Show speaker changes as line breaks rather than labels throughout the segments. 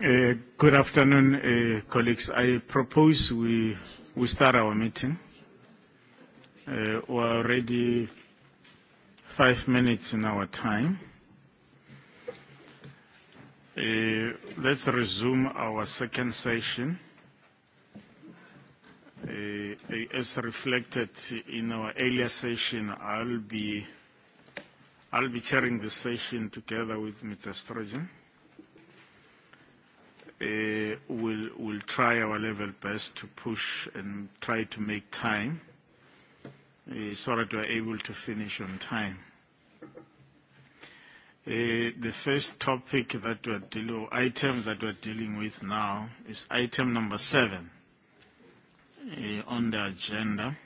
Good afternoon, uh colleagues. I propose we we start our meeting. Uh We're already five minutes in our time. Let's resume our second session, Uh as reflected in our earlier session. I'll be I'll be chairing the session together with Mr. Strogen we'll, we'll try our level best to push and try to make time uh, so that we're able to finish on time. Uh, the first topic that we're dealing, item that we're dealing with now is item number seven uh, on the agenda,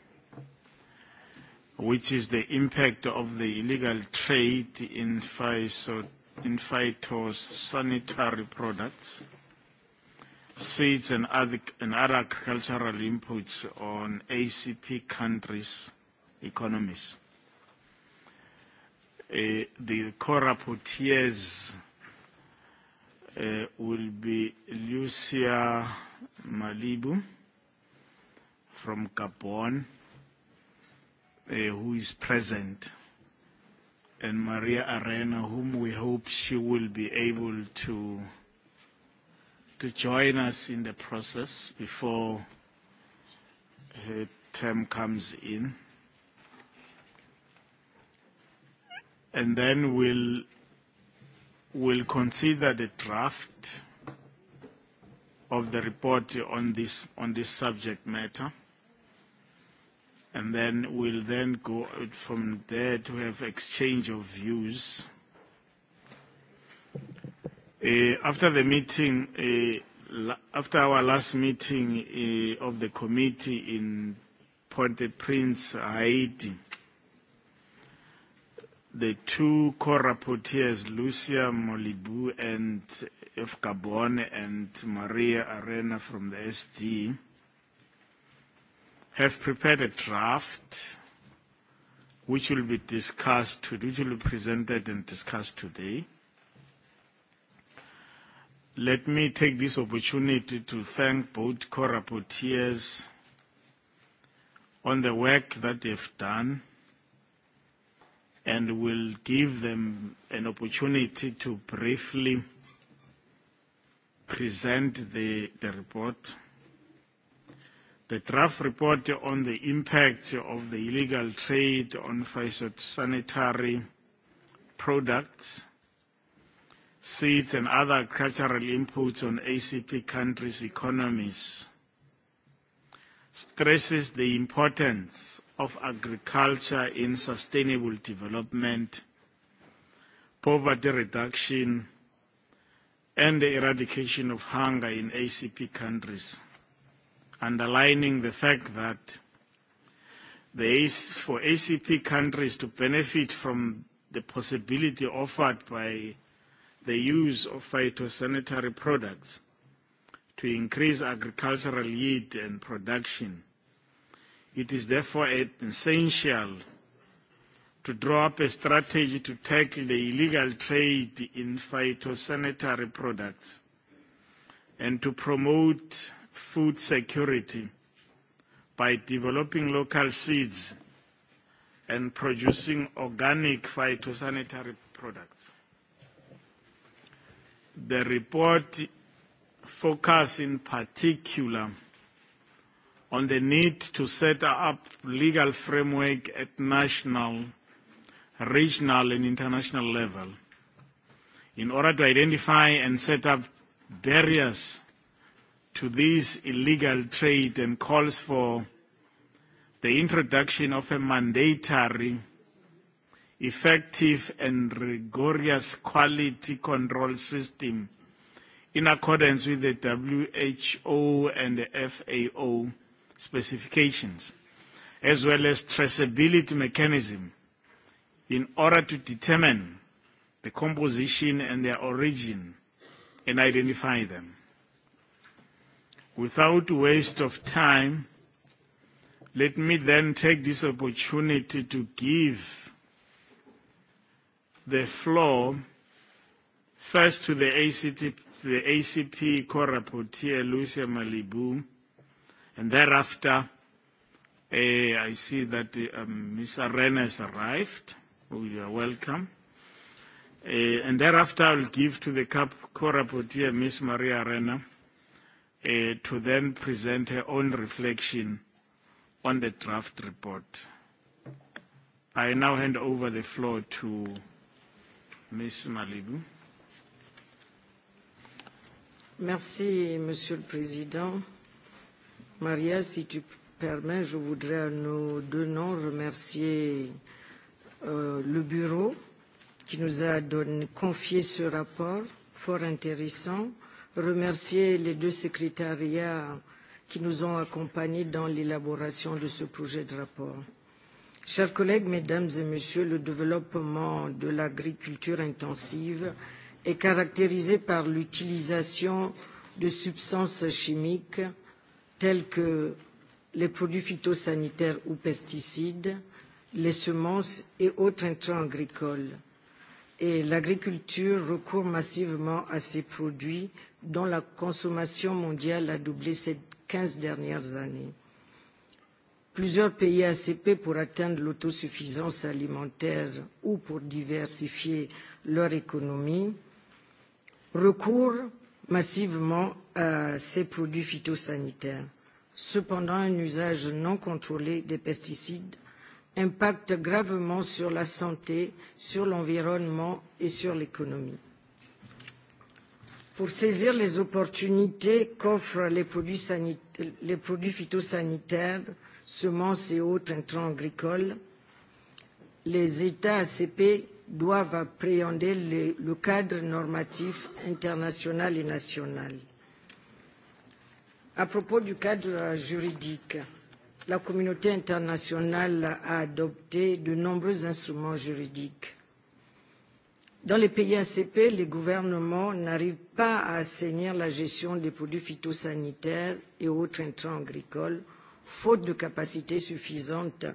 which is the impact of the illegal trade in, phyto, in phytosanitary products seeds and other, and other agricultural inputs on ACP countries' economies. Uh, the co-rapporteurs uh, will be Lucia Malibu from Gabon, uh, who is present, and Maria Arena, whom we hope she will be able to to join us in the process before her term comes in. And then we'll, we'll consider the draft of the report on this, on this subject matter. And then we'll then go from there to have exchange of views After the meeting, after our last meeting of the committee in port de prince Haiti, the two co-rapporteurs, Lucia Molibu and F. Gabon and Maria Arena from the SD, have prepared a draft which will be discussed, which will be presented and discussed today. Let me take this opportunity to thank both co-rapporteurs on the work that they've done and will give them an opportunity to briefly present the, the report. The draft report on the impact of the illegal trade on phytosanitary products seeds and other agricultural inputs on ACP countries' economies, stresses the importance of agriculture in sustainable development, poverty reduction, and the eradication of hunger in ACP countries, underlining the fact that the, for ACP countries to benefit from the possibility offered by the use of phytosanitary products to increase agricultural yield and production. It is therefore essential to draw up a strategy to tackle the illegal trade in phytosanitary products and to promote food security by developing local seeds and producing organic phytosanitary products. The report focuses in particular on the need to set up legal framework at national, regional, and international level in order to identify and set up barriers to this illegal trade and calls for the introduction of a mandatory effective and rigorous quality control system in accordance with the WHO and the FAO specifications, as well as traceability mechanism in order to determine the composition and their origin and identify them. Without waste of time, let me then take this opportunity to give the floor first to the ACT the ACP co-rapporteur, Lucia Malibu, and thereafter, uh, I see that um, Ms. Arena has arrived. Oh, you are welcome. Uh, and thereafter, I will give to the CAP co-rapporteur, Ms. Maria Arena, uh, to then present her own reflection on the draft report. I now hand over the floor to Ms.
Merci, Monsieur le Président. Maria, si tu permets, je voudrais à nos deux noms remercier euh, le bureau qui nous a donné, confié ce rapport fort intéressant, remercier les deux secrétariats qui nous ont accompagnés dans l'élaboration de ce projet de rapport. Chers collègues, mesdames et messieurs, le développement de l'agriculture intensive est caractérisé par l'utilisation de substances chimiques telles que les produits phytosanitaires ou pesticides, les semences et autres intrants agricoles. Et l'agriculture recourt massivement à ces produits dont la consommation mondiale a doublé ces quinze dernières années. Plusieurs pays ACP, pour atteindre l'autosuffisance alimentaire ou pour diversifier leur économie, recourent massivement à ces produits phytosanitaires. Cependant, un usage non contrôlé des pesticides impacte gravement sur la santé, sur l'environnement et sur l'économie. Pour saisir les opportunités qu'offrent les produits phytosanitaires, semences et autres intrants agricoles, les États ACP doivent appréhender le cadre normatif international et national. À propos du cadre juridique, la communauté internationale a adopté de nombreux instruments juridiques. Dans les pays ACP, les gouvernements n'arrivent pas à assainir la gestion des produits phytosanitaires et autres intrants agricoles faute de capacités suffisantes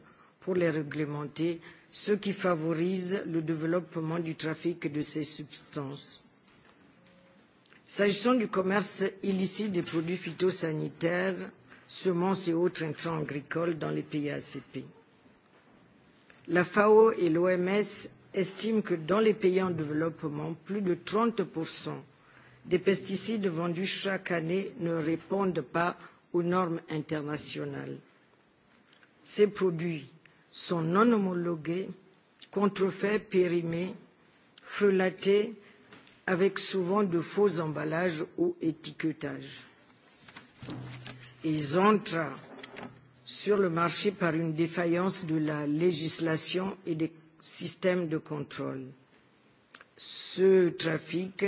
pour les réglementer, ce qui favorise le développement du trafic de ces substances. S'agissant du commerce illicite des produits phytosanitaires, semences et autres intrants agricoles dans les pays ACP. La FAO et l'OMS estiment que dans les pays en développement, plus de 30% des pesticides vendus chaque année ne répondent pas aux normes internationales. Ces produits sont non homologués, contrefaits, périmés, frelatés, avec souvent de faux emballages ou étiquetages. Ils entrent sur le marché par une défaillance de la législation et des systèmes de contrôle. Ce trafic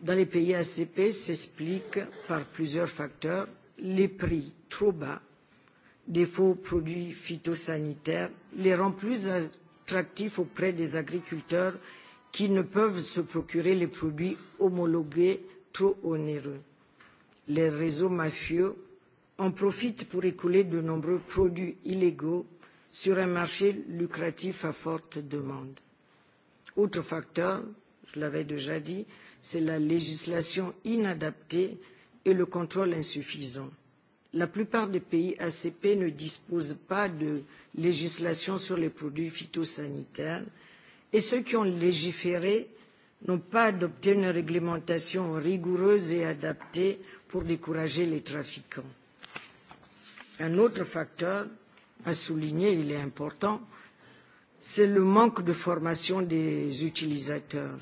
dans les pays ACP s'explique par plusieurs facteurs les prix trop bas des faux produits phytosanitaires les rend plus attractifs auprès des agriculteurs qui ne peuvent se procurer les produits homologués trop onéreux. Les réseaux mafieux en profitent pour écouler de nombreux produits illégaux sur un marché lucratif à forte demande. Autre facteur, je l'avais déjà dit, c'est la législation inadaptée et le contrôle insuffisant. La plupart des pays ACP ne disposent pas de législation sur les produits phytosanitaires et ceux qui ont légiféré n'ont pas adopté une réglementation rigoureuse et adaptée pour décourager les trafiquants. Un autre facteur à souligner, il est important, c'est le manque de formation des utilisateurs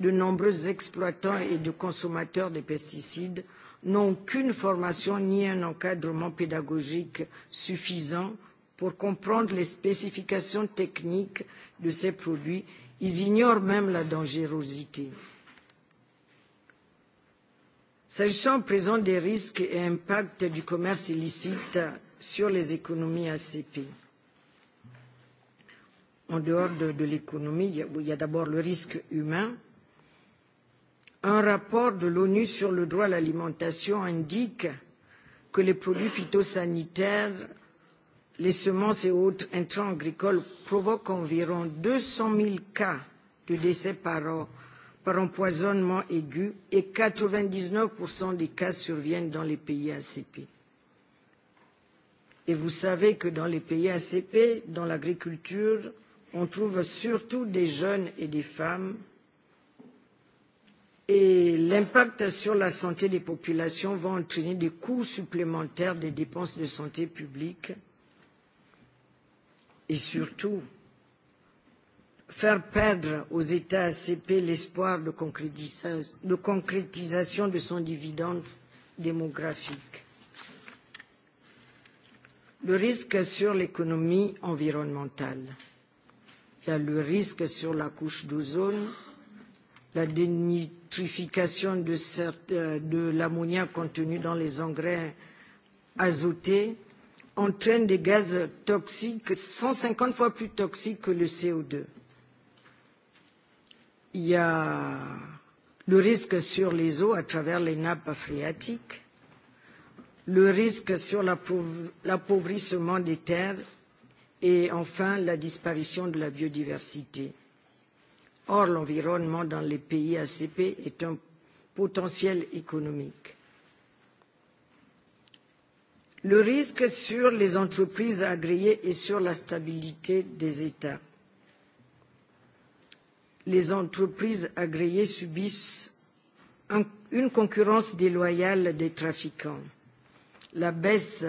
de nombreux exploitants et de consommateurs de pesticides n'ont aucune formation ni un encadrement pédagogique suffisant pour comprendre les spécifications techniques de ces produits. Ils ignorent même la dangerosité. S'agissant à présent des risques et impacts du commerce illicite sur les économies ACP, en dehors de, l'économie, il y a d'abord le risque humain, Un rapport de l'ONU sur le droit à l'alimentation indique que les produits phytosanitaires, les semences et autres intrants agricoles provoquent environ deux cents 000 cas de décès par an par empoisonnement aigu et quatre-vingt-dix 99% des cas surviennent dans les pays ACP. Et vous savez que dans les pays ACP, dans l'agriculture, on trouve surtout des jeunes et des femmes et l'impact sur la santé des populations va entraîner des coûts supplémentaires des dépenses de santé publique et surtout faire perdre aux États ACP l'espoir de concrétisation de son dividende démographique. Le risque sur l'économie environnementale. Il y a le risque sur la couche d'ozone, la dénutrition nitrification de l'ammoniac contenu dans les engrais azotés entraîne des gaz toxiques cent cinquante fois plus toxiques que le co deux. Il y a le risque sur les eaux à travers les nappes phréatiques, le risque sur l'appauvrissement des terres et enfin la disparition de la biodiversité. Or, l'environnement dans les pays ACP est un potentiel économique. Le risque sur les entreprises agréées et sur la stabilité des États. Les entreprises agréées subissent une concurrence déloyale des trafiquants. La baisse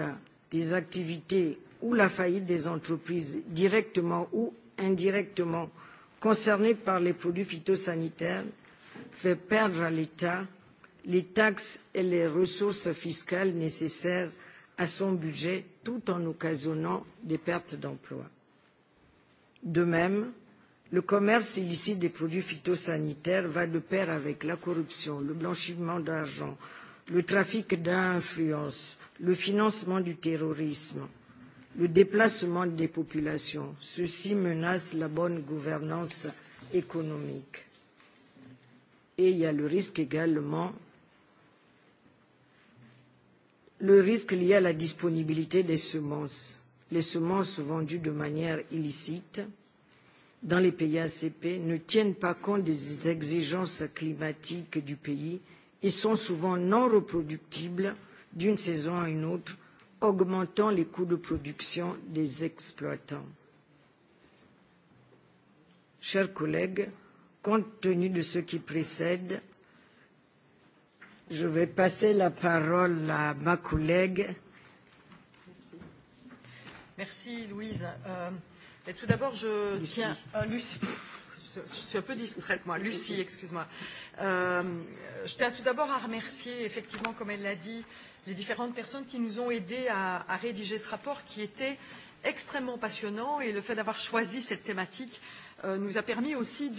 des activités ou la faillite des entreprises directement ou indirectement concernés par les produits phytosanitaires fait perdre à l'État les taxes et les ressources fiscales nécessaires à son budget tout en occasionnant des pertes d'emplois. De même, le commerce illicite des produits phytosanitaires va de pair avec la corruption, le blanchiment d'argent, le trafic d'influence, le financement du terrorisme, le déplacement des populations. Ceci menace la bonne gouvernance économique. Et il y a le risque également, le risque lié à la disponibilité des semences. Les semences vendues de manière illicite dans les pays ACP ne tiennent pas compte des exigences climatiques du pays et sont souvent non reproductibles d'une saison à une autre augmentant les coûts de production des exploitants. Chers collègues, compte tenu de ce qui précède, je vais passer la parole à ma collègue.
Merci Louise. Euh, et tout d'abord, je Lucie. tiens. à Lucie je suis un peu distraite, moi. Lucie, excuse-moi. Euh, je tiens tout d'abord à remercier, effectivement, comme elle l'a dit, euh, les différentes personnes qui nous ont aidés à, à rédiger ce rapport qui était extrêmement passionnant et le fait d'avoir choisi cette thématique nous a permis aussi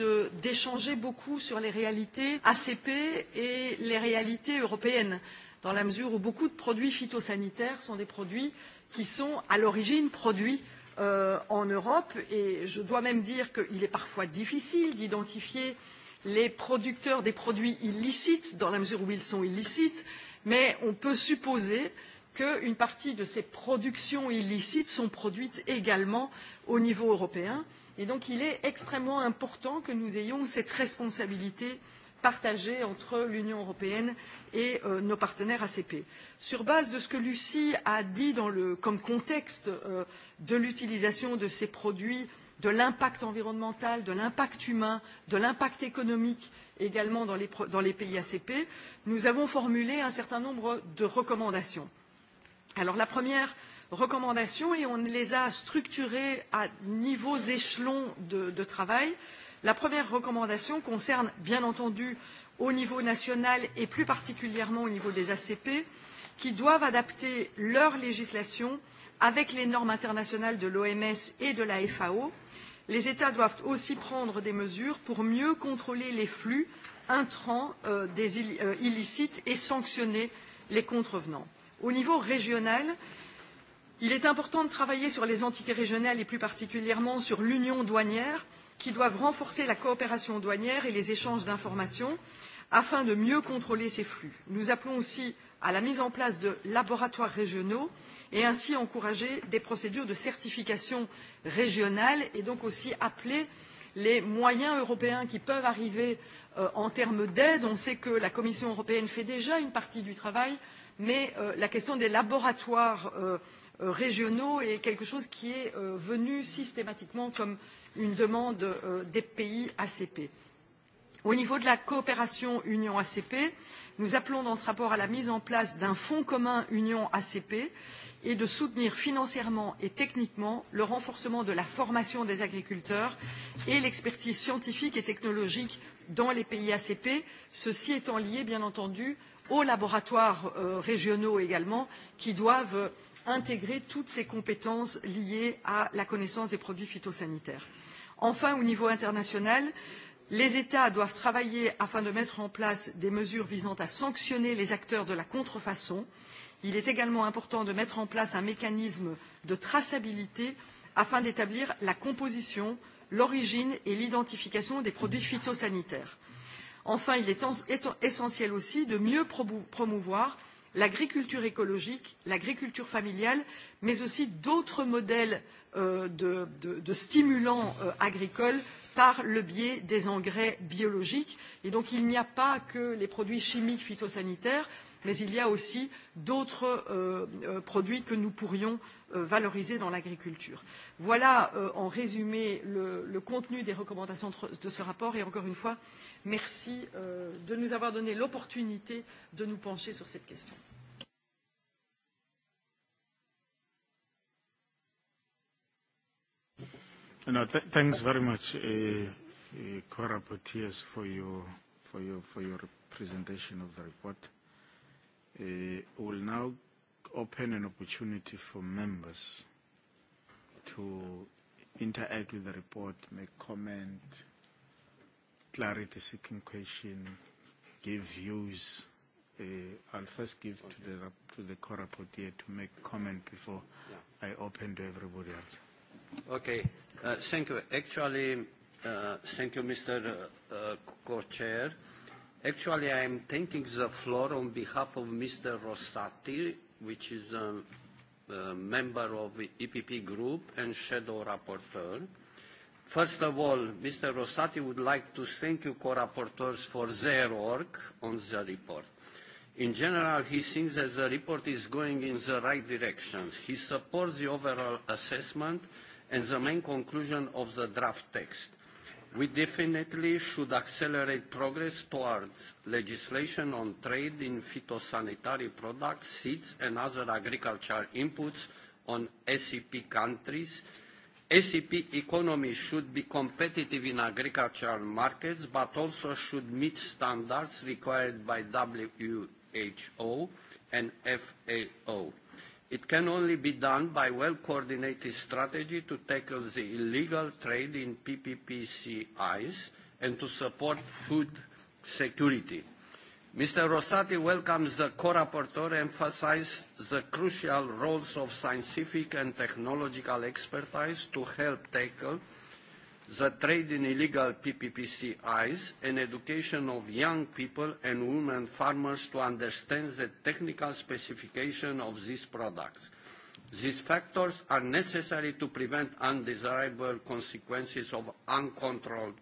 d'échanger beaucoup sur les réalités ACP et les réalités européennes, dans la mesure où beaucoup de produits phytosanitaires sont des produits qui sont à l'origine produits en Europe. Et je dois même dire qu'il est parfois difficile d'identifier les producteurs des produits illicites, dans la mesure où ils sont illicites mais on peut supposer qu'une partie de ces productions illicites sont produites également au niveau européen et donc il est extrêmement important que nous ayons cette responsabilité partagée entre l'Union européenne et nos partenaires ACP. Sur base de ce que Lucie a dit comme contexte de l'utilisation de ces produits de l'impact environnemental, de l'impact humain, de l'impact économique également dans les, dans les pays ACP, nous avons formulé un certain nombre de recommandations. Alors la première recommandation, et on les a structurées à niveaux échelons de, de travail, la première recommandation concerne bien entendu au niveau national et plus particulièrement au niveau des ACP, qui doivent adapter leur législation avec les normes internationales de l'OMS et de la FAO les États doivent aussi prendre des mesures pour mieux contrôler les flux intrants illicites et sanctionner les contrevenants. Au niveau régional, il est important de travailler sur les entités régionales et plus particulièrement sur l'union douanière qui doivent renforcer la coopération douanière et les échanges d'informations afin de mieux contrôler ces flux. Nous appelons aussi à la mise en place de laboratoires régionaux et ainsi encourager des procédures de certification régionale et donc aussi appeler les moyens européens qui peuvent arriver en termes d'aide. On sait que la Commission européenne fait déjà une partie du travail, mais la question des laboratoires régionaux est quelque chose qui est venu systématiquement comme une demande des pays ACP Au niveau de la coopération Union ACP, nous appelons dans ce rapport à la mise en place d'un fonds commun Union ACP et de soutenir financièrement et techniquement le renforcement de la formation des agriculteurs et l'expertise scientifique et technologique dans les pays ACP, ceci étant lié bien entendu aux laboratoires régionaux également qui doivent intégrer toutes ces compétences liées à la connaissance des produits phytosanitaires. Enfin, au niveau international, euh, les États doivent travailler afin de mettre en place des mesures visant à sanctionner les acteurs de la contrefaçon. Il est également important de mettre en place un mécanisme de traçabilité afin d'établir la composition, l'origine et l'identification des produits phytosanitaires. Enfin, il est essentiel aussi de mieux promouvoir l'agriculture écologique, l'agriculture familiale, mais aussi d'autres modèles de, stimulants agricoles par le biais des engrais biologiques. Et donc il n'y a pas que les produits chimiques phytosanitaires, mais il y a aussi d'autres euh, produits que nous pourrions euh, valoriser dans l'agriculture. Voilà euh, en résumé le, le contenu des recommandations de ce rapport et encore une fois, merci euh, de nous avoir donné l'opportunité de nous pencher sur cette question.
No, th thanks very much, uh, uh, co-rapporteurs, for your, for, your, for your presentation of the report. Uh, we'll now open an opportunity for members to interact with the report, make comment, clarity-seeking question, give views. Uh, I'll first give to the to the co-rapporteur to make comment before I open to everybody else.
Okay thank you. Actually, uh, thank you, Mr. Uh, Co-Chair. Actually, I am taking the floor on behalf of Mr. Rossati, which is a, a member of the EPP group and shadow rapporteur. First of all, Mr. Rossati would like to thank you co-rapporteurs for their work on the report. In general, he thinks that the report is going in the right direction. He supports the overall assessment and the main conclusion of the draft text. We definitely should accelerate progress towards legislation on trade in phytosanitary products, seeds and other agricultural inputs on SEP countries. SEP economy should be competitive in agricultural markets, but also should meet standards required by WHO and FAO It can only be done by well-coordinated strategy to tackle the illegal trade in PPPCIs and to support food security. Mr. Rosati welcomes the co-rapporteur emphasize the crucial roles of scientific and technological expertise to help tackle the trade in illegal PPPCIs and education of young people and women farmers to understand the technical specification of these products. These factors are necessary to prevent undesirable consequences of uncontrolled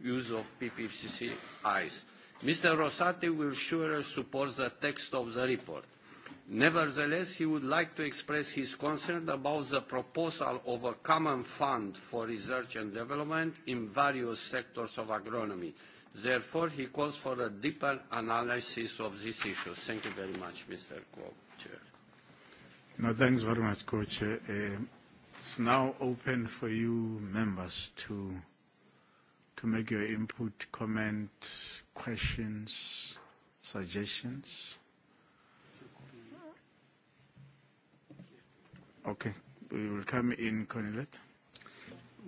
use of PPPCIs. Mr. Rosati will surely support the text of the report. Nevertheless, he would like to express his concern about the proposal of a common fund for research and development in various sectors of agronomy. Therefore, he calls for a deeper analysis of this issue. Thank you very much, Mr. Co-Chair.
No, thanks very much, Co-Chair. it's now open for you members to to make your input, comment, questions, suggestions. Okay. We will come in Cornelette.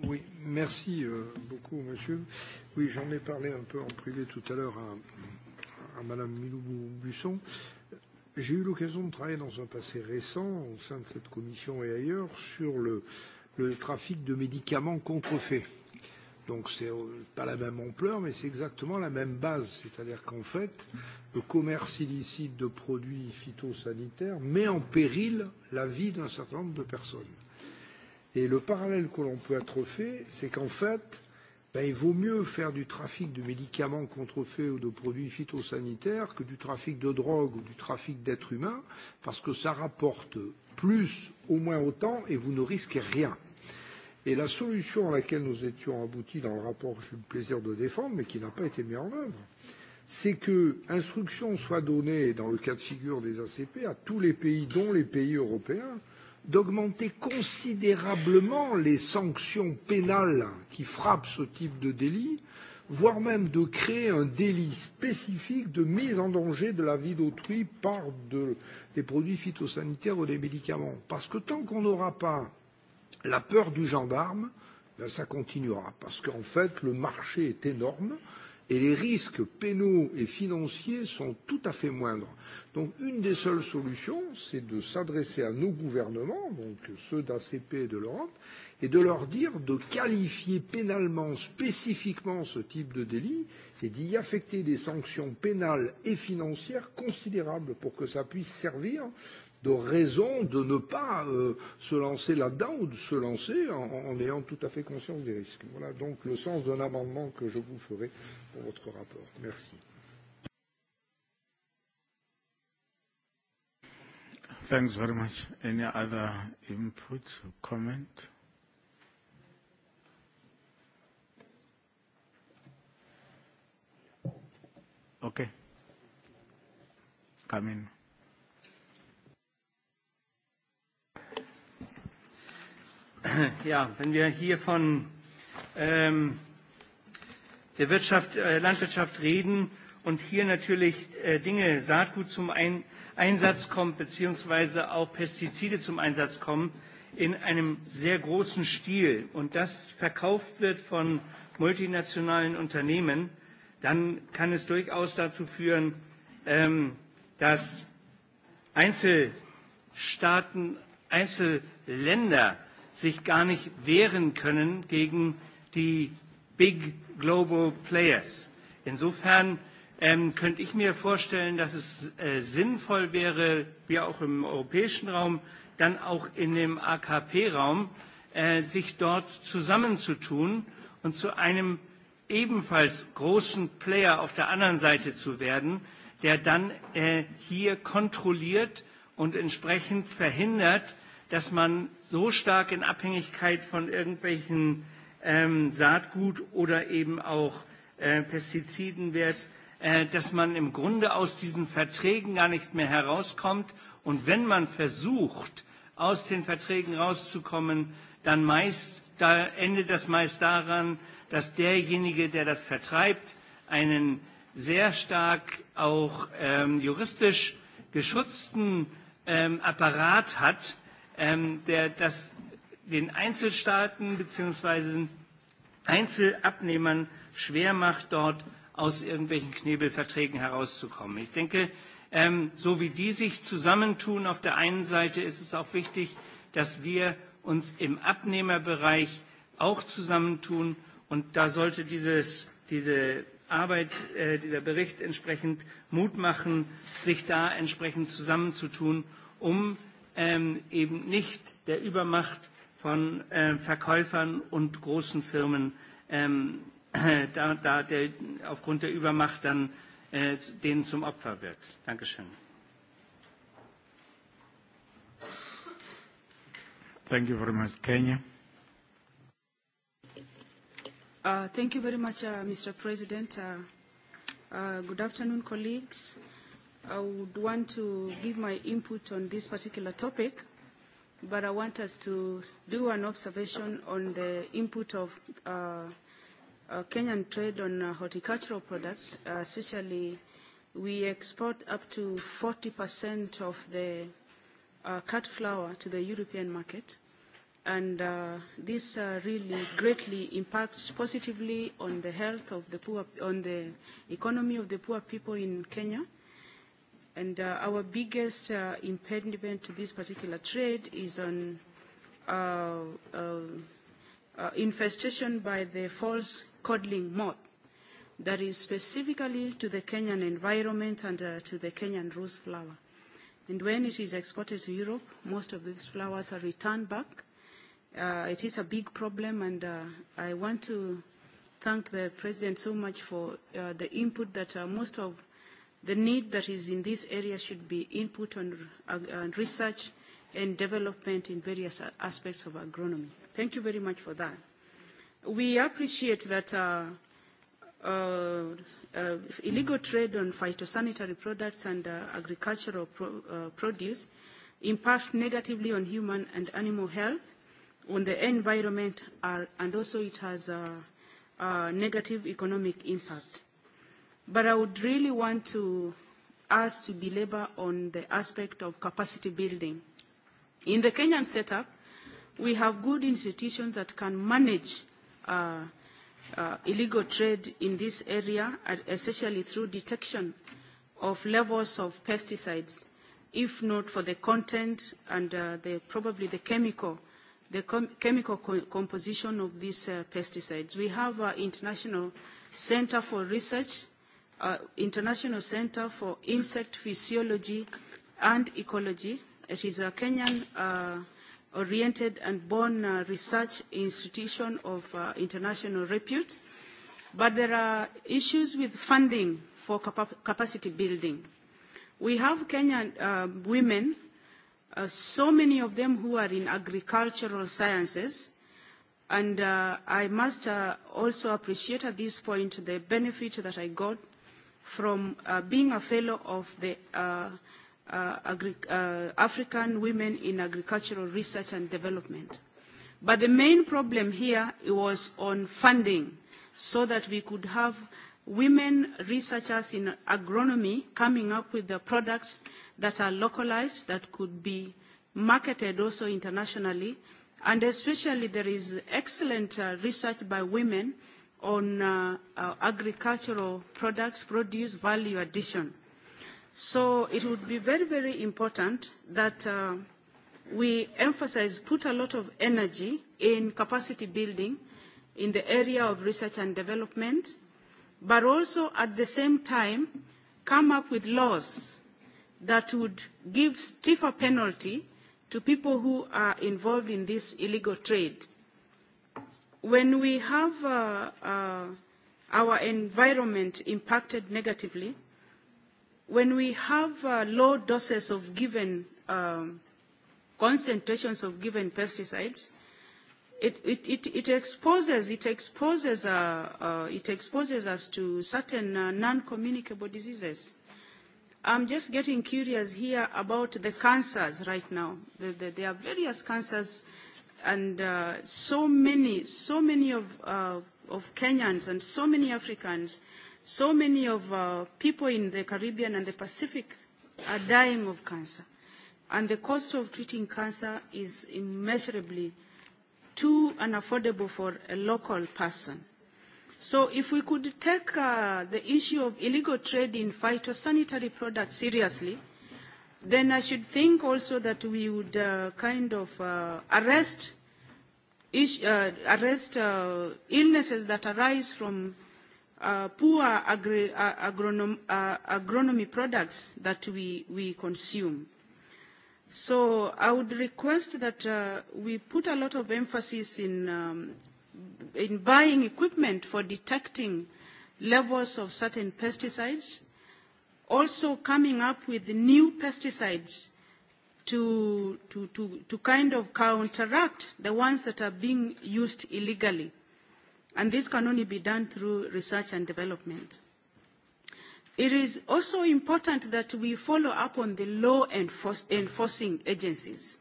Oui, merci beaucoup, monsieur. Oui, j'en ai parlé un peu en privé tout à l'heure à, madame Milou-Busson. J'ai eu l'occasion de travailler dans un passé récent, au sein de cette commission et ailleurs, sur le, trafic de médicaments contrefaits. Donc c'est pas la même ampleur, mais c'est exactement la même base. C'est-à-dire qu'en fait, le commerce illicite de produits phytosanitaires met en péril la vie d'un certain nombre de personnes. Et le parallèle que l'on peut être fait, c'est qu'en fait, ben, il vaut mieux faire du trafic de médicaments contrefaits ou de produits phytosanitaires que du trafic de drogue ou du trafic d'êtres humains, parce que ça rapporte plus, au moins autant, et vous ne risquez rien. Et la solution à laquelle nous étions aboutis dans le rapport que j'ai eu le plaisir de défendre, mais qui n'a pas été mis en œuvre, c'est que instruction soit donnée, dans le cas de figure des ACP, à tous les pays, dont les pays européens, d'augmenter considérablement les sanctions pénales qui frappent ce type de délit, voire même de créer un délit spécifique de mise en danger de la vie d'autrui par de, des produits phytosanitaires ou des médicaments. Parce que tant qu'on n'aura pas la peur du gendarme, ben ça continuera, parce qu'en fait, le marché est énorme et les risques pénaux et financiers sont tout à fait moindres. Donc, une des seules solutions, c'est de s'adresser à nos gouvernements, donc ceux d'ACP et de l'Europe, et de leur dire de qualifier pénalement, spécifiquement ce type de délit et d'y affecter des sanctions pénales et financières considérables pour que ça puisse servir de raison de ne pas euh, se lancer là-dedans ou de se lancer en, en ayant tout à fait conscience des risques. Voilà donc le sens d'un amendement que je vous ferai pour votre rapport. Merci.
Thanks very much. Any other input or comment?
Okay. Come in. Ja, wenn wir hier von ähm, der Wirtschaft, äh, Landwirtschaft reden und hier natürlich äh, Dinge, Saatgut zum Ein Einsatz kommt, beziehungsweise auch Pestizide zum Einsatz kommen, in einem sehr großen Stil und das verkauft wird von multinationalen Unternehmen, dann kann es durchaus dazu führen, ähm, dass Einzelstaaten, Einzelländer sich gar nicht wehren können gegen die Big Global Players. Insofern ähm, könnte ich mir vorstellen, dass es äh, sinnvoll wäre, wir auch im europäischen Raum, dann auch in dem AKP-Raum, äh, sich dort zusammenzutun und zu einem ebenfalls großen Player auf der anderen Seite zu werden, der dann äh, hier kontrolliert und entsprechend verhindert, dass man so stark in Abhängigkeit von irgendwelchen ähm, Saatgut oder eben auch äh, Pestiziden wird, äh, dass man im Grunde aus diesen Verträgen gar nicht mehr herauskommt. Und wenn man versucht, aus den Verträgen rauszukommen, dann meist, da endet das meist daran, dass derjenige, der das vertreibt, einen sehr stark auch ähm, juristisch geschützten ähm, Apparat hat, der, das den Einzelstaaten bzw. Einzelabnehmern schwer macht, dort aus irgendwelchen Knebelverträgen herauszukommen. Ich denke, so wie die sich zusammentun auf der einen Seite, ist es auch wichtig, dass wir uns im Abnehmerbereich auch zusammentun. Und da sollte dieses, diese Arbeit, dieser Bericht entsprechend Mut machen, sich da entsprechend zusammenzutun, um eben nicht der Übermacht von Verkäufern und großen Firmen da, da der, aufgrund der Übermacht dann äh, denen zum Opfer wird. Dankeschön.
Thank you very much. Kenya.
Uh, thank you very much, uh, Mr. President. Uh, uh, good afternoon, colleagues. I would want to give my input on this particular topic, but I want us to do an observation on the input of uh, uh, Kenyan trade on uh, horticultural products, uh, especially we export up to 40% of the uh, cut flour to the European market. And uh, this uh, really greatly impacts positively on the health of the poor, on the economy of the poor people in Kenya And uh, our biggest uh, impediment to this particular trade is on uh, uh, uh, infestation by the false codling moth that is specifically to the Kenyan environment and uh, to the Kenyan rose flower. And when it is exported to Europe, most of these flowers are returned back. Uh, it is a big problem, and uh, I want to thank the President so much for uh, the input that uh, most of The need that is in this area should be input on, uh, on research and development in various aspects of agronomy. Thank you very much for that. We appreciate that uh, uh, uh, illegal trade on phytosanitary products and uh, agricultural pro uh, produce impact negatively on human and animal health, on the environment, are, and also it has a, a negative economic impact. But I would really want to us to belabor on the aspect of capacity building. In the Kenyan setup, we have good institutions that can manage uh, uh, illegal trade in this area, especially through detection of levels of pesticides, if not for the content and uh, the, probably the chemical, the com chemical co composition of these uh, pesticides. We have an international center for research uh, International Center for Insect Physiology and Ecology. It is a Kenyan uh, oriented and born uh, research institution of uh, international repute. But there are issues with funding for cap- capacity building. We have Kenyan uh, women, uh, so many of them who are in agricultural sciences, and uh, I must uh, also appreciate at this point the benefit that I got from uh, being a fellow of the uh, uh, Agri- uh, African Women in Agricultural Research and Development. But the main problem here was on funding, so that we could have women researchers in agronomy coming up with the products that are localized, that could be marketed also internationally. And especially there is excellent uh, research by women on uh, our agricultural products produce value addition. So it would be very, very important that uh, we emphasize, put a lot of energy in capacity building in the area of research and development, but also at the same time come up with laws that would give stiffer penalty to people who are involved in this illegal trade when we have uh, uh, our environment impacted negatively, when we have uh, low doses of given um, concentrations of given pesticides, it, it, it, it exposes it exposes uh, uh, it exposes us to certain uh, non-communicable diseases. I'm just getting curious here about the cancers right now. The, the, there are various cancers And uh, so many, so many of, uh, of Kenyans and so many Africans, so many of uh, people in the Caribbean and the Pacific are dying of cancer. And the cost of treating cancer is immeasurably too unaffordable for a local person. So if we could take uh, the issue of illegal trade in phytosanitary products seriously, then I should think also that we would uh, kind of uh, arrest ish, uh, arrest uh, illnesses that arise from uh, poor agri uh, agronom uh, agronomy products that we, we consume. So I would request that uh, we put a lot of emphasis in, um, in buying equipment for detecting levels of certain pesticides also coming up with new pesticides to, to, to, to kind of counteract the ones that are being used illegally. And this can only be done through research and development. It is also important that we follow up on the law enforcing agencies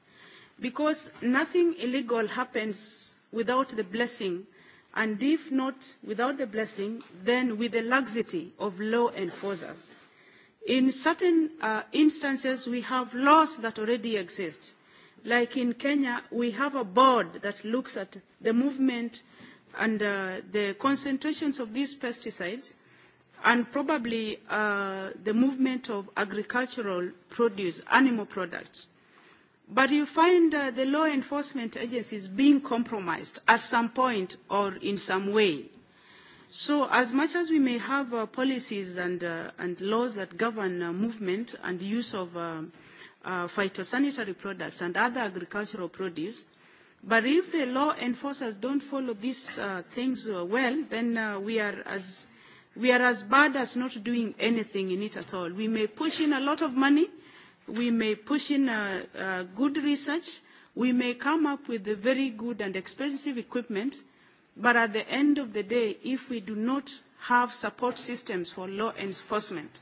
because nothing illegal happens without the blessing and if not without the blessing, then with the laxity of law enforcers. In certain uh, instances, we have laws that already exist. Like in Kenya, we have a board that looks at the movement and uh, the concentrations of these pesticides and probably uh, the movement of agricultural produce, animal products. But you find uh, the law enforcement agencies being compromised at some point or in some way So as much as we may have uh, policies and, uh, and laws that govern uh, movement and use of uh, uh, phytosanitary products and other agricultural produce, but if the law enforcers don't follow these uh, things uh, well, then uh, we, are as, we are as bad as not doing anything in it at all. We may push in a lot of money, we may push in uh, uh, good research, we may come up with the very good and expensive equipment, But at the end of the day, if we do not have support systems for law enforcement,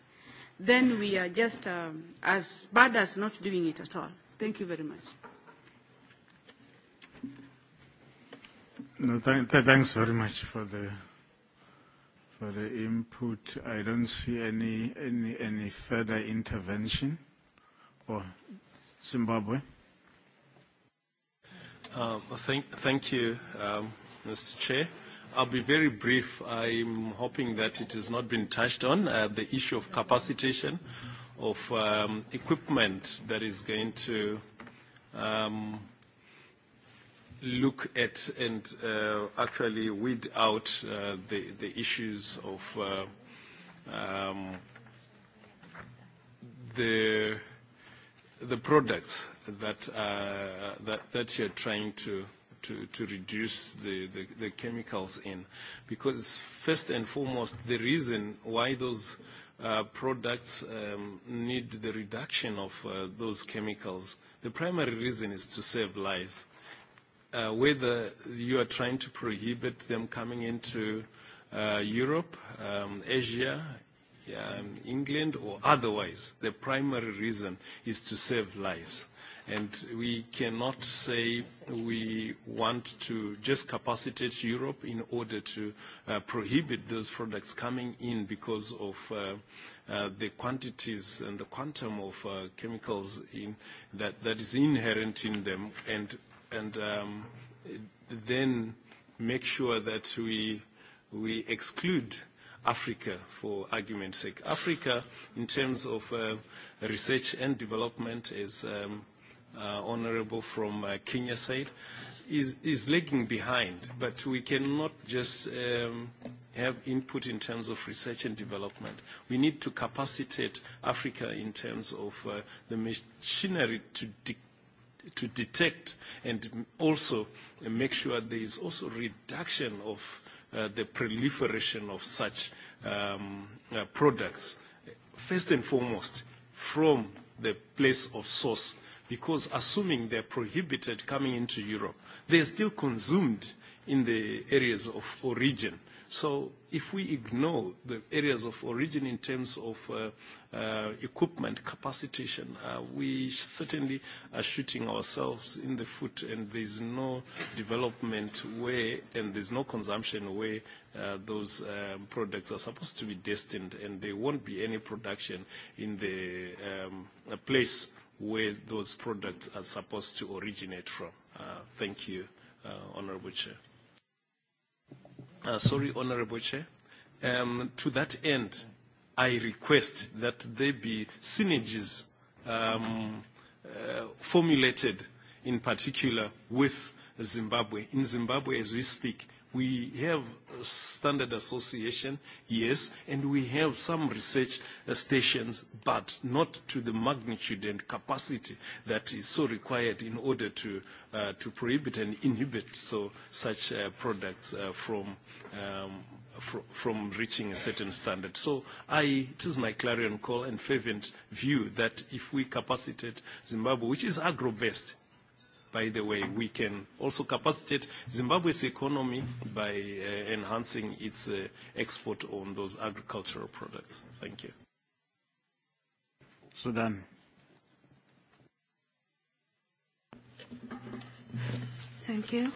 then we are just um, as bad as not doing it at all. Thank you very much.
No, th th thanks very much for the for the input. I don't see any any any further intervention. Or oh, Zimbabwe.
Um, thank thank you. Um, Mr. Chair. I'll be very brief. I'm hoping that it has not been touched on, uh, the issue of capacitation of um, equipment that is going to um, look at and uh, actually weed out uh, the, the issues of uh, um, the, the products that, uh, that, that you're trying to to, to reduce the, the, the chemicals in. Because first and foremost, the reason why those uh, products um, need the reduction of uh, those chemicals, the primary reason is to save lives. Uh, whether you are trying to prohibit them coming into uh, Europe, um, Asia, um, England, or otherwise, the primary reason is to save lives And we cannot say we want to just capacitate Europe in order to uh, prohibit those products coming in because of uh, uh, the quantities and the quantum of uh, chemicals in that, that is inherent in them. And, and um, then make sure that we, we exclude Africa, for argument's sake. Africa, in terms of uh, research and development, is um, uh honorable from uh Kenya said, is, is lagging behind, but we cannot just um, have input in terms of research and development. We need to capacitate Africa in terms of uh, the machinery to, de to detect and also make sure there is also reduction of uh, the proliferation of such um, uh, products, first and foremost, from the place of source because assuming they're prohibited coming into Europe, they are still consumed in the areas of origin. So if we ignore the areas of origin in terms of uh, uh, equipment capacitation, uh, we certainly are shooting ourselves in the foot and there's no development where, and there's no consumption where uh, those um, products are supposed to be destined and there won't be any production in the um, place where those products are supposed to originate from. Uh, thank you, uh, Honorable Chair. Uh, sorry, Honorable Chair. Um, to that end, I request that there be synergies um, uh, formulated in particular with Zimbabwe. In Zimbabwe, as we speak, We have a standard association, yes, and we have some research stations, but not to the magnitude and capacity that is so required in order to, uh, to prohibit and inhibit so, such uh, products uh, from um, from reaching a certain standard. So I, it is my clarion call and fervent view that if we capacitate Zimbabwe, which is agro-based, by the way, we can also capacitate Zimbabwe's economy by uh, enhancing its uh, export on those agricultural products. Thank you.
Sudan.
Thank you.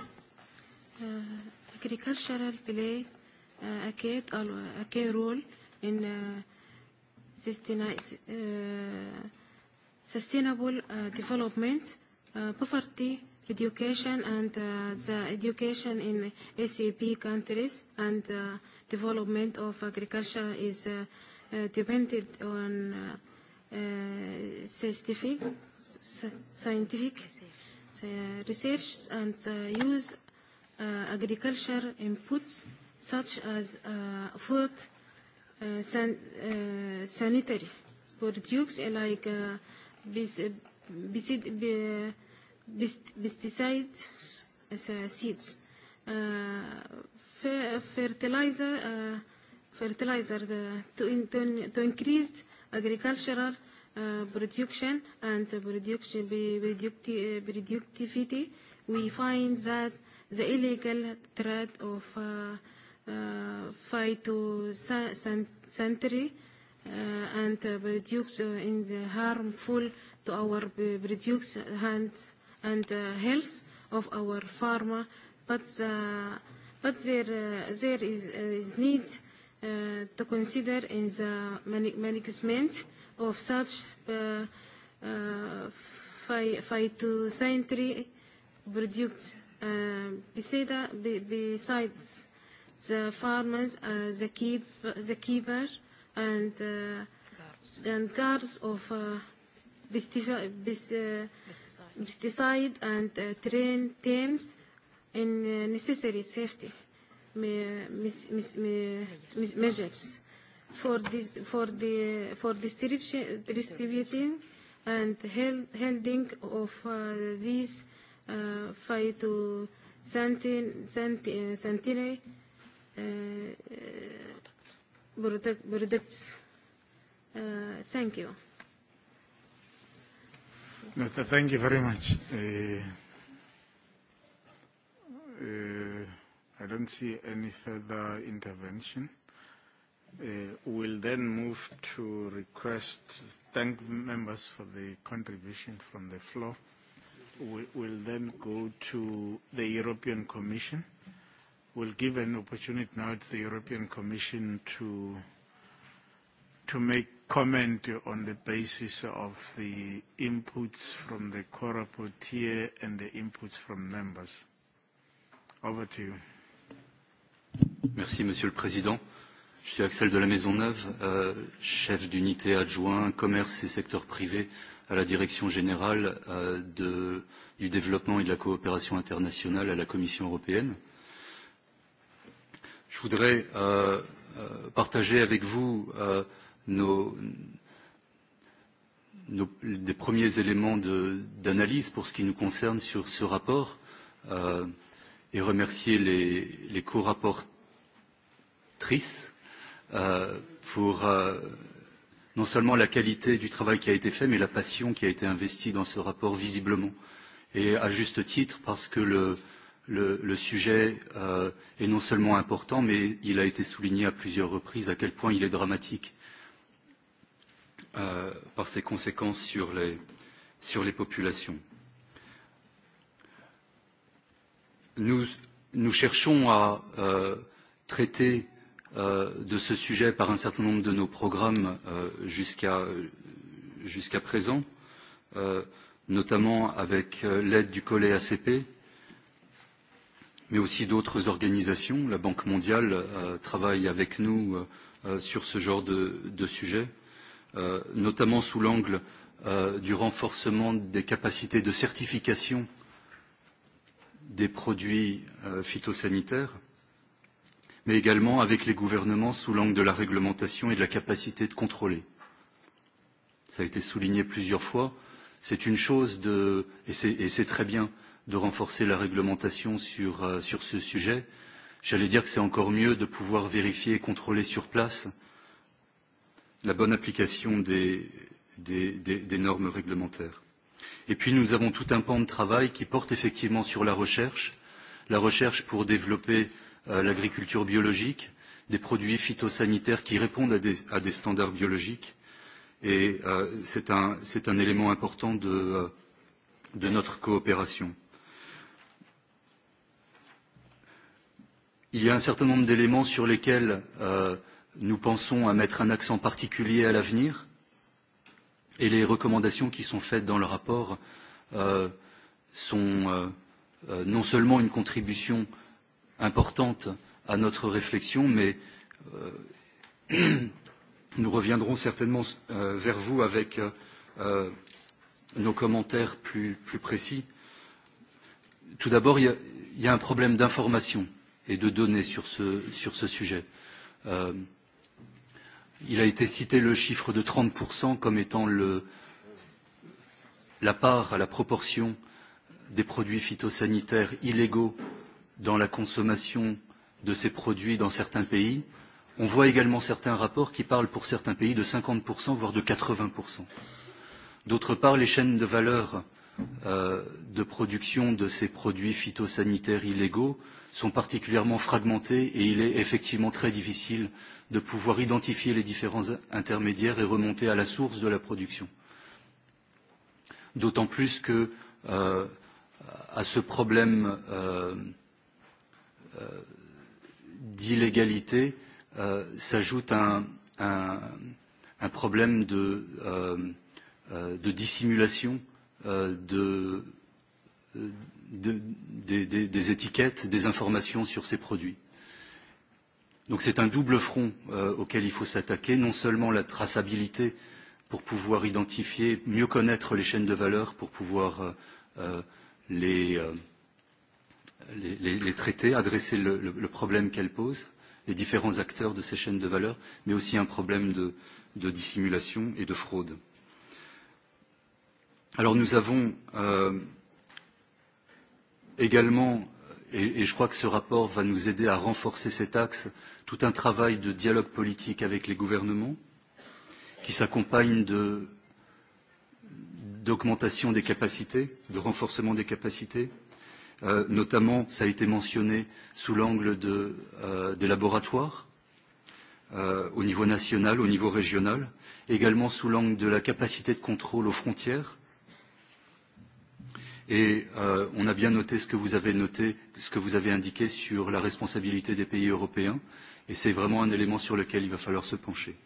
Uh, agricultural play uh, a, key, a key role in uh, sustainable uh, development poverty education and uh, the education in ACP countries and uh, development of agriculture is uh, uh, dependent on uh, uh, scientific, scientific uh, research and uh, use uh, agriculture inputs such as uh, food, uh, san uh, sanitary products like uh, pesticides, uh, seeds, uh, fertilizer, uh, fertilizer the, to, in, to, to increase agricultural uh, production and production productivity. We find that the illegal trade of uh, uh, phytosanitary uh, and uh, produce uh, in the harmful to our produce hands and the health of our farmer, but, uh, but there, uh, there is, uh, is need uh, to consider in the management of such uh, uh, phytosanitary products uh, besides the farmers, uh, the, keep, the keeper, and uh, and guards of uh, pesticide and uh, train teams in uh, necessary safety measures for this for the for distribution distributing and holding of uh, these uh, phyto centenary uh, products. Uh, thank you
thank you very much. Uh, uh, I don't see any further intervention. Uh, we'll then move to request, thank members for the contribution from the floor. We, we'll then go to the European Commission. We'll give an opportunity now to the European Commission to to make comment on the basis of the inputs from the core rapporteur and the inputs from members. Over to you.
Merci, Monsieur le Président. Je suis Axel de la Maisonneuve, euh, chef d'unité adjoint commerce et secteur privé à la Direction générale euh, de, du développement et de la coopération internationale à la Commission européenne. Je voudrais euh, partager avec vous euh, nos, nos, des premiers éléments d'analyse pour ce qui nous concerne sur ce rapport euh, et remercier les, les co-rapportrices euh, pour euh, non seulement la qualité du travail qui a été fait, mais la passion qui a été investie dans ce rapport visiblement. Et à juste titre, parce que le, le, le sujet euh, est non seulement important, mais il a été souligné à plusieurs reprises à quel point il est dramatique euh, par ses conséquences sur les, sur les populations. Nous, nous cherchons à euh, traiter euh, de ce sujet par un certain nombre de nos programmes euh, jusqu'à présent, euh, notamment avec l'aide du collet ACP, mais aussi d'autres organisations. La Banque mondiale euh, travaille avec nous euh, sur ce genre de, de sujet. Euh, notamment sous l'angle du renforcement des capacités de certification des produits phytosanitaires, mais également avec les gouvernements sous l'angle de la réglementation et de la capacité de contrôler. Ça a été souligné plusieurs fois. C'est une chose de, et c'est très bien de renforcer la réglementation sur, sur ce sujet. J'allais dire que c'est encore mieux de pouvoir vérifier et contrôler sur place euh, la bonne application des, des, des, des normes réglementaires. Et puis nous avons tout un pan de travail qui porte effectivement sur la recherche, la recherche pour développer euh, l'agriculture biologique, des produits phytosanitaires qui répondent à des, à des standards biologiques. Et euh, c'est un, un élément important de, de notre coopération. Il y a un certain nombre d'éléments sur lesquels euh, nous pensons à mettre un accent particulier à l'avenir et les recommandations qui sont faites dans le rapport euh, sont euh, euh, non seulement une contribution importante à notre réflexion, mais euh, nous reviendrons certainement euh, vers vous avec euh, nos commentaires plus, plus précis. Tout d'abord, il y, y a un problème d'information et de données sur ce, sur ce sujet. Euh, Il a été cité le chiffre de 30% comme étant le, la part, la proportion des produits phytosanitaires illégaux dans la consommation de ces produits dans certains pays. On voit également certains rapports qui parlent pour certains pays de 50%, voire de 80%. D'autre part, les chaînes de valeur euh, de production de ces produits phytosanitaires illégaux sont particulièrement fragmentés et il est effectivement très difficile de pouvoir identifier les différents intermédiaires et remonter à la source de la production. D'autant plus que euh, à ce problème euh, euh, d'illégalité euh, s'ajoute un, un, un problème de, euh, de dissimulation euh, de, de, des, des, des étiquettes, des informations sur ces produits. Donc c'est un double front euh, auquel il faut s'attaquer, non seulement la traçabilité pour pouvoir identifier, mieux connaître les chaînes de valeur, pour pouvoir euh, les, euh, les, les, les traiter, adresser le, le, le problème qu'elles posent, les différents acteurs de ces chaînes de valeur, mais aussi un problème de, de dissimulation et de fraude. Alors nous avons euh, également, et, et je crois que ce rapport va nous aider à renforcer cet axe, tout un travail de dialogue politique avec les gouvernements qui s'accompagne de d'augmentation des capacités, de renforcement des capacités, euh, notamment, ça a été mentionné, sous l'angle de, euh, des laboratoires, euh, au niveau national, au niveau régional, également sous l'angle de la capacité de contrôle aux frontières, Et euh, on a bien noté ce que vous avez noté, ce que vous avez indiqué sur la responsabilité des pays européens. Et c'est vraiment un élément sur lequel il va falloir se pencher.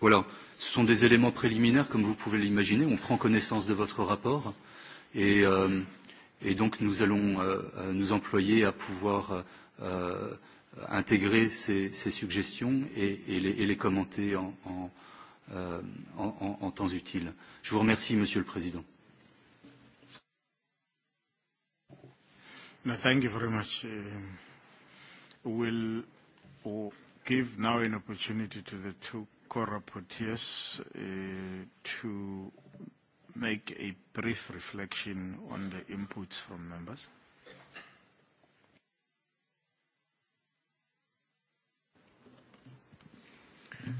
Voilà, ce sont des éléments préliminaires, comme vous pouvez l'imaginer. On prend connaissance de votre rapport et, euh, et donc nous allons euh, nous employer à pouvoir euh, intégrer ces, ces suggestions et, et, les, et les commenter en, en, euh, en, en, en temps utile. Je vous remercie, Monsieur le Président.
No, thank you very much. We'll give now an opportunity to the two co-rapporteurs to make a brief reflection on the inputs from members.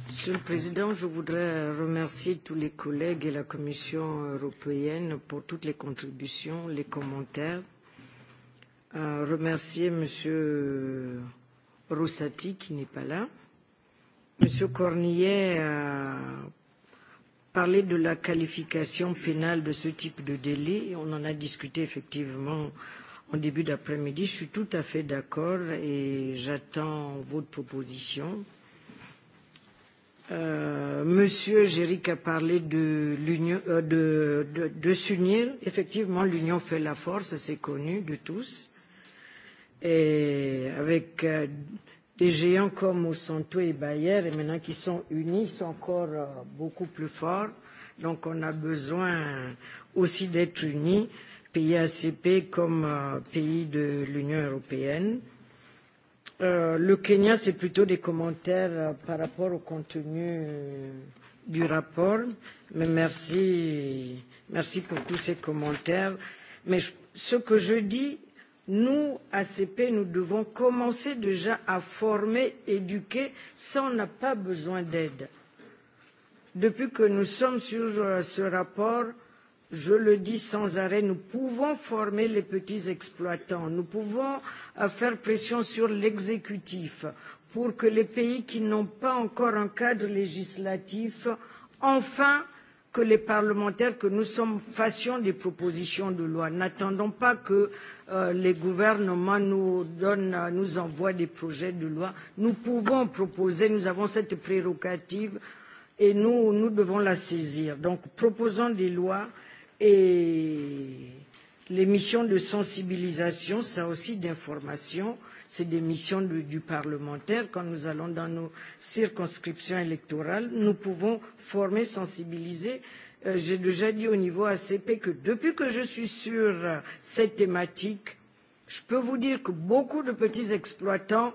Monsieur le Président, je voudrais remercier tous les collègues et la Commission européenne pour toutes les contributions, les commentaires remercier Monsieur Roussati qui n'est pas là. Monsieur Cornillet a parlé de la qualification pénale de ce type de délit. On en a discuté effectivement en début d'après-midi. Je suis tout à fait d'accord et j'attends votre proposition. Euh, Monsieur Géric a parlé de, l'union, de, de, de s'unir. Effectivement, l'union fait la force, c'est connu de tous et avec euh, des géants comme Monsanto et Bayer, et maintenant qui sont unis, sont encore euh, beaucoup plus forts. Donc on a besoin aussi d'être unis, pays ACP comme euh, pays de l'Union européenne. Euh, le Kenya, c'est plutôt des commentaires euh, par rapport au contenu du rapport, mais merci, merci pour tous ces commentaires. Mais je, ce que je dis, Nous, ACP, nous devons commencer déjà à former, éduquer, ça on n'a pas besoin d'aide. Depuis que nous sommes sur ce rapport, je le dis sans arrêt, nous pouvons former les petits exploitants, nous pouvons faire pression sur l'exécutif pour que les pays qui n'ont pas encore un cadre législatif enfin que les parlementaires que nous sommes fassions des propositions de loi. N'attendons pas que les gouvernements nous, donnent, nous envoient des projets de loi. Nous pouvons proposer, nous avons cette prérogative et nous, nous devons la saisir. Donc proposons des lois et les missions de sensibilisation, ça aussi d'information, euh, c'est des missions du, parlementaire. Quand nous allons dans nos circonscriptions électorales, nous pouvons former, sensibiliser. J'ai déjà dit au niveau ACP que depuis que je suis sur cette thématique, je peux vous dire que beaucoup de petits exploitants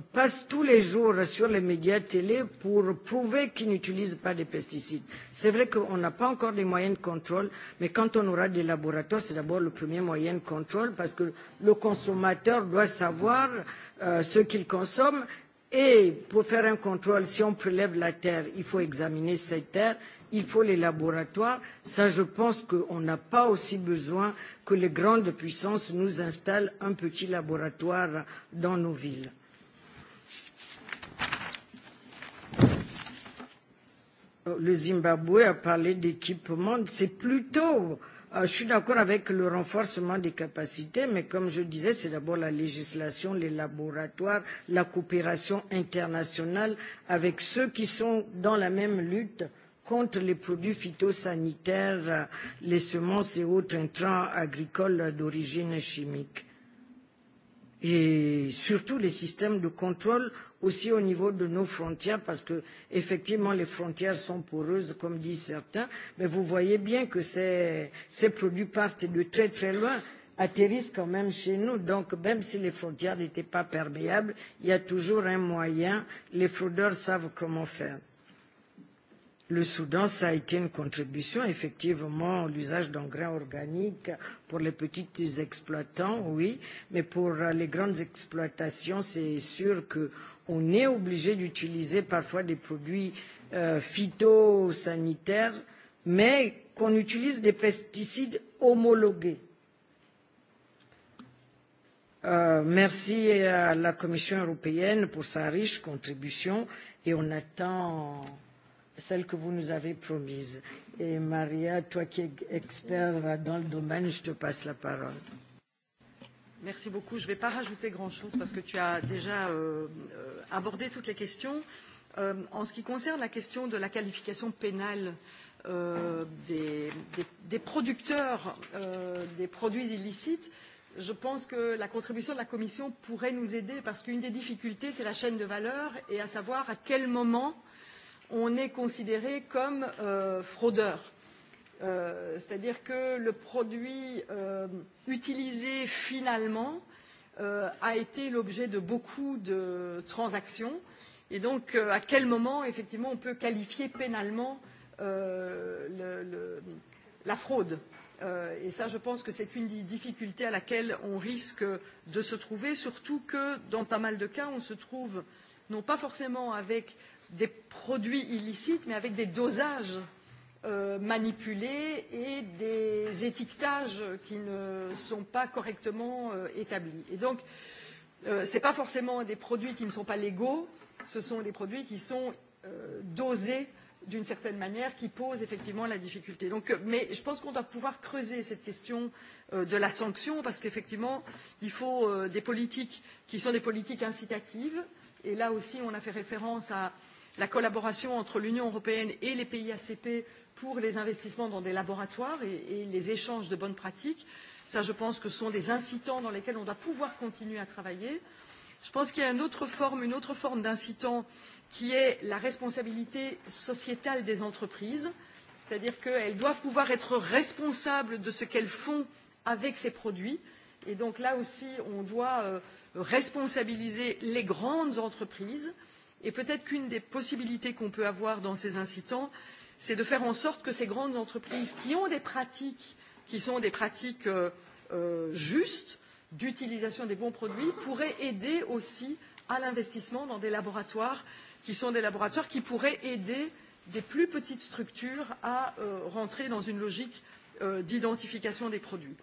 passe tous les jours sur les médias télé pour prouver qu'ils n'utilisent pas de pesticides. C'est vrai qu'on n'a pas encore des moyens de contrôle, mais quand on aura des laboratoires, c'est d'abord le premier moyen de contrôle parce que le consommateur doit savoir ce qu'il consomme Et pour faire un contrôle, si on prélève la terre, il faut examiner cette terre, il faut les laboratoires. Ça, je pense qu'on n'a pas aussi besoin que les grandes puissances nous installent un petit laboratoire dans nos villes. le Zimbabwe a parlé d'équipement, c'est plutôt, je suis d'accord avec le renforcement des capacités, mais comme je disais, c'est d'abord la législation, les laboratoires, la coopération internationale avec ceux qui sont dans la même lutte contre les produits phytosanitaires, les semences et autres intrants agricoles d'origine chimique et surtout les systèmes de contrôle aussi au niveau de nos frontières, parce que effectivement les frontières sont poreuses, comme disent certains, mais vous voyez bien que ces, ces produits partent de très très loin, atterrissent quand même chez nous. Donc même si les frontières n'étaient pas perméables, il y a toujours un moyen, les fraudeurs savent comment faire le Soudan, ça a été une contribution, effectivement, l'usage d'engrais organiques pour les petits exploitants, oui, mais pour les grandes exploitations, c'est sûr qu'on est obligé d'utiliser parfois des produits phytosanitaires, mais qu'on utilise des pesticides homologués. merci à la Commission européenne pour sa riche contribution et on attend celle que vous nous avez promise. Et Maria, toi qui es expert dans le domaine, je te passe la parole.
Merci beaucoup. Je ne vais pas rajouter grand-chose parce que tu as déjà euh, abordé toutes les questions. Euh, en ce qui concerne la question de la qualification pénale euh, des, des, des producteurs euh, des produits illicites, je pense que la contribution de la Commission pourrait nous aider parce qu'une des difficultés, c'est la chaîne de valeur et à savoir à quel moment euh, on est considéré comme euh, fraudeur. Euh, C'est-à-dire que le produit euh, utilisé finalement euh, a été l'objet de beaucoup de transactions. Et donc, euh, à quel moment, effectivement, on peut qualifier pénalement euh, le, le, la fraude euh, Et ça, je pense que c'est une des difficultés à laquelle on risque de se trouver, surtout que, dans pas mal de cas, on se trouve non pas forcément avec euh, des produits illicites, mais avec des dosages manipulés et des étiquetages qui ne sont pas correctement établis. Et donc, ce n'est pas forcément des produits qui ne sont pas légaux, ce sont des produits qui sont dosés d'une certaine manière qui pose effectivement la difficulté. Donc, mais je pense qu'on doit pouvoir creuser cette question de la sanction parce qu'effectivement, il faut des politiques qui sont des politiques incitatives. Et là aussi, on a fait référence à la collaboration entre l'Union européenne et les pays ACP pour les investissements dans des laboratoires et, les échanges de bonnes pratiques. Ça, je pense que ce sont des incitants dans lesquels on doit pouvoir continuer à travailler. Je pense qu'il y a une autre forme, une autre forme d'incitant qui est la responsabilité sociétale des entreprises, c'est-à-dire qu'elles doivent pouvoir être responsables de ce qu'elles font avec ces produits. Et donc là aussi, on doit responsabiliser les grandes entreprises Et peut-être qu'une des possibilités qu'on peut avoir dans ces incitants, c'est de faire en sorte que ces grandes entreprises qui ont des pratiques qui sont des pratiques justes d'utilisation des bons produits pourraient aider aussi à l'investissement dans des laboratoires qui sont des laboratoires qui pourraient aider des plus petites structures à rentrer dans une logique d'identification des produits.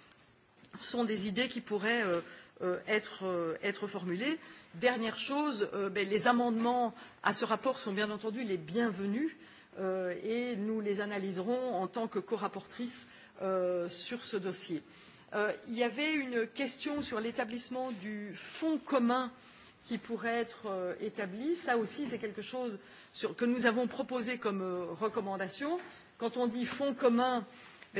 Ce sont des idées qui pourraient être, être formulées. Dernière chose, les amendements à ce rapport sont bien entendu les bienvenus et nous les analyserons en tant que corapportrice sur ce dossier. il y avait une question sur l'établissement du fonds commun qui pourrait être établi. Ça aussi, c'est quelque chose que nous avons proposé comme recommandation. Quand on dit fonds commun,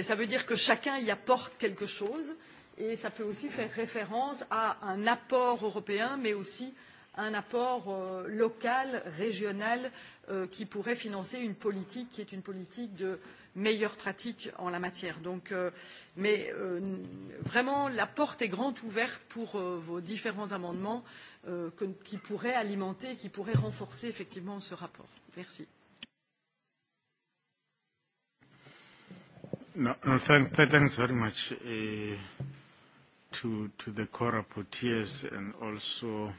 ça veut dire que chacun y apporte quelque chose. Euh, et ça peut aussi faire référence à un apport européen, mais aussi un apport local, régional, qui pourrait financer une politique qui est une politique de meilleures pratiques en la matière. mais vraiment, la porte est grande ouverte pour vos différents amendements qui pourraient alimenter, qui pourraient renforcer effectivement ce rapport. Merci.
thanks very much to, to the co-rapporteurs and also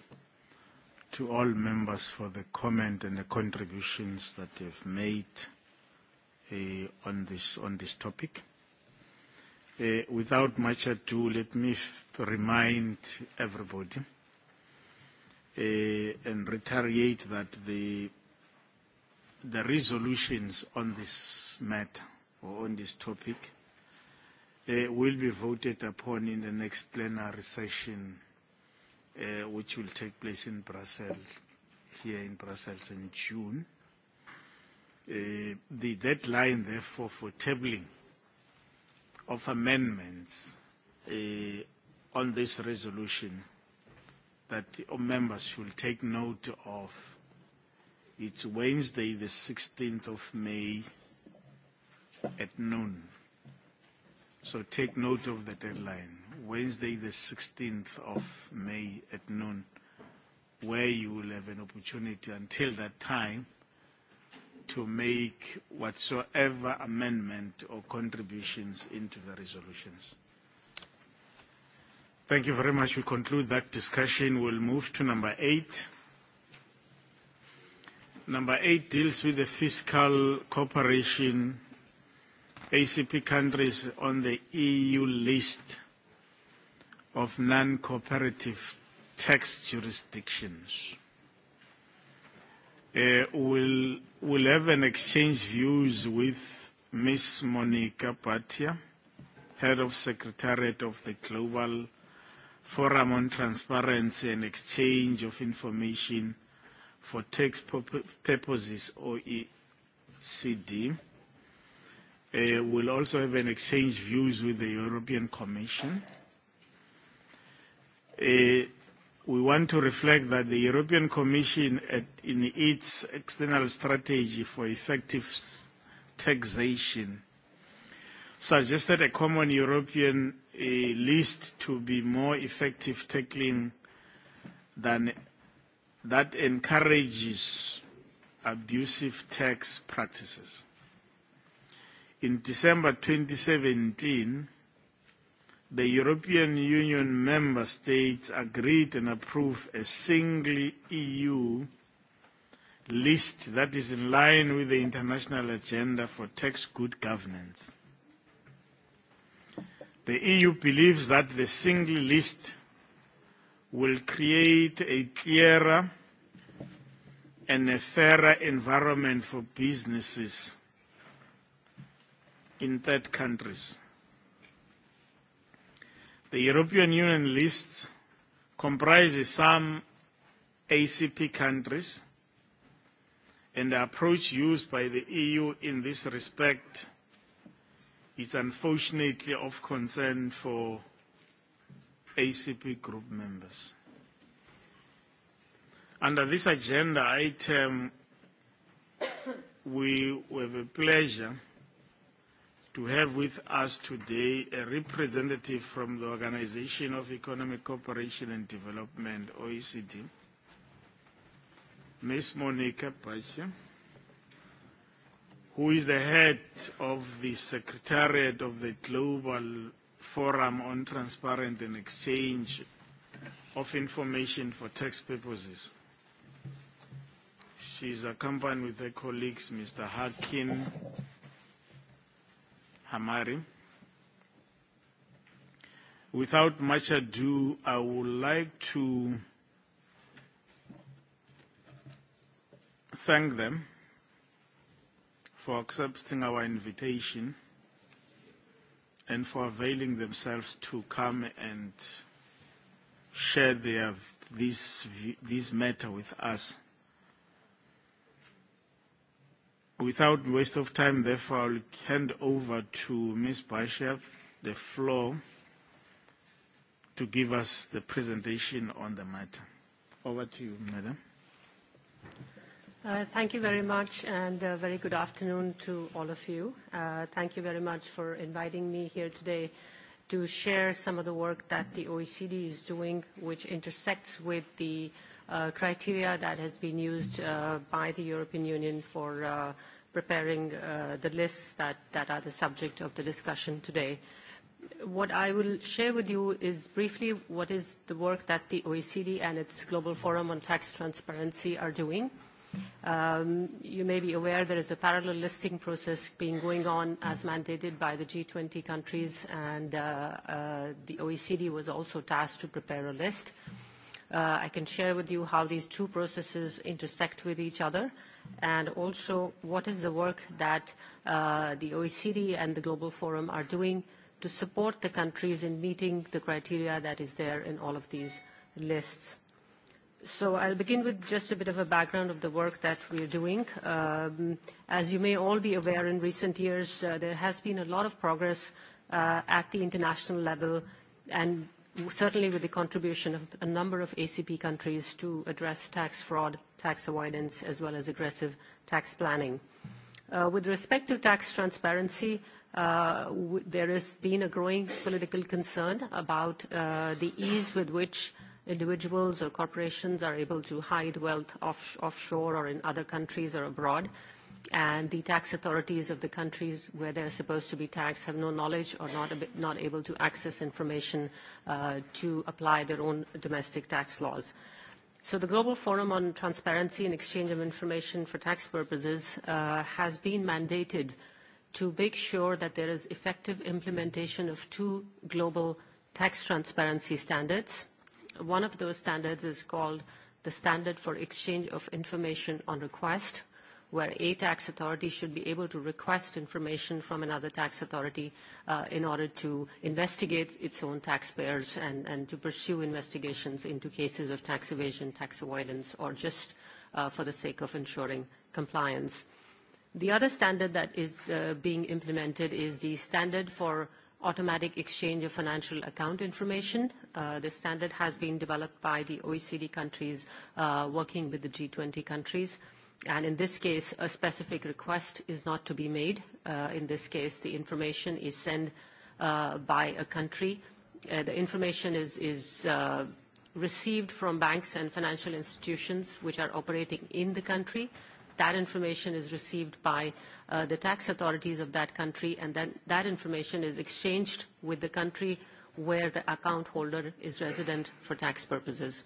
to all members for the comment and the contributions that they've made uh, on, this, on this topic. Uh, without much ado, let me f- remind everybody uh, and reiterate that the, the resolutions on this matter or on this topic – will be voted upon in the next plenary session, which will take place in Brussels, here in Brussels in June. The deadline, therefore, for tabling of amendments on this resolution that members should take note of, it's Wednesday, the 16th of May at noon So take note of the deadline, Wednesday, the 16th of May at noon, where you will have an opportunity until that time to make whatsoever amendment or contributions into the resolutions. Thank you very much. We conclude that discussion. We'll move to number eight. Number eight deals with the fiscal cooperation ACP countries on the EU list of non-cooperative tax jurisdictions. We'll have an exchange views with Ms. Monica Bhatia, Head of Secretariat of the Global Forum on Transparency and Exchange of Information for Tax Purposes, OECD We'll also have an exchange views with the European Commission. We want to reflect that the European Commission, at in its external strategy for effective taxation, suggested a common European list to be more effective tackling than that encourages abusive tax practices in December 2017, the European Union member states agreed and approved a single EU list that is in line with the international agenda for tax good governance. The EU believes that the single list will create a clearer and a fairer environment for businesses in third countries. The European Union list comprises some ACP countries, and the approach used by the EU in this respect is unfortunately of concern for ACP group members. Under this agenda item, we have a pleasure to have with us today a representative from the Organization of Economic Cooperation and Development, OECD, Ms. Monica Pache, who is the head of the Secretariat of the Global Forum on Transparent and Exchange of Information for Tax Purposes. She is accompanied with her colleagues, Mr. Harkin, Hamari. Without much ado, I would like to thank them for accepting our invitation and for availing themselves to come and share their, this, this matter with us. Without waste of time, therefore, I'll hand over to Ms. Bishop the floor to give us the presentation on the matter. Over to you, madam.
Uh, thank you very much, and a very good afternoon to all of you. Uh, thank you very much for inviting me here today to share some of the work that the OECD is doing, which intersects with the uh, criteria that has been used by the European Union for preparing the lists that are the subject of the discussion today. What I will share with you is briefly what is the work that the OECD and its Global Forum on Tax Transparency are doing. You may be aware there is a parallel listing process being going on as mandated by the G20 countries, and the OECD was also tasked to prepare a list. Uh, I can share with you how these two processes intersect with each other, and also what is the work that the OECD and the Global Forum are doing to support the countries in meeting the criteria that is there in all of these lists. So I'll begin with just a bit of a background of the work that we're doing. As you may all be aware, in recent years, there has been a lot of progress at the international level, and certainly with the contribution of a number of ACP countries to address tax fraud, tax avoidance, as well as aggressive tax planning. With respect to tax transparency, there has been a growing political concern about the ease with which individuals or corporations are able to hide wealth offshore or in other countries or abroad and the tax authorities of the countries where they're supposed to be taxed have no knowledge or not, not able to access information uh, to apply their own domestic tax laws. So the Global Forum on Transparency and Exchange of Information for Tax Purposes uh, has been mandated to make sure that there is effective implementation of two global tax transparency standards. One of those standards is called the Standard for Exchange of Information on Request, uh, where a tax authority should be able to request information from another tax authority uh, in order to investigate its own taxpayers and, and to pursue investigations into cases of tax evasion, tax avoidance, or just uh, for the sake of ensuring compliance. The other standard that is uh, being implemented is the standard for automatic exchange of financial account information. Uh, this standard has been developed by the OECD countries uh, working with the G20 countries. Uh, And in this case, a specific request is not to be made. Uh, in this case, the information is sent uh, by a country. Uh, the information is, is uh, received from banks and financial institutions which are operating in the country. That information is received by uh, the tax authorities of that country, and then that information is exchanged with the country where the account holder is resident for tax purposes.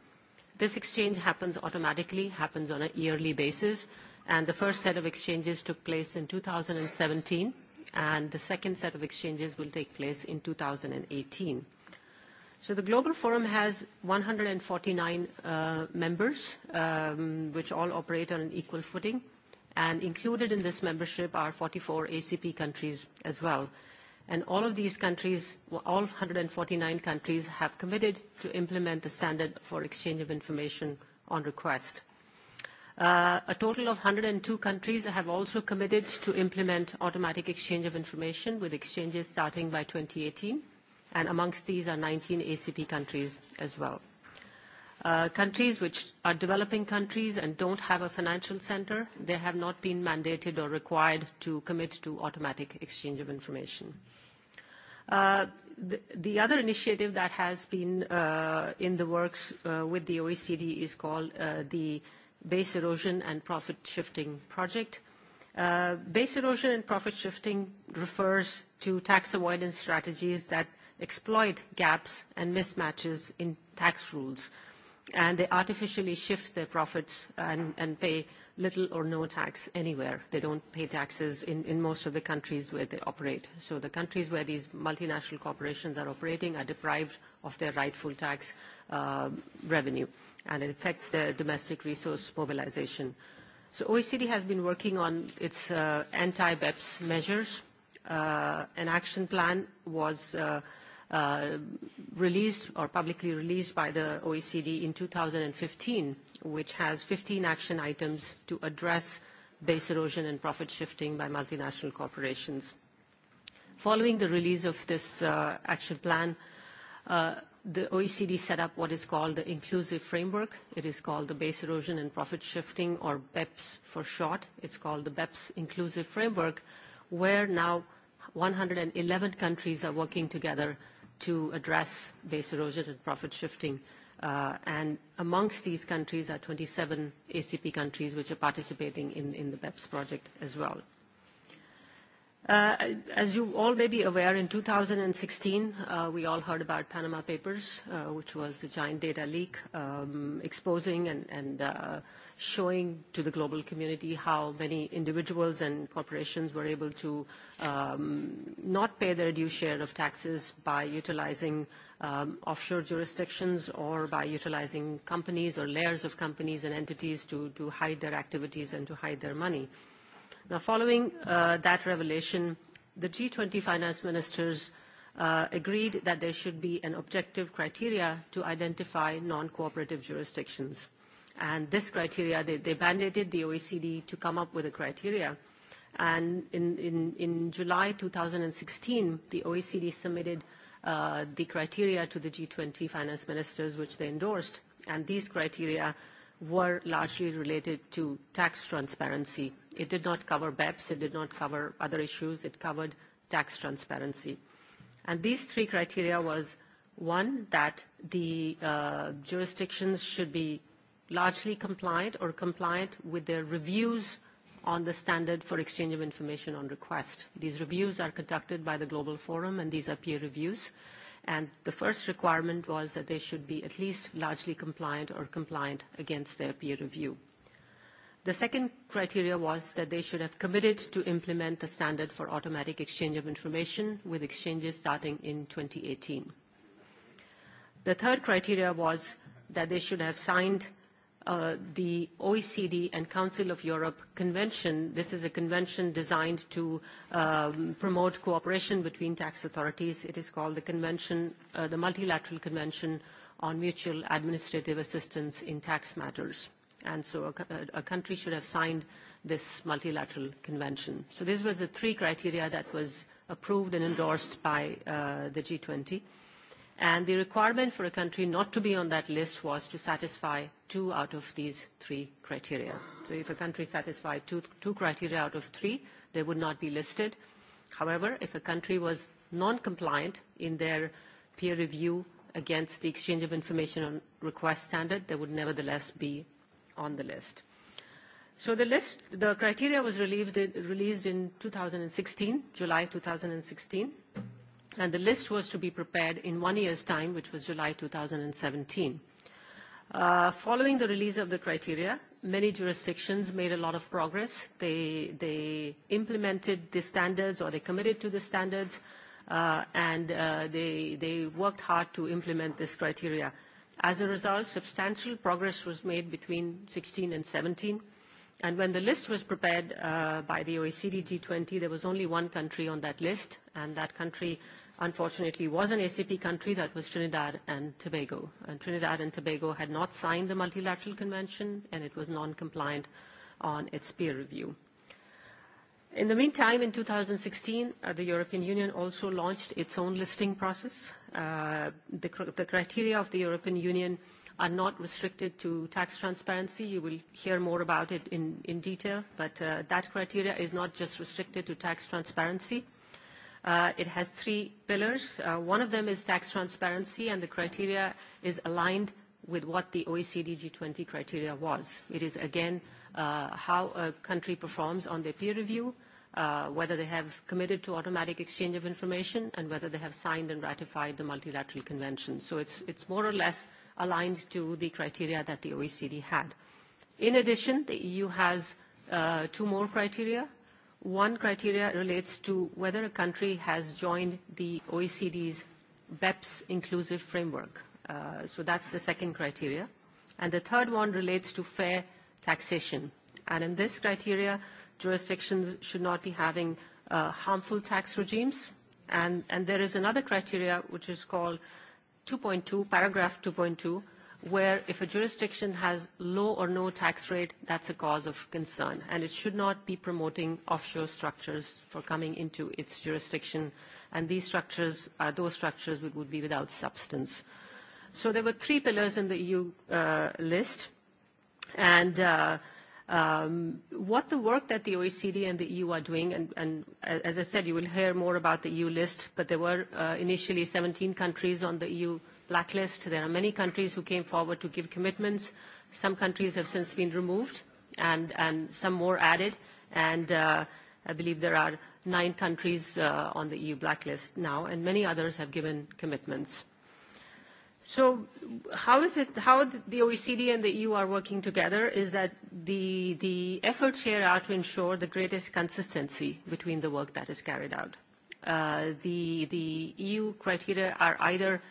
This exchange happens automatically, happens on a yearly basis, and the first set of exchanges took place in 2017, and the second set of exchanges will take place in 2018. So the Global Forum has 149 members, which all operate on an equal footing, and included in this membership are 44 ACP countries as well. And all of these countries, all 149 countries, have committed to implement the standard for exchange of information on request. Uh, a total of 102 countries have also committed to implement automatic exchange of information with exchanges starting by 2018, and amongst these are 19 ACP countries as well countries which are developing countries and don't have a financial center, they have not been mandated or required to commit to automatic exchange of information. The other initiative that has been in the works with the OECD is called the Base Erosion and Profit Shifting Project. Base erosion and profit shifting refers to tax avoidance strategies that exploit gaps and mismatches in tax rules uh, and they artificially shift their profits and, and pay little or no tax anywhere. They don't pay taxes in, in most of the countries where they operate. So the countries where these multinational corporations are operating are deprived of their rightful tax uh, revenue, and it affects their domestic resource mobilization. So OECD has been working on its uh, anti-BEPS measures. Uh, an action plan was uh, – released or publicly released by the OECD in 2015, which has 15 action items to address base erosion and profit shifting by multinational corporations. Following the release of this uh, action plan, uh, the OECD set up what is called the inclusive framework. It is called the Base Erosion and Profit Shifting, or BEPS for short. It's called the BEPS Inclusive Framework, where now 111 countries are working together to address base erosion and profit shifting. Uh, and amongst these countries are 27 ACP countries which are participating in, in the BEPS project as well. As you all may be aware, in 2016, we all heard about Panama Papers, which was the giant data leak, exposing and showing to the global community how many individuals and corporations were able to not pay their due share of taxes by utilizing offshore jurisdictions or by utilizing companies or layers of companies and entities to hide their activities and to hide their money. Now, following uh, that revelation, the G20 finance ministers uh, agreed that there should be an objective criteria to identify non-cooperative jurisdictions. And this criteria, they, they mandated the OECD to come up with a criteria. And in, in, in July 2016, the OECD submitted uh, the criteria to the G20 finance ministers, which they endorsed. And these criteria were largely related to tax transparency. It did not cover BEPS, it did not cover other issues, it covered tax transparency. And these three criteria was, one, that the uh, jurisdictions should be largely compliant or compliant with their reviews on the standard for exchange of information on request. These reviews are conducted by the Global Forum, and these are peer reviews. Uh, And the first requirement was that they should be at least largely compliant or compliant against their peer review. The second criteria was that they should have committed to implement the standard for automatic exchange of information with exchanges starting in 2018. The third criteria was that they should have signed the OECD and Council of Europe Convention. This is a convention designed to promote cooperation between tax authorities. It is called the Convention, the Multilateral Convention on Mutual Administrative Assistance in Tax Matters. And so a, country should have signed this multilateral convention. So these were the three criteria that was approved and endorsed by the G20 and the requirement for a country not to be on that list was to satisfy two out of these three criteria. So if a country satisfied two, two criteria out of three, they would not be listed. However, if a country was non-compliant in their peer review against the exchange of information on request standard, they would nevertheless be on the list. So the list, the criteria was released in, released in 2016, July 2016 and the list was to be prepared in one year's time, which was July 2017. Uh, following the release of the criteria, many jurisdictions made a lot of progress. They, they implemented the standards or they committed to the standards uh, and uh, they, they worked hard to implement this criteria. As a result, substantial progress was made between 16 and 17 And when the list was prepared uh, by the OECD G20, there was only one country on that list, and that country, unfortunately, was an ACP country. That was Trinidad and Tobago. And Trinidad and Tobago had not signed the multilateral convention, and it was non-compliant on its peer review. In the meantime, in 2016, uh, the European Union also launched its own listing process. Uh, the, the criteria of the European Union uh, are not restricted to tax transparency. You will hear more about it in, in detail, but that criteria is not just restricted to tax transparency. it has three pillars. one of them is tax transparency, and the criteria is aligned with what the OECD G20 criteria was. It is, again, how a country performs on their peer review, whether they have committed to automatic exchange of information, and whether they have signed and ratified the multilateral convention. So it's, it's more or less aligned to the criteria that the OECD had. In addition, the EU has uh, two more criteria. One criteria relates to whether a country has joined the OECD's BEPS inclusive framework. Uh, so that's the second criteria. And the third one relates to fair taxation. And in this criteria, jurisdictions should not be having uh, harmful tax regimes. And, and there is another criteria which is called 2.2, paragraph 2.2, where if a jurisdiction has low or no tax rate, that's a cause of concern, and it should not be promoting offshore structures for coming into its jurisdiction, and these structures, uh, those structures would, would be without substance. So there were three pillars in the EU uh, list, and uh, Um, what the work that the OECD and the EU are doing, and, and as I said, you will hear more about the EU list, but there were uh, initially 17 countries on the EU blacklist. There are many countries who came forward to give commitments. Some countries have since been removed, and, and some more added. And uh, I believe there are nine countries uh, on the EU blacklist now, and many others have given commitments. So how is it, how the OECD and the EU are working together is that the, the efforts here are to ensure the greatest consistency between the work that is carried out. Uh, the, the EU criteria are either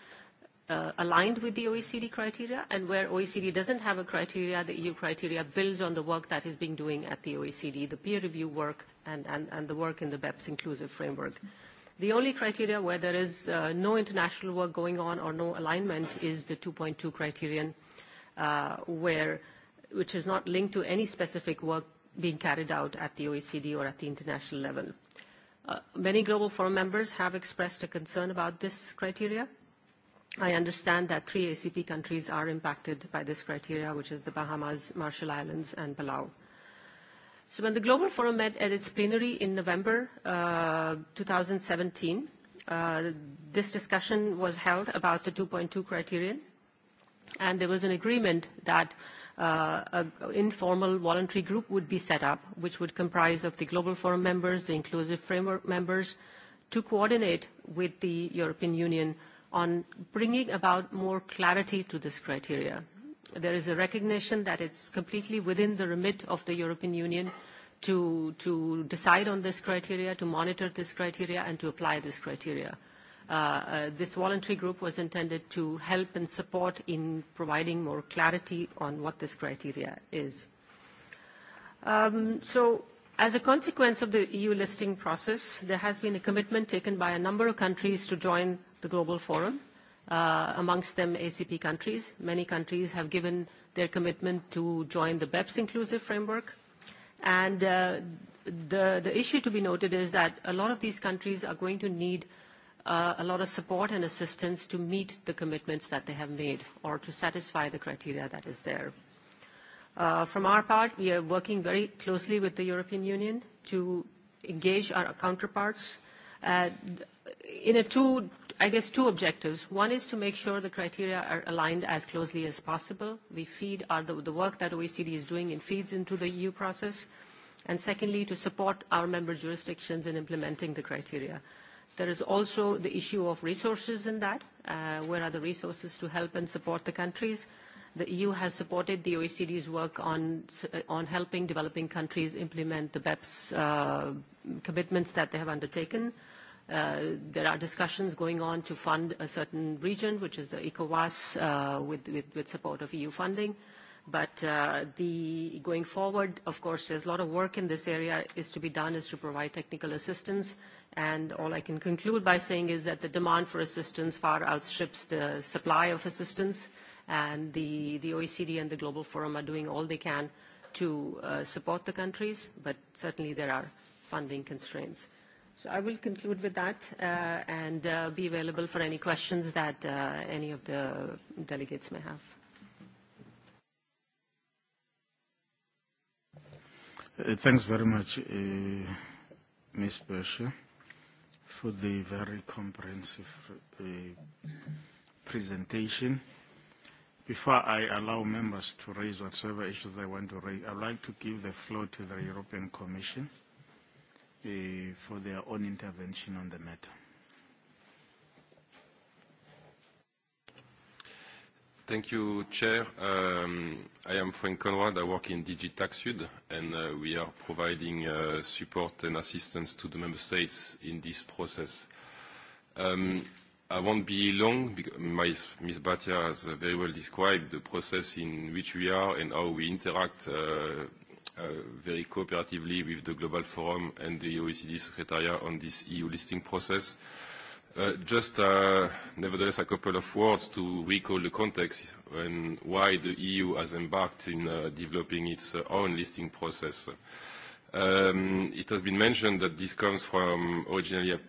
uh, aligned with the OECD criteria, and where OECD doesn't have a criteria, the EU criteria builds on the work that is being doing at the OECD, the peer review work and, and, and the work in the BEPS inclusive framework. Mm-hmm The only criteria where there is uh, no international work going on or no alignment is the 2.2 criterion, uh, where, which is not linked to any specific work being carried out at the OECD or at the international level. Uh, many Global Forum members have expressed a concern about this criteria. I understand that three ACP countries are impacted by this criteria, which is the Bahamas, Marshall Islands, and Palau. So when the Global Forum met at its plenary in November uh, 2017, uh, this discussion was held about the 2.2 criterion, and there was an agreement that uh, an informal voluntary group would be set up, which would comprise of the Global Forum members, the Inclusive Framework members, to coordinate with the European Union on bringing about more clarity to this criteria there is a recognition that it's completely within the remit of the European Union to, to decide on this criteria, to monitor this criteria, and to apply this criteria. Uh, uh, this voluntary group was intended to help and support in providing more clarity on what this criteria is. Um, so As a consequence of the EU listing process, there has been a commitment taken by a number of countries to join the global forum uh, amongst them ACP countries. Many countries have given their commitment to join the BEPS inclusive framework. And uh, the, the issue to be noted is that a lot of these countries are going to need uh, a lot of support and assistance to meet the commitments that they have made or to satisfy the criteria that is there. Uh, from our part, we are working very closely with the European Union to engage our counterparts uh, in a two I guess, two objectives. One is to make sure the criteria are aligned as closely as possible. We feed our, the, the work that OECD is doing and feeds into the EU process. And secondly, to support our member jurisdictions in implementing the criteria. There is also the issue of resources in that. Uh, where are the resources to help and support the countries? The EU has supported the OECD's work on, on helping developing countries implement the BEPS uh, commitments that they have undertaken. Uh, There are discussions going on to fund a certain region, which is the ECOWAS, with support of EU funding. But going forward, of course, there's a lot of work in this area is to be done, is to provide technical assistance. And all I can conclude by saying is that the demand for assistance far outstrips the supply of assistance, and the OECD and the Global Forum are doing all they can to support the countries, but certainly there are funding constraints. So I will conclude with that uh, and uh, be available for any questions that uh, any of the delegates may have.
Uh, thanks very much, uh, Ms. Bersha, for the very comprehensive uh, presentation. Before I allow members to raise whatsoever issues they want to raise, I'd like to give the floor to the European Commission for their own intervention on the matter.
Thank you, Chair. Um, I am Frank Conrad. I work in DigiTax Sud, and uh, we are providing uh, support and assistance to the member states in this process. Um, I won't be long. because Ms. Bhatia has very well described the process in which we are and how we interact uh, very cooperatively with the Global Forum and the OECD Secretariat on this EU listing process. Just nevertheless, a couple of words to recall the context and why the EU has embarked in developing its own listing process. It has been mentioned that this comes from originally a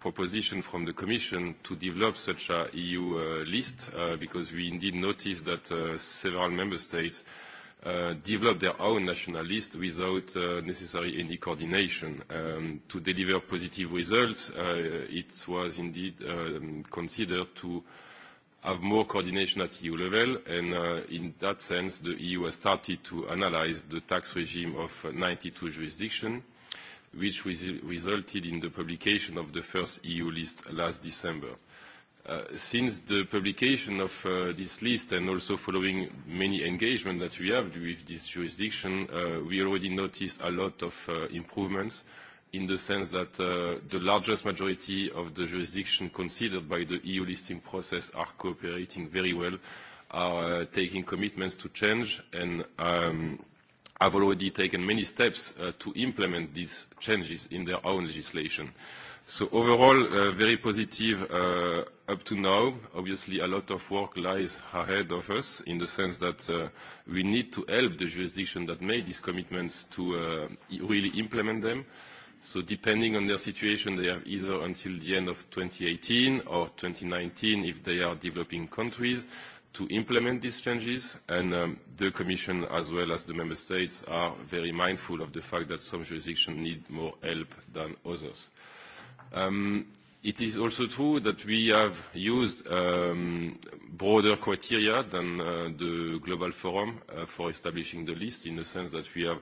proposition from the Commission to develop such a EU list, because we indeed noticed that several member states uh, develop their own national list without uh, necessary any coordination. Um, to deliver positive results, uh, it was indeed uh, considered to have more coordination at EU level, and uh, in that sense, the EU has started to analyze the tax regime of 92 jurisdictions, which resulted in the publication of the first EU list last December since the publication of this list and also following many engagement that we have with this jurisdiction, we already noticed a lot of improvements in the sense that the largest majority of the jurisdiction considered by the EU listing process are cooperating very well, are taking commitments to change, and have already taken many steps to implement these changes in their own legislation. So Overall, uh very positive uh up to now. Obviously, a lot of work lies ahead of us in the sense that uh we need to help the jurisdiction that made these commitments to uh really implement them. So Depending on their situation, they have either until the end of 2018 or 2019 if they are developing countries to implement these changes. and um The Commission, as well as the member states, are very mindful of the fact that some jurisdictions need more help than others. It is also true that we have used um broader criteria than uh the Global Forum uh for establishing the list, in the sense that we have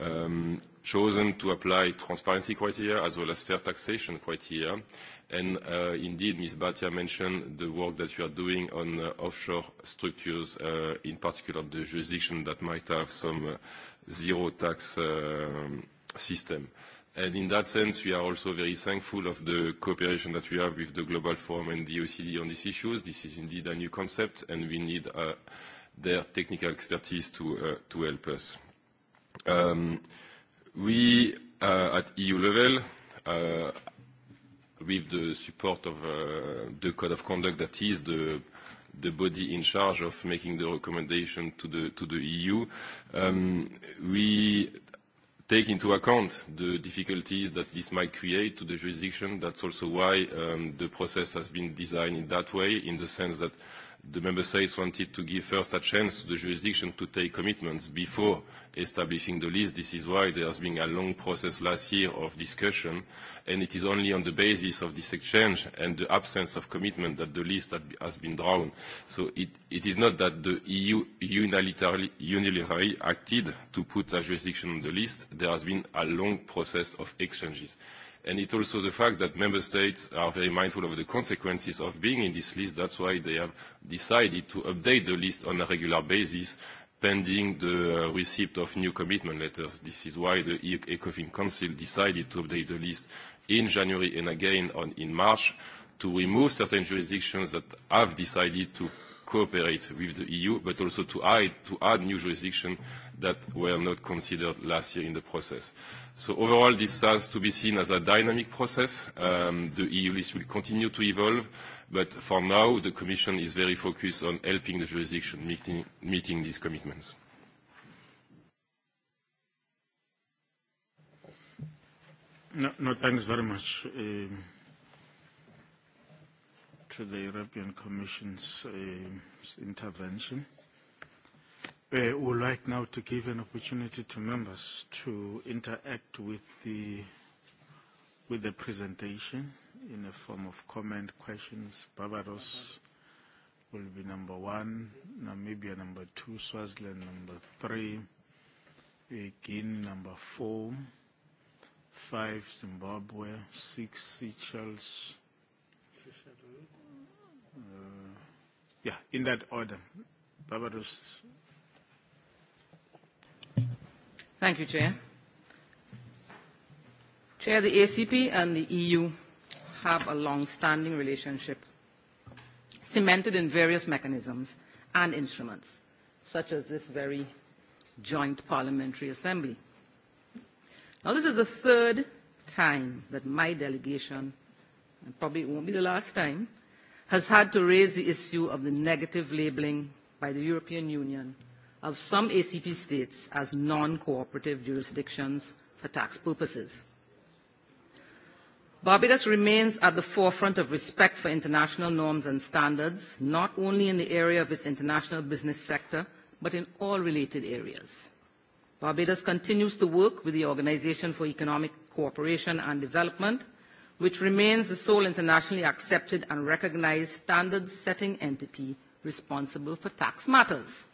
um chosen to apply transparency criteria as well as fair taxation criteria. And uh indeed, Ms. Bhatia mentioned the work that you are doing on uh offshore structures, uh in particular the jurisdiction that might have some uh zero tax uh system. And in that sense, we are also very thankful of the cooperation that we have with the Global Forum and the OECD on these issues. This is indeed a new concept, and we need uh, their technical expertise to, uh, to help us. Um, we, uh, at EU level, uh, with the support of uh, the Code of Conduct that is the the body in charge of making the recommendation to the to the EU. Um, we take into account the difficulties that this might create to the jurisdiction. That's also why um, the process has been designed in that way, in the sense that the member states wanted to give first a chance to the jurisdiction to take commitments before establishing the list. This is why there has been a long process last year of discussion, and it is only on the basis of this exchange and the absence of commitment that the list has been drawn. So it, it is not that the EU unilaterally, unilaterally acted to put a jurisdiction on the list. There has been a long process of exchanges. And it's also the fact that member states are very mindful of the consequences of being in this list. That's why they have decided to update the list on a regular basis pending the uh, receipt of new commitment letters. This is why the ECOFIN Council decided to update the list in January and again on, in March to remove certain jurisdictions that have decided to cooperate with the EU, but also to add, to add new jurisdictions that were not considered last year in the process. So overall, this has to be seen as a dynamic process. The EU list will continue to evolve, but for now, the Commission is very focused on helping the jurisdiction meeting these commitments.
No, no, thanks very much to the European Commission's intervention. Uh, would like now to give an opportunity to members to interact with the with the presentation in the form of comment, questions. Barbados will be number one, Namibia number two, Swaziland number three, Guinea number four, five Zimbabwe, six Seychelles. Uh, yeah, in that order. Barbados
Thank you, Chair. Chair, the ACP and the EU have a long-standing relationship cemented in various mechanisms and instruments, such as this very joint parliamentary assembly. Now, this is the third time that my delegation, and probably it won't be the last time, has had to raise the issue of the negative labelling by the European Union of some ACP states as non-cooperative jurisdictions for tax purposes. Barbados remains at the forefront of respect for international norms and standards, not only in the area of its international business sector, but in all related areas. Barbados continues to work with the Organization for Economic Cooperation and Development, which remains the sole internationally accepted and recognized standards-setting entity responsible for tax matters.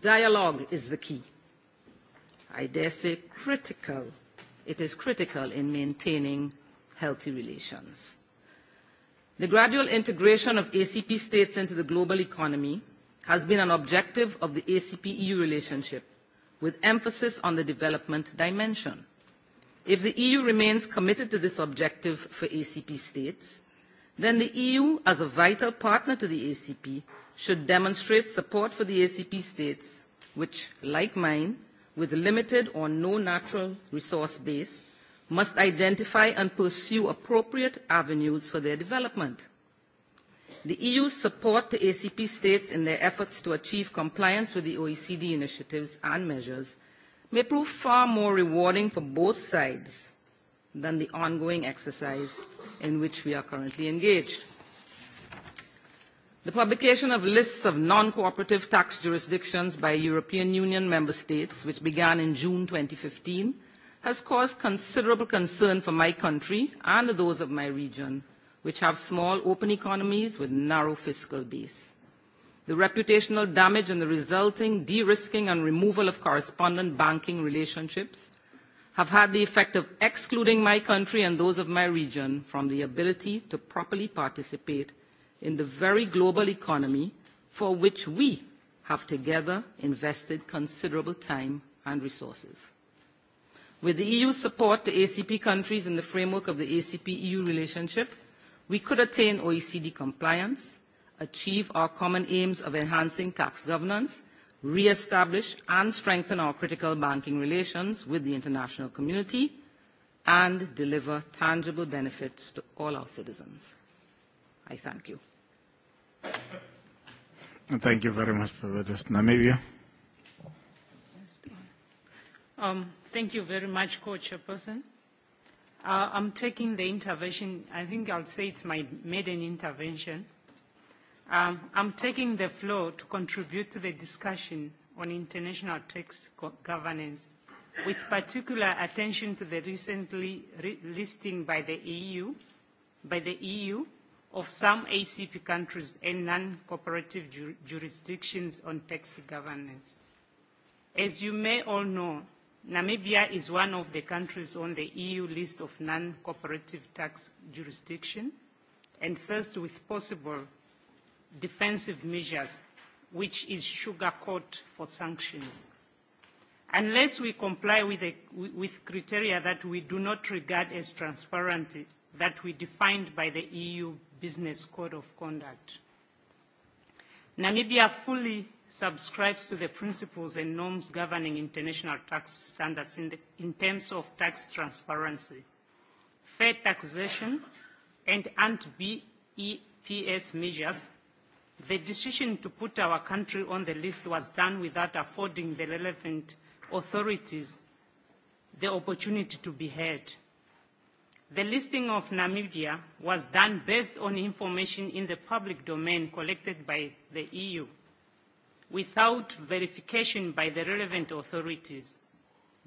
Dialogue is the key. I dare say critical. It is critical in maintaining healthy relations. The gradual integration of ACP states into the global economy has been an objective of the ACP-EU relationship, with emphasis on the development dimension. If the EU remains committed to this objective for ACP states, then the EU, as a vital partner to the ACP, should demonstrate support for the ACP states, which, like mine, with limited or no natural resource base, must identify and pursue appropriate avenues for their development. The EU's support to ACP states in their efforts to achieve compliance with the OECD initiatives and measures may prove far more rewarding for both sides than the ongoing exercise in which we are currently engaged. The publication of lists of non-cooperative tax jurisdictions by European Union member states, which began in June fifteen, has caused considerable concern for my country and those of my region, which have small open economies with narrow fiscal base. The reputational damage and the resulting de-risking and removal of correspondent banking relationships have had the effect of excluding my country and those of my region from the ability to properly participate in the very global economy for which we have together invested considerable time and resources. With the EU's support to ACP countries in the framework of the ACP-EU relationship, we could attain OECD compliance, achieve our common aims of enhancing tax governance, re-establish and strengthen our critical banking relations with the international community, and deliver tangible benefits to all our citizens. I thank you.
Thank you very much, Providence. Namibia.
Um, thank you very much, Co-Chairperson. Uh, I'm taking the intervention. I think I'll say it's my maiden intervention. Um, I'm taking the floor to contribute to the discussion on international tax governance, with particular attention to the recently re listing by the EU, by the EU of some ACP countries and non-cooperative ju jurisdictions on tax governance. As you may all know, Namibia is one of the countries on the EU list of non-cooperative tax jurisdiction and first with possible defensive measures, which is sugarcoat for sanctions. Unless we comply with, a, with criteria that we do not regard as transparent, that we defined by the EU Business Code of Conduct. Namibia fully subscribes to the principles and norms governing international tax standards in, the, in terms of tax transparency, fair taxation, and anti-BEPS measures. The decision to put our country on the list was done without affording the relevant authorities the opportunity to be heard. The listing of Namibia was done based on information in the public domain collected by the EU without verification by the relevant authorities.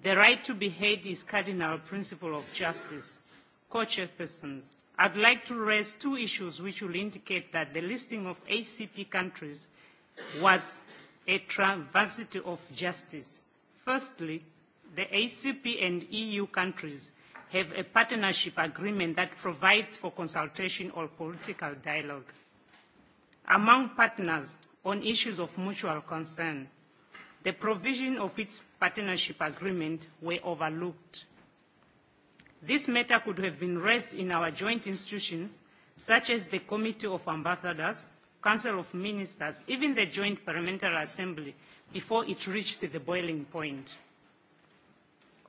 The right to be heard is cardinal principle of justice. Co-chairpersons, I'd like to raise two issues which will indicate that the listing of ACP countries was a transversity of justice. Firstly, the ACP and EU countries have a partnership agreement that provides for consultation or political dialogue among partners on issues of mutual concern. The provision of its partnership agreement were overlooked. This matter could have been raised in our joint institutions, such as the Committee of Ambassadors, Council of Ministers, even the Joint Parliamentary Assembly, before it reached the boiling point.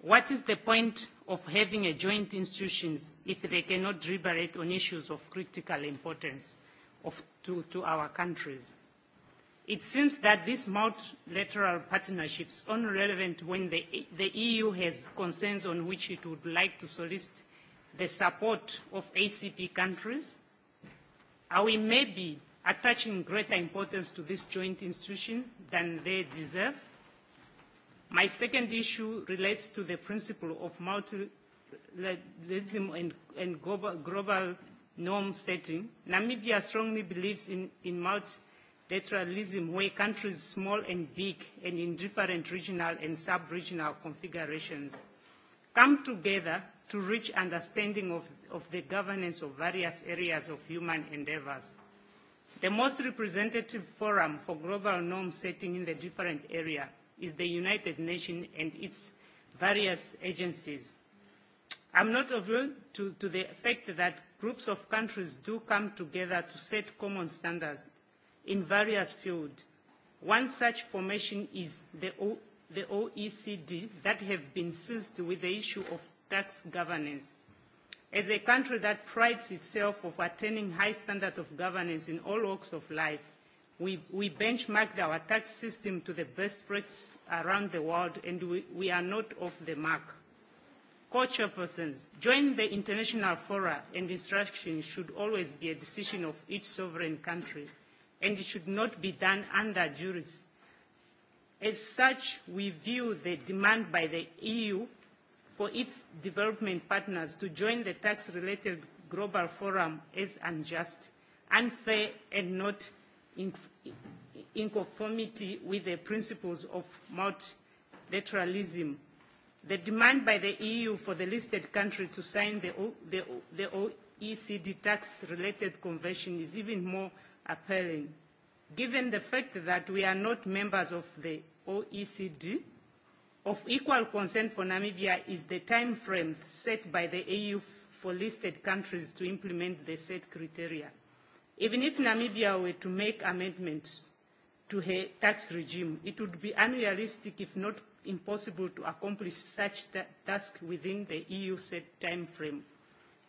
What is the point of having a joint institutions if they cannot deliberate on issues of critical importance of, to, to our countries. It seems that these multilateral partnerships are only relevant when the, the EU has concerns on which it would like to solicit the support of ACP countries. Are we maybe attaching greater importance to this joint institution than they deserve? My second issue relates to the principle of multilateralism and, and global, global norm setting. Namibia strongly believes in, in multilateralism where countries small and big and in different regional and sub-regional configurations come together to reach understanding of, of the governance of various areas of human endeavors. The most representative forum for global norm setting in the different area is the United Nations and its various agencies. I'm not alone to, to the fact that groups of countries do come together to set common standards in various fields. One such formation is the, o, the OECD that have been seized with the issue of tax governance. As a country that prides itself of attaining high standards of governance in all walks of life, We, we benchmarked our tax system to the best practice around the world, and we, we are not off the mark. Co-chairpersons, join the international fora, and instruction should always be a decision of each sovereign country, and it should not be done under juries. As such, we view the demand by the EU for its development partners to join the tax-related global forum as unjust, unfair, and not in in conformity with the principles of multilateralism. The demand by the EU for the listed country to sign the, the, the OECD tax-related convention is even more appealing. Given the fact that we are not members of the OECD, of equal concern for Namibia is the time frame set by the EU for listed countries to implement the set criteria. Even if Namibia were to make amendments to her tax regime, it would be unrealistic, if not impossible, to accomplish such ta tasks within the EU set time frame.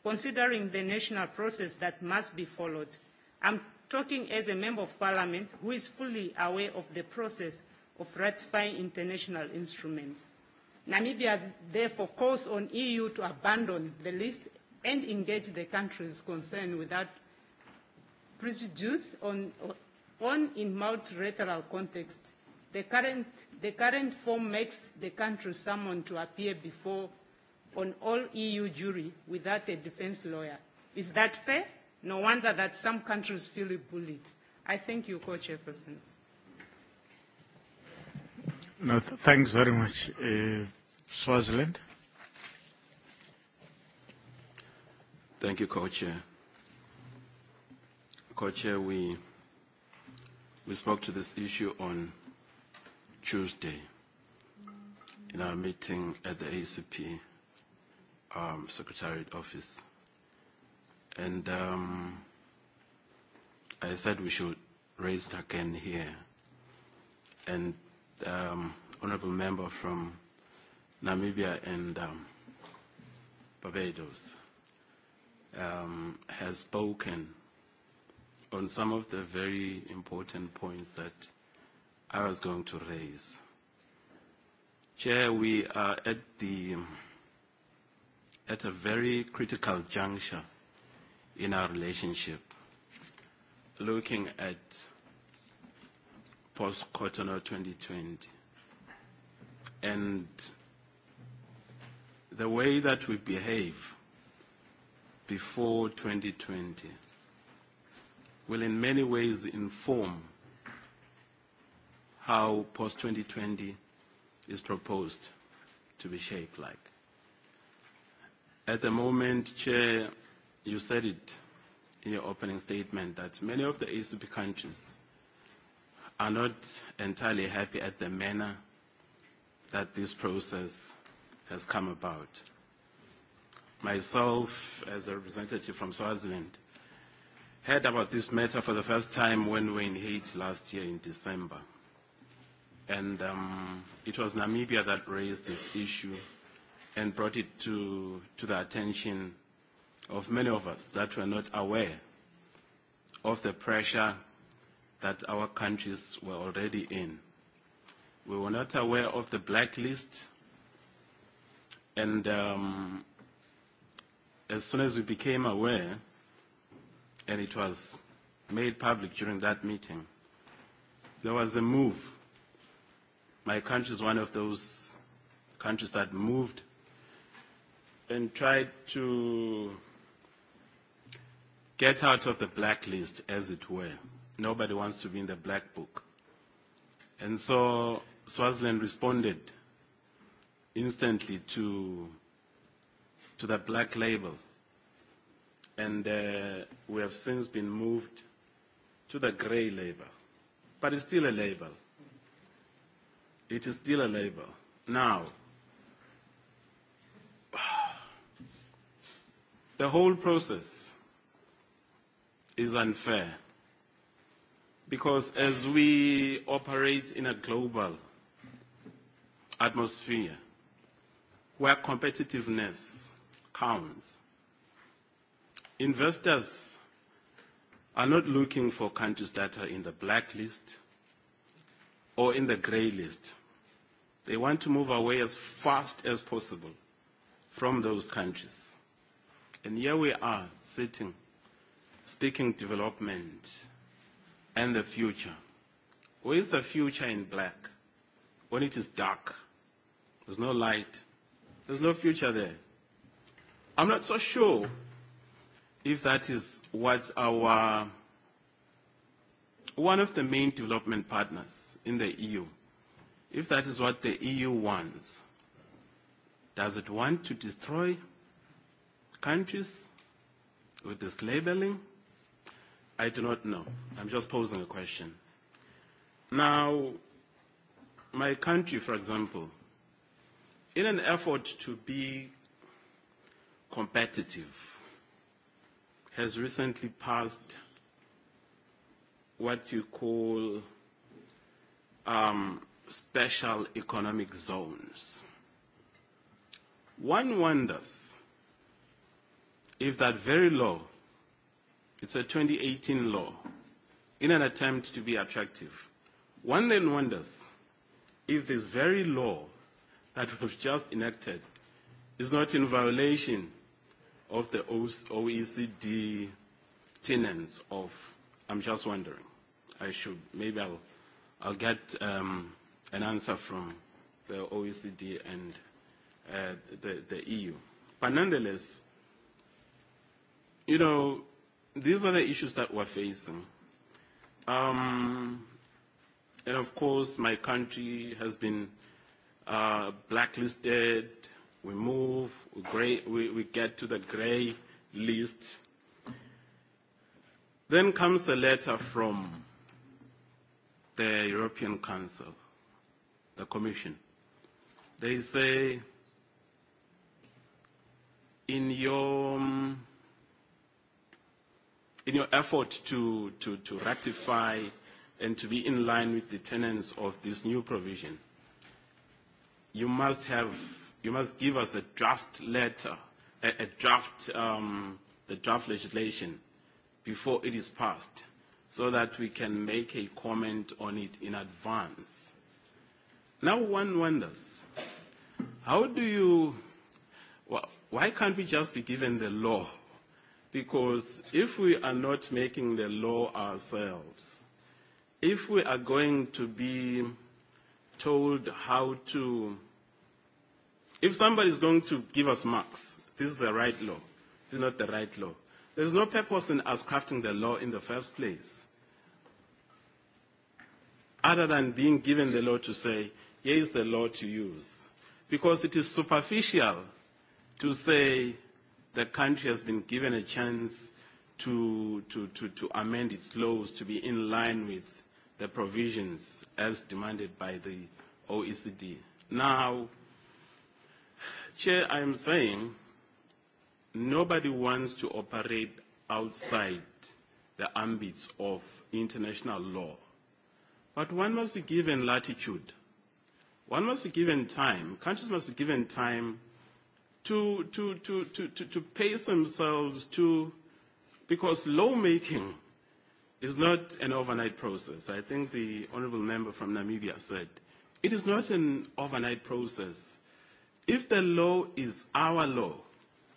Considering the national process that must be followed, I'm talking as a Member of Parliament who is fully aware of the process of ratifying international instruments. Namibia therefore calls on EU to abandon the list and engage the countries concerned without prejudice on, on in multilateral context. The current, the current form makes the country summoned to appear before on all EU jury without a defense lawyer. Is that fair? No wonder that some countries feel bullied. I thank you, co-chairpersons.
No, th- thanks very much, uh, Swaziland. Thank you, co-chair co-chair, we,
we spoke to this issue on Tuesday in our meeting at the ACP um, Secretariat Office. And um, I said we should raise it again here. And um, honorable member from Namibia and um, Barbados um, has spoken on some of the very important points that I was going to raise. Chair, we are at the at a very critical juncture in our relationship, looking at post-Cotonou 2020. And the way that we behave before 2020 will in many ways inform how post-2020 is proposed to be shaped like. At the moment, Chair, you said it in your opening statement that many of the ACP countries are not entirely happy at the manner that this process has come about. Myself, as a representative from Swaziland, heard about this matter for the first time when we were in Haiti last year in December. And um, it was Namibia that raised this issue and brought it to, to the attention of many of us that were not aware of the pressure that our countries were already in. We were not aware of the blacklist, and um, as soon as we became aware, and it was made public during that meeting, there was a move. My country is one of those countries that moved and tried to get out of the blacklist, as it were. Nobody wants to be in the black book. And so Swaziland responded instantly to, to the black label and uh, we have since been moved to the grey label. But it's still a label. It is still a label. Now, the whole process is unfair because as we operate in a global atmosphere where competitiveness counts, Investors are not looking for countries that are in the black list or in the grey list. They want to move away as fast as possible from those countries. And here we are sitting, speaking development and the future. Where is the future in black? When it is dark, there's no light, there's no future there. I'm not so sure if that is what our one of the main development partners in the EU, if that is what the EU wants, does it want to destroy countries with this labeling? I do not know. I'm just posing a question. Now, my country, for example, in an effort to be competitive, has recently passed what you call um, special economic zones. One wonders if that very law, it's a 2018 law, in an attempt to be attractive, one then wonders if this very law that was just enacted is not in violation of the OECD tenants of, I'm just wondering, I should, maybe I'll, I'll get um, an answer from the OECD and uh, the, the EU. But nonetheless, you know, these are the issues that we're facing. Um, and of course, my country has been uh, blacklisted. We move, gray, we, we get to the gray list. Then comes the letter from the European Council, the Commission. They say, in your in your effort to, to, to rectify and to be in line with the tenants of this new provision, you must have you must give us a draft letter, a, a draft, um, the draft legislation before it is passed so that we can make a comment on it in advance. Now one wonders, how do you, well, why can't we just be given the law? Because if we are not making the law ourselves, if we are going to be told how to If somebody is going to give us marks, this is the right law, this is not the right law. There's no purpose in us crafting the law in the first place, other than being given the law to say, here is the law to use. Because it is superficial to say the country has been given a chance to, to, to, to amend its laws to be in line with the provisions as demanded by the OECD. Now, Chair, I am saying nobody wants to operate outside the ambits of international law. But one must be given latitude. One must be given time. Countries must be given time to, to, to, to, to, to pace themselves to, because lawmaking is not an overnight process. I think the Honourable Member from Namibia said, it is not an overnight process. If the law is our law,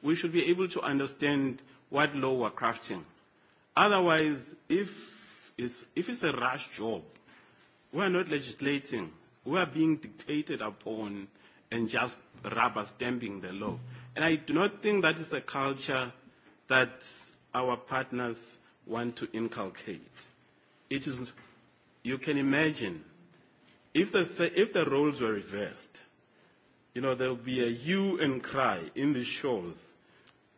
we should be able to understand what law we're crafting. Otherwise, if it's, if it's a rush job, we're not legislating. We are being dictated upon and just rubber stamping the law. And I do not think that is a culture that our partners want to inculcate. It is, you can imagine, if the, if the roles were reversed, You know, there will be a hue and cry in the shores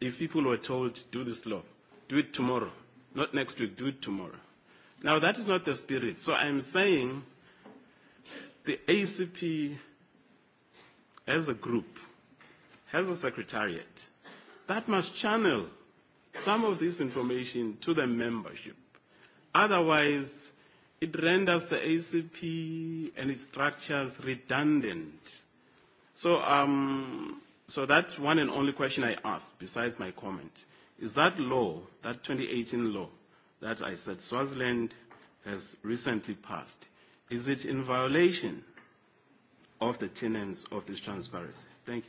if people were told, do this law, do it tomorrow, not next week, do it tomorrow. Now, that is not the spirit. So I'm saying the ACP as a group has a secretariat that must channel some of this information to the membership. Otherwise, it renders the ACP and its structures redundant So, um, so that's one and only question I asked, besides my comment. Is that law, that 2018 law that I said Swaziland has recently passed, is it in violation of the tenets of this transparency? Thank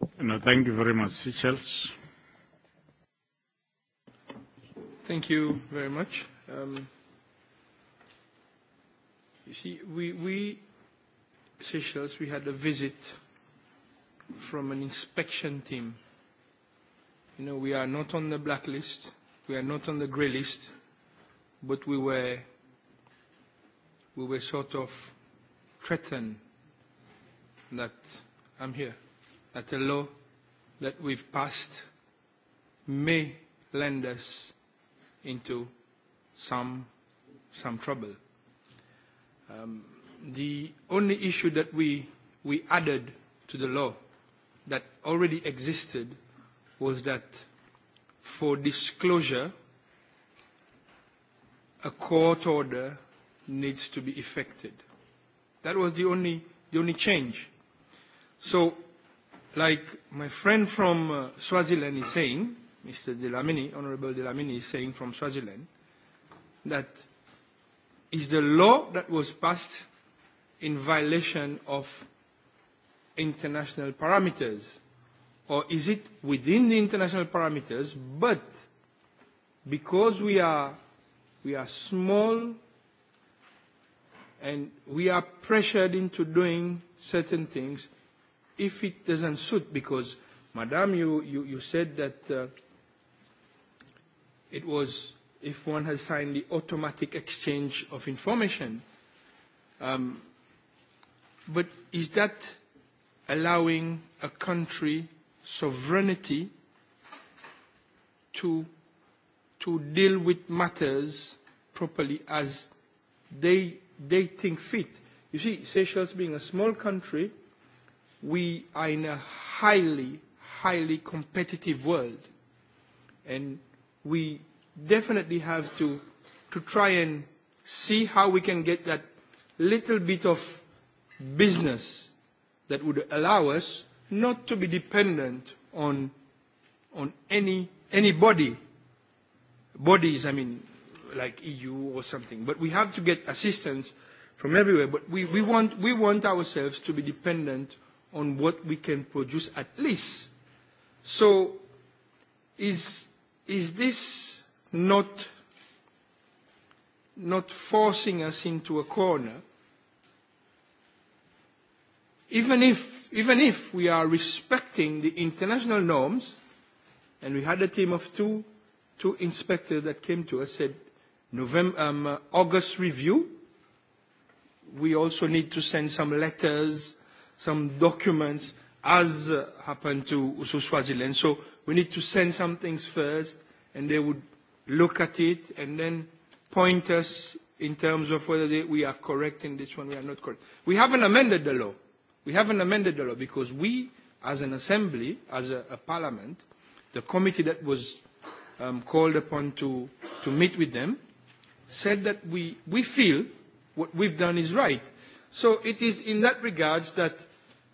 you. No, thank you very much. Seychelles.
Thank
you very much. Um, you see, we, we Seychelles, we had a visit from an inspection team. You know, we are not on the blacklist, we are not on the grey list, but we were, we were sort of threatened that I'm here, that a law that we've passed may land us into some, some trouble. Um, the only issue that we, we added to the law that already existed was that for disclosure, a court order needs to be effected. That was the only, the only change. So, like my friend from uh, Swaziland is saying, Mr. Delamini, Honorable Delamini is saying from Swaziland, that is the law that was passed in violation of international parameters? Or is it within the international parameters, but because we are, we are small and we are pressured into doing certain things if it doesn't suit, because, Madam, you, you, you said that uh, it was if one has signed the automatic exchange of information. Um, But is that allowing a country sovereignty to, to deal with matters properly as they, they think fit? You see, Seychelles being a small country, we are in a highly, highly competitive world. And we definitely have to, to try and see how we can get that little bit of business that would allow us not to be dependent on, on any, anybody, bodies, I mean, like EU or something. But we have to get assistance from everywhere. But we, we, want, we want ourselves to be dependent on what we can produce at least. So is, is this not, not forcing us into a corner Even if, even if we are respecting the international norms, and we had a team of two, two inspectors that came to us said, November, um, August review, we also need to send some letters, some documents, as uh, happened to Uso Swaziland. So we need to send some things first, and they would look at it and then point us in terms of whether they, we are correct in this one, we are not correct. We haven't amended the law. We haven't amended the law because we, as an assembly, as a, a parliament, the committee that was um, called upon to, to meet with them, said that we, we feel what we've done is right. So it is in that regards that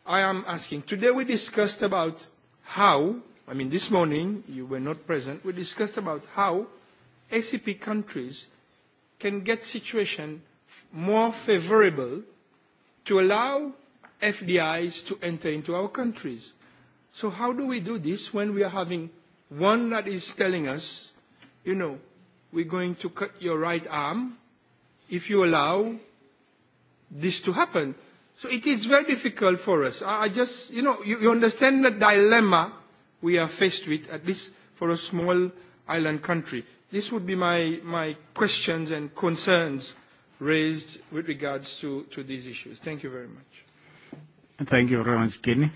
I am asking. Today we discussed about how, I mean this morning you were not present, we discussed about how ACP countries can get situation more favorable to allow FDIs to enter into our countries. So how do we do this when we are having one that is telling us, you know, we're going to cut your right arm if you allow this to happen? So it is very difficult for us. I I just, you know, you, you understand the dilemma we are faced with, at least for a small island country. This would be my, my questions and concerns raised with regards to, to these
issues. Thank you very much.
Thank you very much, Kenny.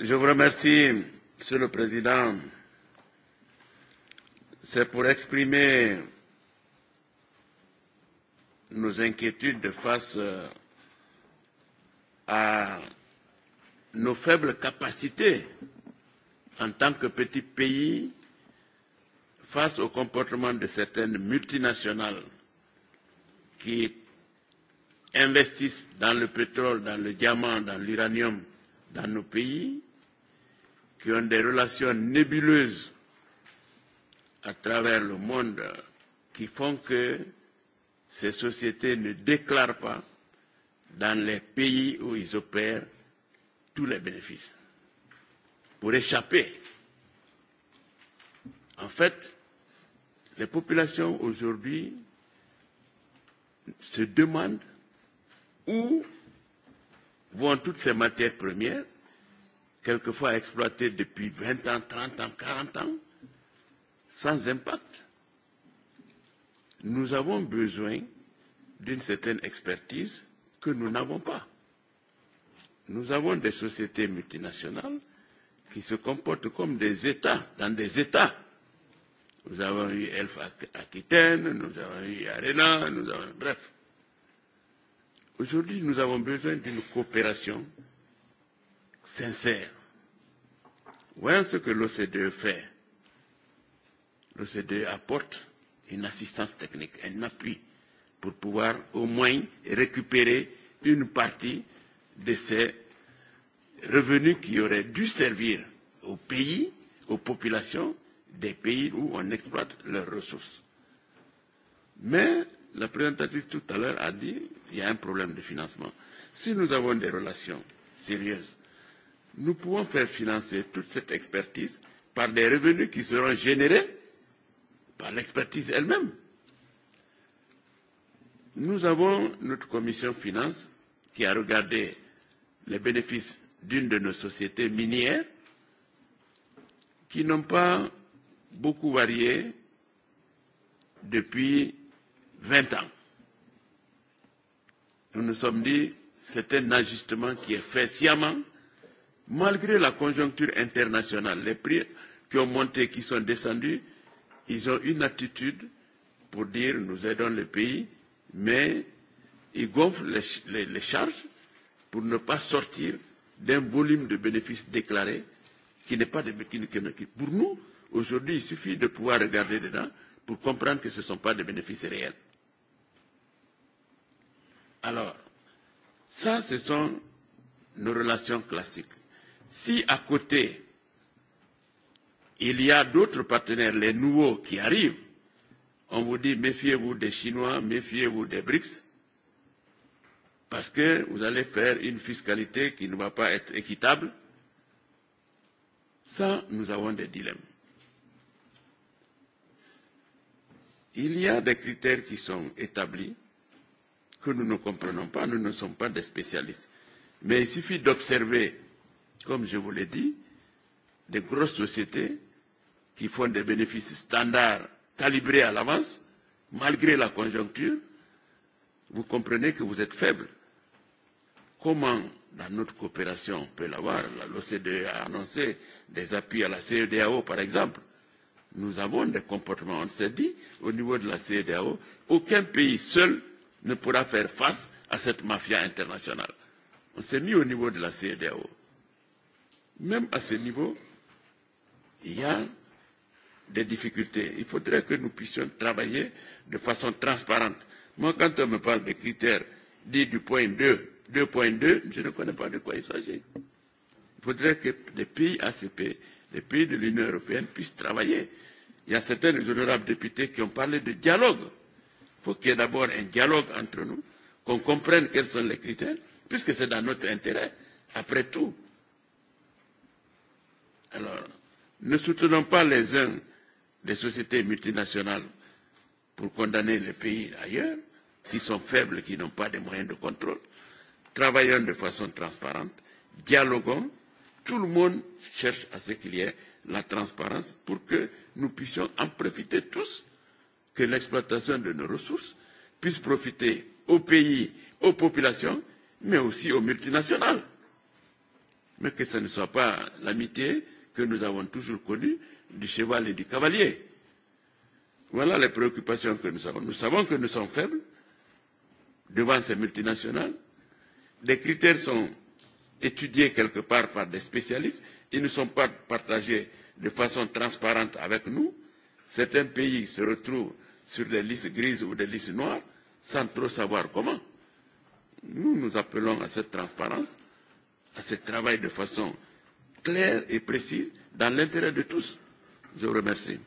Je vous remercie, Monsieur le Président. C'est pour exprimer nos inquiétudes face à nos faibles capacités en tant que petit pays face au comportement de certaines multinationales qui investissent dans le pétrole, dans le diamant, dans l'uranium, dans nos pays, qui ont des relations nébuleuses à travers le monde, qui font que ces sociétés ne déclarent pas dans les pays où ils opèrent tous les bénéfices pour échapper. En fait, les populations aujourd'hui se demandent où vont toutes ces matières premières, quelquefois exploitées depuis 20 ans, 30 ans, 40 ans, sans impact. Nous avons besoin d'une certaine expertise que nous n'avons pas. Nous avons des sociétés multinationales qui se comportent comme des États, dans des États Nous avons eu Elf Aquitaine, nous avons eu Arena, nous avons... Bref. Aujourd'hui, nous avons besoin d'une coopération sincère. Voyons ce que l'OCDE fait. L'OCDE apporte une assistance technique, un appui pour pouvoir au moins récupérer une partie de ces revenus qui auraient dû servir aux pays, aux populations, des pays où on exploite leurs ressources. Mais la présentatrice tout à l'heure a dit qu'il y a un problème de financement. Si nous avons des relations sérieuses, nous pouvons faire financer toute cette expertise par des revenus qui seront générés par l'expertise elle-même. Nous avons notre commission finance qui a regardé les bénéfices d'une de nos sociétés minières qui n'ont pas beaucoup varié depuis 20 ans. Nous nous sommes dit, c'est un ajustement qui est fait sciemment, malgré la conjoncture internationale. Les prix qui ont monté, qui sont descendus, ils ont une attitude pour dire nous aidons le pays, mais ils gonflent les, les, les charges pour ne pas sortir d'un volume de bénéfices déclarés qui n'est pas de, qui, qui, pour nous Aujourd'hui, il suffit de pouvoir regarder dedans pour comprendre que ce ne sont pas des bénéfices réels. Alors, ça, ce sont nos relations classiques. Si à côté, il y a d'autres partenaires, les nouveaux qui arrivent, on vous dit méfiez-vous des Chinois, méfiez-vous des BRICS, parce que vous allez faire une fiscalité qui ne va pas être équitable. Ça, nous avons des dilemmes. il y a des critères qui sont établis que nous ne comprenons pas, nous ne sommes pas des spécialistes. Mais il suffit d'observer, comme je vous l'ai dit, des grosses sociétés qui font des bénéfices standards calibrés à l'avance, malgré la conjoncture, vous comprenez que vous êtes faible. Comment, dans notre coopération, on peut l'avoir L'OCDE a annoncé des appuis à la CEDAO, par exemple nous avons des comportements. On s'est dit, au niveau de la CEDEAO, aucun pays seul ne pourra faire face à cette mafia internationale. On s'est mis au niveau de la CEDEAO. Même à ce niveau, il y a des difficultés. Il faudrait que nous puissions travailler de façon transparente. Moi, quand on me parle des critères dits du point 2, 2.2, je ne connais pas de quoi il s'agit. Il faudrait que les pays ACP les pays de l'Union européenne puissent travailler. Il y a certains honorables députés qui ont parlé de dialogue. Il faut qu'il y ait d'abord un dialogue entre nous, qu'on comprenne quels sont les critères, puisque c'est dans notre intérêt, après tout. Alors, ne soutenons pas les uns des sociétés multinationales pour condamner les pays ailleurs, qui sont faibles, qui n'ont pas de moyens de contrôle. Travaillons de façon transparente, dialoguons, tout le monde cherche à ce qu'il y ait la transparence pour que nous puissions en profiter tous, que l'exploitation de nos ressources puisse profiter aux pays, aux populations, mais aussi aux multinationales. Mais que ce ne soit pas l'amitié que nous avons toujours connue du cheval et du cavalier. Voilà les préoccupations que nous avons. Nous savons que nous sommes faibles devant ces multinationales. Les critères sont étudiés quelque part par des spécialistes, ils ne sont pas partagés de façon transparente avec nous. Certains pays se retrouvent sur des listes grises ou des listes noires sans trop savoir comment. Nous, nous appelons à cette transparence, à ce travail de façon claire et précise dans l'intérêt de tous. Je vous remercie.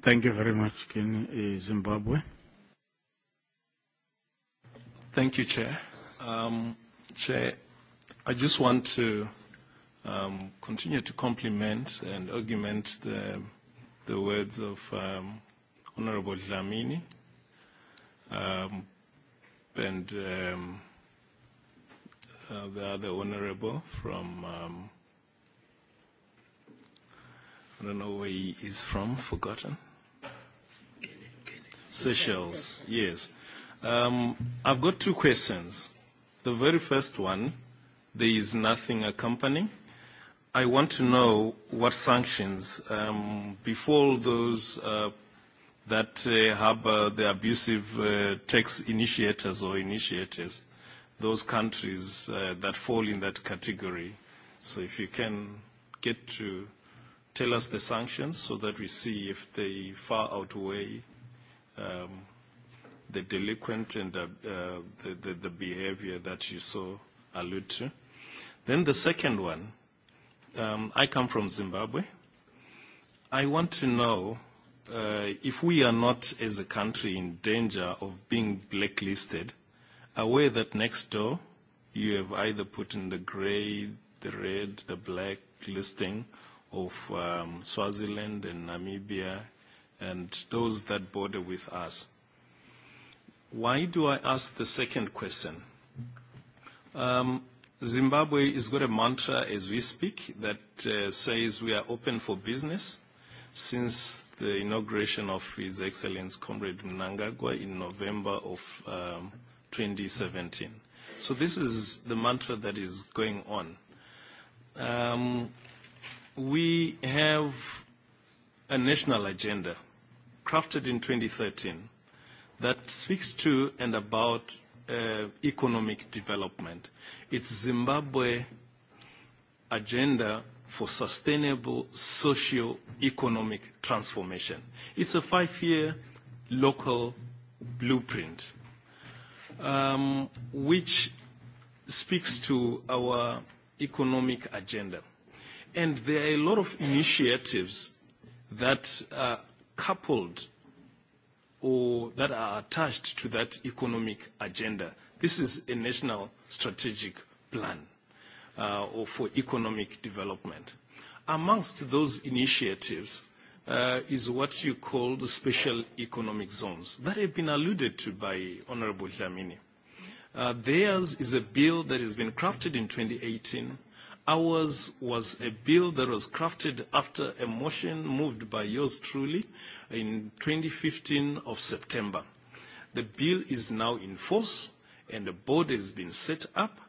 Thank you very much, Ken Zimbabwe. Thank you, Chair.
Um, Chair, I just want to um, continue to compliment and augment the, the words of um, Honorable Lamini um, and um, uh, the other Honorable from, um, I don't know where he is from, forgotten. Seychelles, yes. Um, I've got two questions. The very first one, there is nothing accompanying. I want to know what sanctions, um, before those uh, that uh, harbor the abusive uh, tax initiators or initiatives, those countries uh, that fall in that category. So if you can get to tell us the sanctions so that we see if they far outweigh um, the delinquent and the, uh, the, the, the behavior that you so allude to. Then the second one, um, I come from Zimbabwe. I want to know uh, if we are not as a country in danger of being blacklisted, aware that next door you have either put in the grey, the red, the black listing of um, Swaziland and Namibia and those that border with us. Why do I ask the second question? Um, Zimbabwe has got a mantra as we speak that uh, says we are open for business since the inauguration of His Excellence Comrade Mnangagwa in November of um, 2017. So this is the mantra that is going on. Um, we have a national agenda crafted in 2013 that speaks to and about uh, economic development. It's Zimbabwe agenda for sustainable socio-economic transformation. It's a five-year local blueprint, um, which speaks to our economic agenda. And there are a lot of initiatives that are coupled or that are attached to that economic agenda. This is a national strategic plan uh, or for economic development. Amongst those initiatives uh, is what you call the special economic zones that have been alluded to by Honorable Jamini. Uh, theirs is a bill that has been crafted in 2018 Ours was a bill that was crafted after a motion moved by yours truly in 2015 of September. The bill is now in force and a board has been set up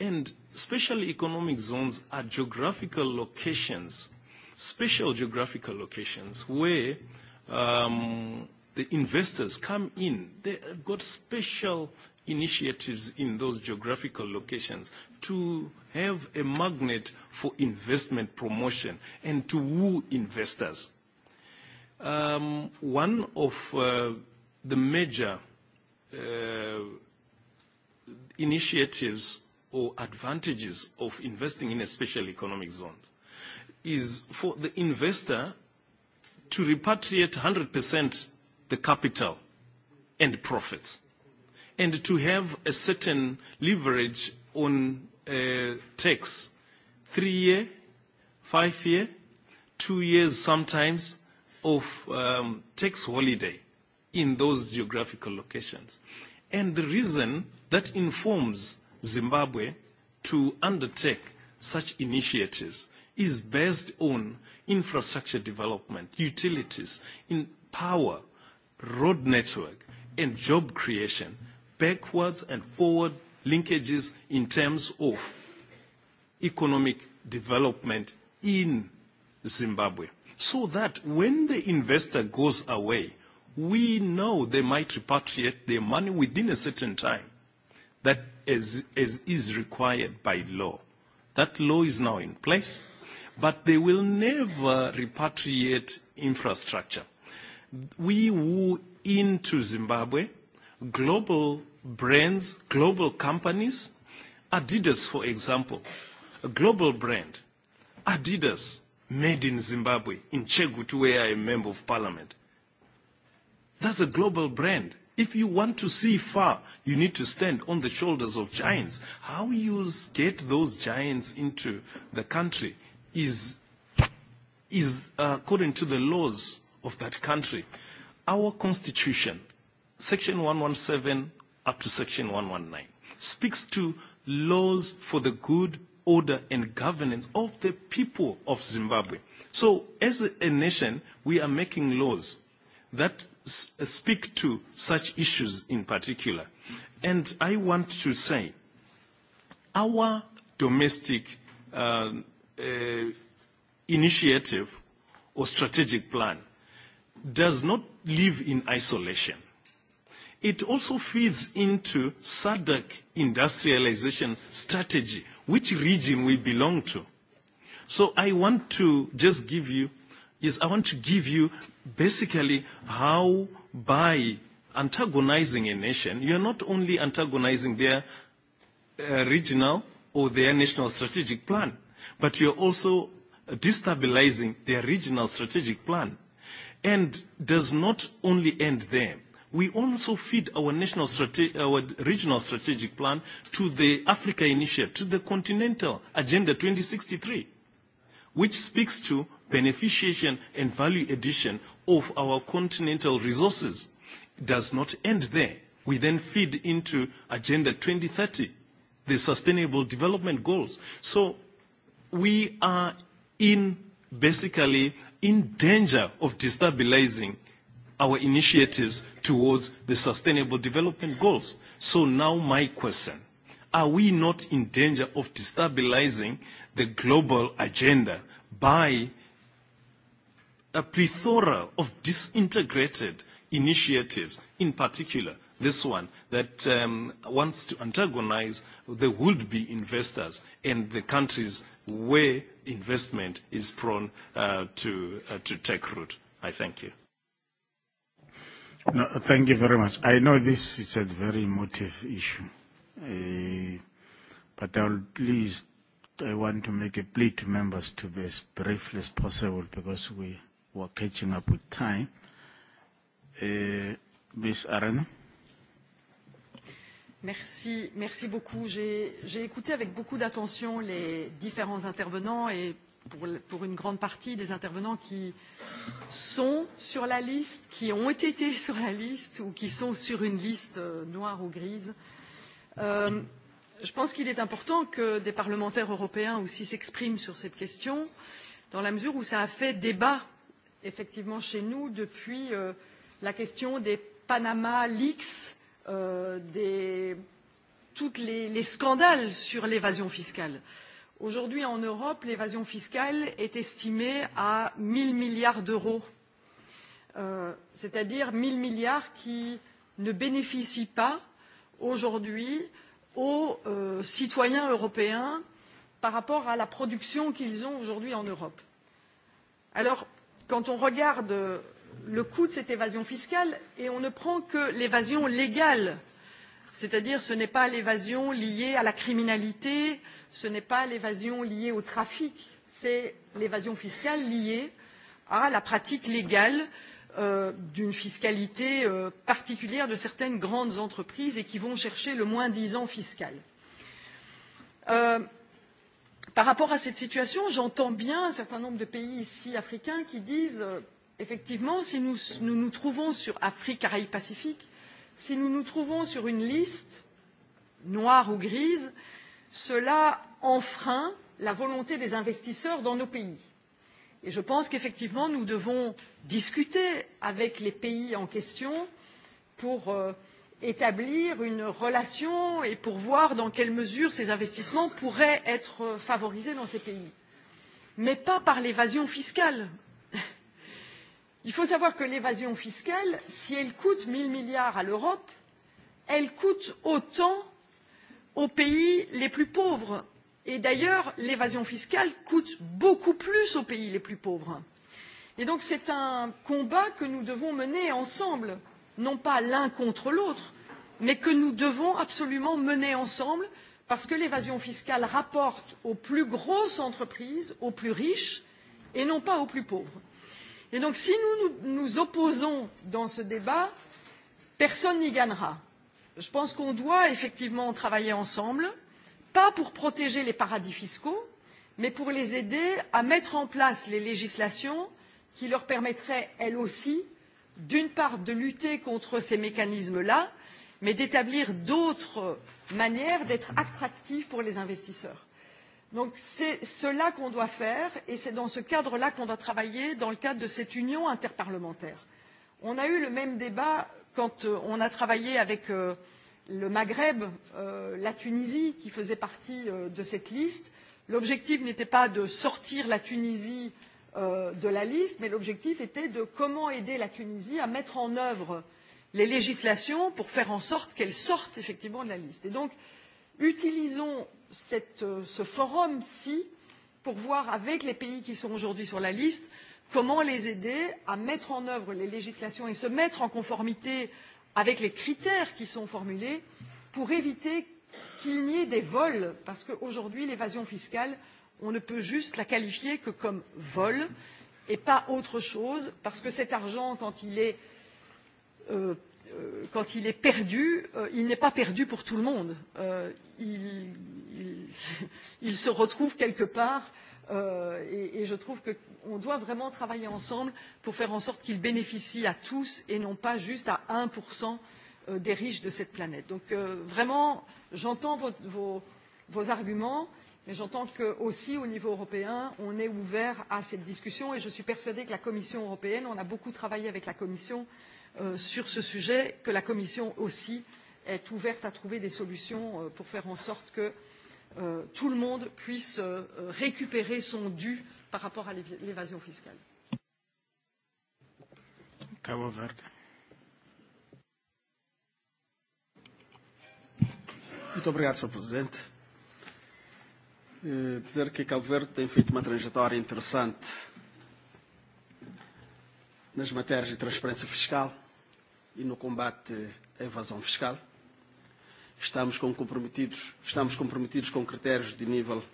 and special economic zones are geographical locations, special geographical locations where um, the investors come in. They've got special initiatives in those geographical locations to have a magnet for investment promotion and to woo investors. Um, one of uh, the major uh, initiatives or advantages of investing in a special economic zone is for the investor to repatriate 100% the capital and profits and to have a certain leverage on uh, tax, three year, five year, two years sometimes of um, tax holiday in those geographical locations. And the reason that informs Zimbabwe to undertake such initiatives is based on infrastructure development, utilities, in power, road network, and job creation. Mm-hmm backwards and forward linkages in terms of economic development in Zimbabwe. So that when the investor goes away, we know they might repatriate their money within a certain time that as, as is required by law. That law is now in place, but they will never repatriate infrastructure.
We woo
into Zimbabwe global brands, global companies. Adidas, for example, a global brand. Adidas, made in Zimbabwe, in Chegutu, where I am member of parliament. That's a global brand. If you want to see far, you need to stand on the shoulders of giants. How you get those giants into the country is, is according to the laws of that country. Our constitution, section 117 up to section 119 speaks to laws for the good order and governance of the people of Zimbabwe. So as a nation, we are making laws that speak to such issues in particular. And I want to say our domestic uh, uh, initiative or strategic plan does not live in isolation It also feeds into SADC industrialization strategy, which region we belong to. So I want to just give you, yes, I want to give you basically how by antagonizing a nation, you're not only antagonizing their uh, regional or their national strategic plan, but you're also destabilizing their regional strategic plan. And does not only end there We also feed our, national strate- our regional strategic plan to the Africa Initiative, to the Continental Agenda 2063, which speaks to beneficiation and value addition of our continental resources. It does not end there. We then feed into Agenda 2030, the Sustainable Development Goals. So we are in basically in danger of destabilizing our initiatives towards the Sustainable Development Goals. So now my question, are we not in danger of destabilizing the global agenda by a plethora of disintegrated initiatives, in particular this one that um, wants to antagonize the would-be investors and the countries where investment is prone uh, to, uh, to take root. I thank you.
No, thank you very much. I know this is a very emotive issue, uh, but I'll please, I want to make a plea to members to be as brief as possible because we were catching up with time. Uh, Ms. Arena.
Merci, merci beaucoup. J'ai écouté avec beaucoup d'attention les différents intervenants et pour, une grande partie des intervenants qui sont sur la liste, qui ont été sur la liste ou qui sont sur une liste noire ou grise. je pense qu'il est important que des parlementaires européens aussi s'expriment sur cette question, dans la mesure où cela a fait débat effectivement chez nous depuis la question des Panama Leaks, des, tous les, scandales sur l'évasion fiscale. Euh, Aujourd'hui, en Europe, l'évasion fiscale est estimée à 1 000 milliards d'euros, euh, c'est-à-dire 1 000 milliards qui ne bénéficient pas aujourd'hui aux euh, citoyens européens par rapport à la production qu'ils ont aujourd'hui en Europe. Alors, quand on regarde le coût de cette évasion fiscale, et on ne prend que l'évasion légale c'est à dire ce n'est pas l'évasion liée à la criminalité ce n'est pas l'évasion liée au trafic c'est l'évasion fiscale liée à la pratique légale d'une fiscalité particulière de certaines grandes entreprises et qui vont chercher le moins disant fiscal. par rapport à cette situation j'entends bien un certain nombre de pays ici africains qui disent effectivement si nous nous trouvons sur afrique caraïbes pacifique si nous nous trouvons sur une liste noire ou grise, cela enfreint la volonté des investisseurs dans nos pays. Et je pense qu'effectivement, nous devons discuter avec les pays en question pour établir une relation et pour voir dans quelle mesure ces investissements pourraient être favorisés dans ces pays. Mais pas par l'évasion fiscale, il faut savoir que l'évasion fiscale si elle coûte un zéro milliards à l'europe elle coûte autant aux pays les plus pauvres et d'ailleurs l'évasion fiscale coûte beaucoup plus aux pays les plus pauvres. c'est donc un combat que nous devons mener ensemble non pas l'un contre l'autre mais que nous devons absolument mener ensemble parce que l'évasion fiscale rapporte aux plus grosses entreprises aux plus riches et non pas aux plus pauvres et donc si nous nous opposons dans ce débat personne n'y gagnera. je pense qu'on doit effectivement travailler ensemble pas pour protéger les paradis fiscaux mais pour les aider à mettre en place les législations qui leur permettraient elles aussi d'une part de lutter contre ces mécanismes là mais d'établir d'autres manières d'être attractifs pour les investisseurs. Donc c'est cela qu'on doit faire et c'est dans ce cadre-là qu'on doit travailler dans le cadre de cette union interparlementaire. On a eu le même débat quand on a travaillé avec le Maghreb, la Tunisie qui faisait partie de cette liste. L'objectif n'était pas de sortir la Tunisie de la liste, mais l'objectif était de comment aider la Tunisie à mettre en œuvre les législations pour faire en sorte qu'elle sorte effectivement de la liste. Et donc, utilisons ce forum ci pour voir avec les pays qui sont aujourd'hui sur la liste comment les aider à mettre en œuvre les législations et se mettre en conformité avec les critères qui sont formulés pour éviter qu'il n'y ait des vols parce qu'aujourd'hui l'évasion fiscale on ne peut juste la qualifier que comme vol et pas autre chose parce que cet argent quand il est quand il est perdu, il n'est pas perdu pour tout le monde. il, se retrouve quelque part et, je trouve qu'on doit vraiment travailler ensemble pour faire en sorte qu'il bénéficie à tous et non pas juste à 1% des riches de cette planète. Donc vraiment, j'entends vos, arguments, mais j'entends qu'aussi au niveau européen, on est ouvert à cette discussion et je suis persuadée que la Commission européenne, on a beaucoup travaillé avec la Commission, euh, sur ce sujet, que la Commission aussi est ouverte à trouver des solutions pour faire en sorte que tout le monde puisse récupérer son dû par rapport à l'évasion fiscale.
Cabo Verde.
Muito obrigado, Sr. Presidente. Dizer que Cabo Verde tem feito uma trajetória interessante nas matérias de transparência fiscal e no combate à evasão fiscal. Estamos, com comprometidos, estamos comprometidos com critérios de nível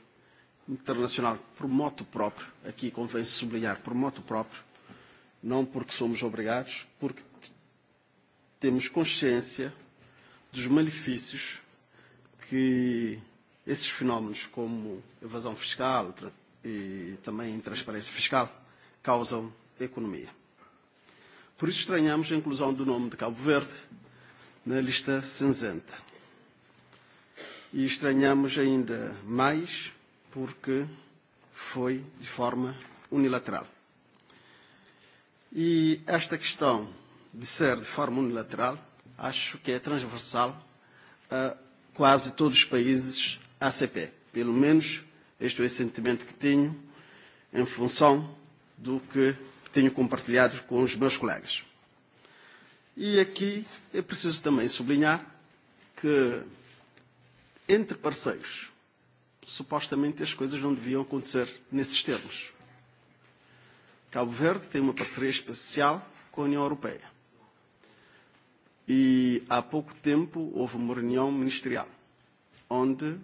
internacional por moto próprio, aqui convém sublinhar, por moto próprio, não porque somos obrigados, porque temos consciência dos malefícios que esses fenómenos como evasão fiscal e também transparência fiscal causam à economia. Por isso estranhamos a inclusão do nome de Cabo Verde na lista cinzenta. E estranhamos ainda mais porque foi de forma unilateral. E esta questão de ser de forma unilateral, acho que é transversal a quase todos os países ACP. Pelo menos este é o sentimento que tenho em função do que tenho compartilhado com os meus colegas. E aqui é preciso também sublinhar que entre parceiros, supostamente as coisas não deviam acontecer nesses termos. Cabo Verde tem uma parceria especial com a União Europeia. E há pouco tempo houve uma reunião ministerial, onde,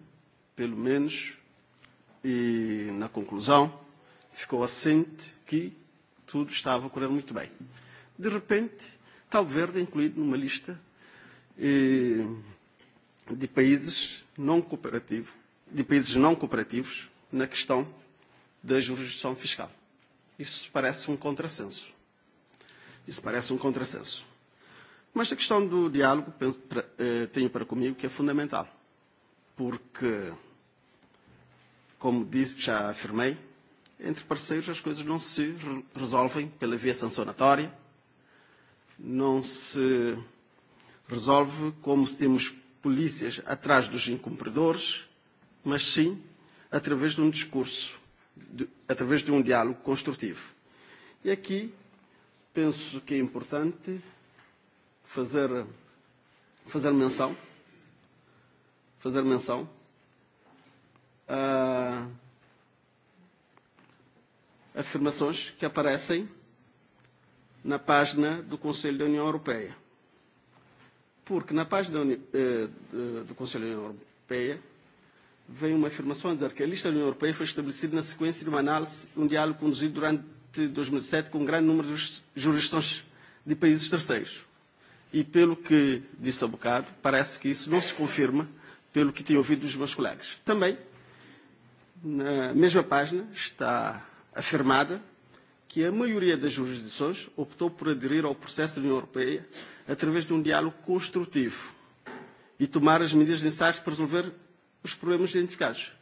pelo menos, e na conclusão, ficou assente que tudo estava correndo muito bem. De repente, Cabo Verde é incluído numa lista de países não cooperativos, de países não cooperativos na questão da jurisdição fiscal. Isso parece um contrassenso. Isso parece um contrassenso. Mas a questão do diálogo tenho para comigo que é fundamental, porque, como disse, já afirmei, entre parceiros as coisas não se resolvem pela via sancionatória, não se resolve como se temos polícias atrás dos incumpridores, mas sim através de um discurso, de, através de um diálogo construtivo. E aqui penso que é importante fazer, fazer menção, fazer menção a uh, afirmações que aparecem na página do Conselho da União Europeia. Porque na página eh, do Conselho da União Europeia vem uma afirmação a dizer que a lista da União Europeia foi estabelecida na sequência de uma análise, um diálogo conduzido durante 2007 com um grande número de jurisdições de países terceiros. E pelo que disse há bocado, parece que isso não se confirma pelo que tenho ouvido dos meus colegas. Também, na mesma página, está afirmada que a maioria das jurisdições optou por aderir ao processo da União Europeia através de um diálogo construtivo e tomar as medidas necessárias para resolver os problemas identificados.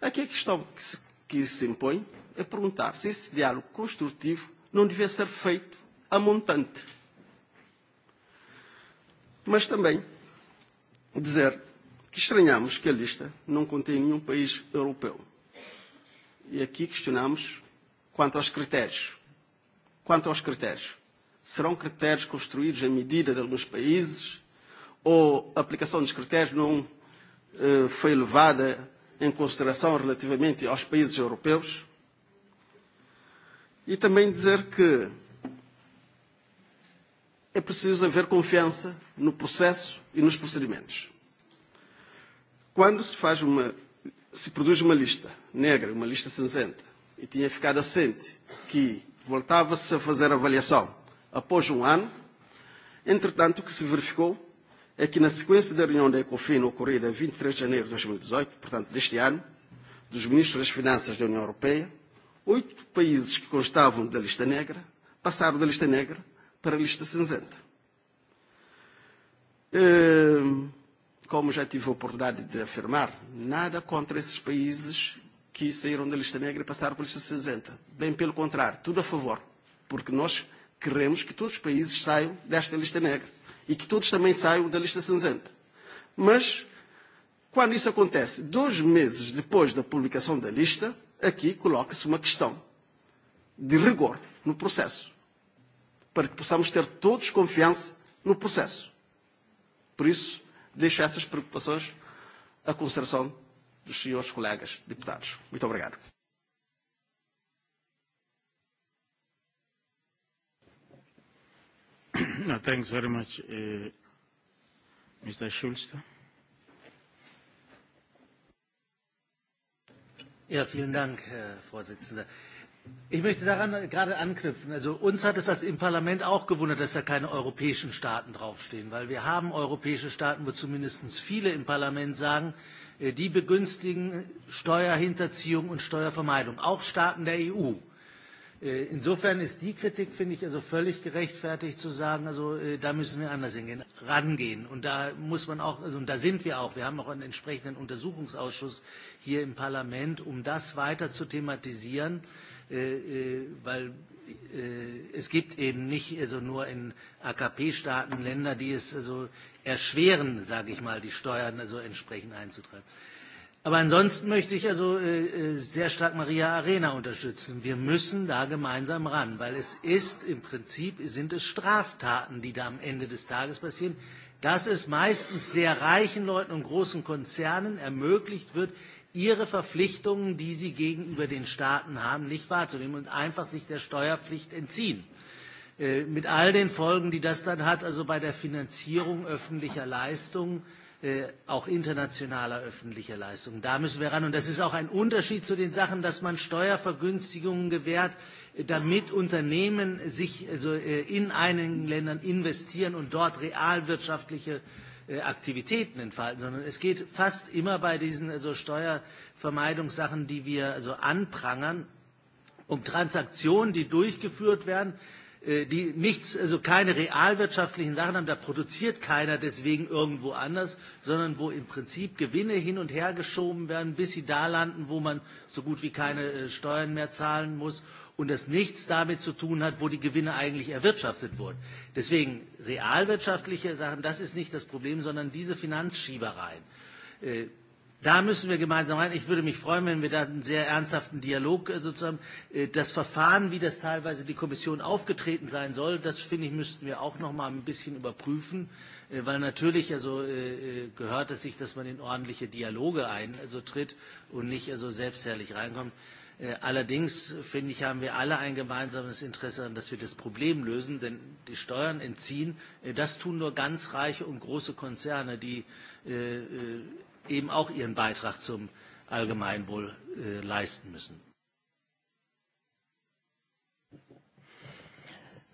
Aqui a questão que se, que se impõe é perguntar se esse diálogo construtivo não devia ser feito a montante. Mas também dizer que estranhamos que a lista não contém nenhum país europeu. E aqui questionamos Quanto aos critérios, quanto aos critérios, serão critérios construídos à medida de alguns países ou a aplicação dos critérios não eh, foi levada em consideração relativamente aos países europeus? E também dizer que é preciso haver confiança no processo e nos procedimentos. Quando se faz uma se produz uma lista negra, uma lista cinzenta, e tinha ficado assente que voltava-se a fazer a avaliação após um ano. Entretanto, o que se verificou é que na sequência da reunião da Ecofin ocorrida 23 de janeiro de 2018, portanto deste ano, dos ministros das Finanças da União Europeia, oito países que constavam da lista negra passaram da lista negra para a lista cinzenta. Como já tive a oportunidade de afirmar, nada contra esses países que saíram da lista negra e passaram para a lista cinzenta. Bem pelo contrário, tudo a favor. Porque nós queremos que todos os países saiam desta lista negra e que todos também saiam da lista cinzenta. Mas, quando isso acontece, dois meses depois da publicação da lista, aqui coloca-se uma questão de rigor no processo, para que possamos ter todos confiança no processo. Por isso, deixo essas preocupações à consideração dos senhores colegas deputados. Muito obrigado.
No, thanks very much, uh, Mr. Schulster.
Ja, vielen Dank, Herr Vorsitzender. Ich möchte daran gerade anknüpfen. Also uns hat es als im Parlament auch gewundert, dass da keine europäischen Staaten draufstehen, weil wir haben europäische Staaten, wo zumindest viele im Parlament sagen, äh, die begünstigen Steuerhinterziehung und Steuervermeidung, auch Staaten der EU. Insofern ist die Kritik, finde ich, also völlig gerechtfertigt zu sagen, also da müssen wir anders hingehen, rangehen. Und da muss man auch, also, und da sind wir auch, wir haben auch einen entsprechenden Untersuchungsausschuss hier im Parlament, um das weiter zu thematisieren, weil es gibt eben nicht also nur in AKP-Staaten Länder, die es also erschweren, sage ich mal, die Steuern also entsprechend einzutreiben. Aber ansonsten möchte ich also sehr stark Maria Arena unterstützen. Wir müssen da gemeinsam ran, weil es ist im Prinzip sind es Straftaten, die da am Ende des Tages passieren, dass es meistens sehr reichen Leuten und großen Konzernen ermöglicht wird, ihre Verpflichtungen, die sie gegenüber den Staaten haben, nicht wahrzunehmen und einfach sich der Steuerpflicht entziehen mit all den Folgen, die das dann hat, also bei der Finanzierung öffentlicher Leistungen, auch internationaler öffentlicher Leistungen. Da müssen wir ran. Und das ist auch ein Unterschied zu den Sachen, dass man Steuervergünstigungen gewährt, damit Unternehmen sich also in einigen Ländern investieren und dort realwirtschaftliche Aktivitäten entfalten, sondern es geht fast immer bei diesen also Steuervermeidungssachen, die wir also anprangern, um Transaktionen, die durchgeführt werden, die nichts, also keine realwirtschaftlichen Sachen haben, da produziert keiner deswegen irgendwo anders, sondern wo im Prinzip Gewinne hin und her geschoben werden, bis sie da landen, wo man so gut wie keine Steuern mehr zahlen muss und das nichts damit zu tun hat, wo die Gewinne eigentlich erwirtschaftet wurden. Deswegen realwirtschaftliche Sachen, das ist nicht das Problem, sondern diese Finanzschiebereien Da müssen wir gemeinsam rein. Ich würde mich freuen, wenn wir da einen sehr ernsthaften Dialog sozusagen, das Verfahren, wie das teilweise die Kommission aufgetreten sein soll, das finde ich, müssten wir auch noch mal ein bisschen überprüfen, weil natürlich also gehört es sich, dass man in ordentliche Dialoge ein, also tritt und nicht also selbstherrlich reinkommt. Allerdings, finde ich, haben wir alle ein gemeinsames Interesse daran, dass wir das Problem lösen, denn die Steuern entziehen, das tun nur ganz reiche und große Konzerne, die eben auch ihren Beitrag zum Allgemeinwohl leisten müssen.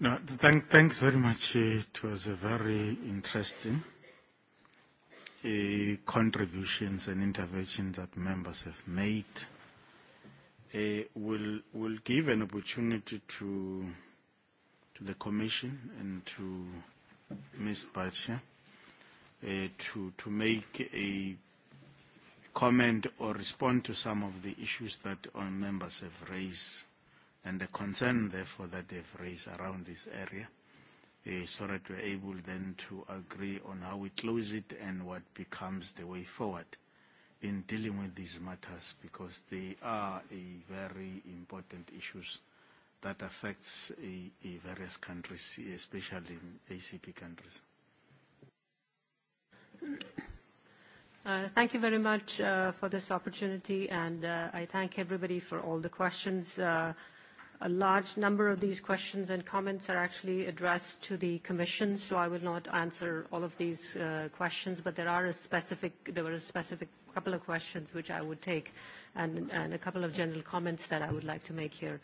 No, thank, very much. It was a very interesting uh, contributions and that members have made. Uh, we'll, we'll give an opportunity to, to the Commission and to Ms. uh, to, to make a comment or respond to some of the issues that our members have raised and the concern, therefore, that they've raised around this area uh, so that we're able then to agree on how we close it and what becomes the way forward in dealing with these matters because they are a very important issues that affects a, a various countries, especially in ACP countries
thank you very much for this opportunity, and I thank everybody for all the questions. a large number of these questions and comments are actually addressed to the Commission, so I will not answer all of these questions, but there, are a specific, there were a specific couple of questions which I would take and, and a couple of general comments that I would like to make here.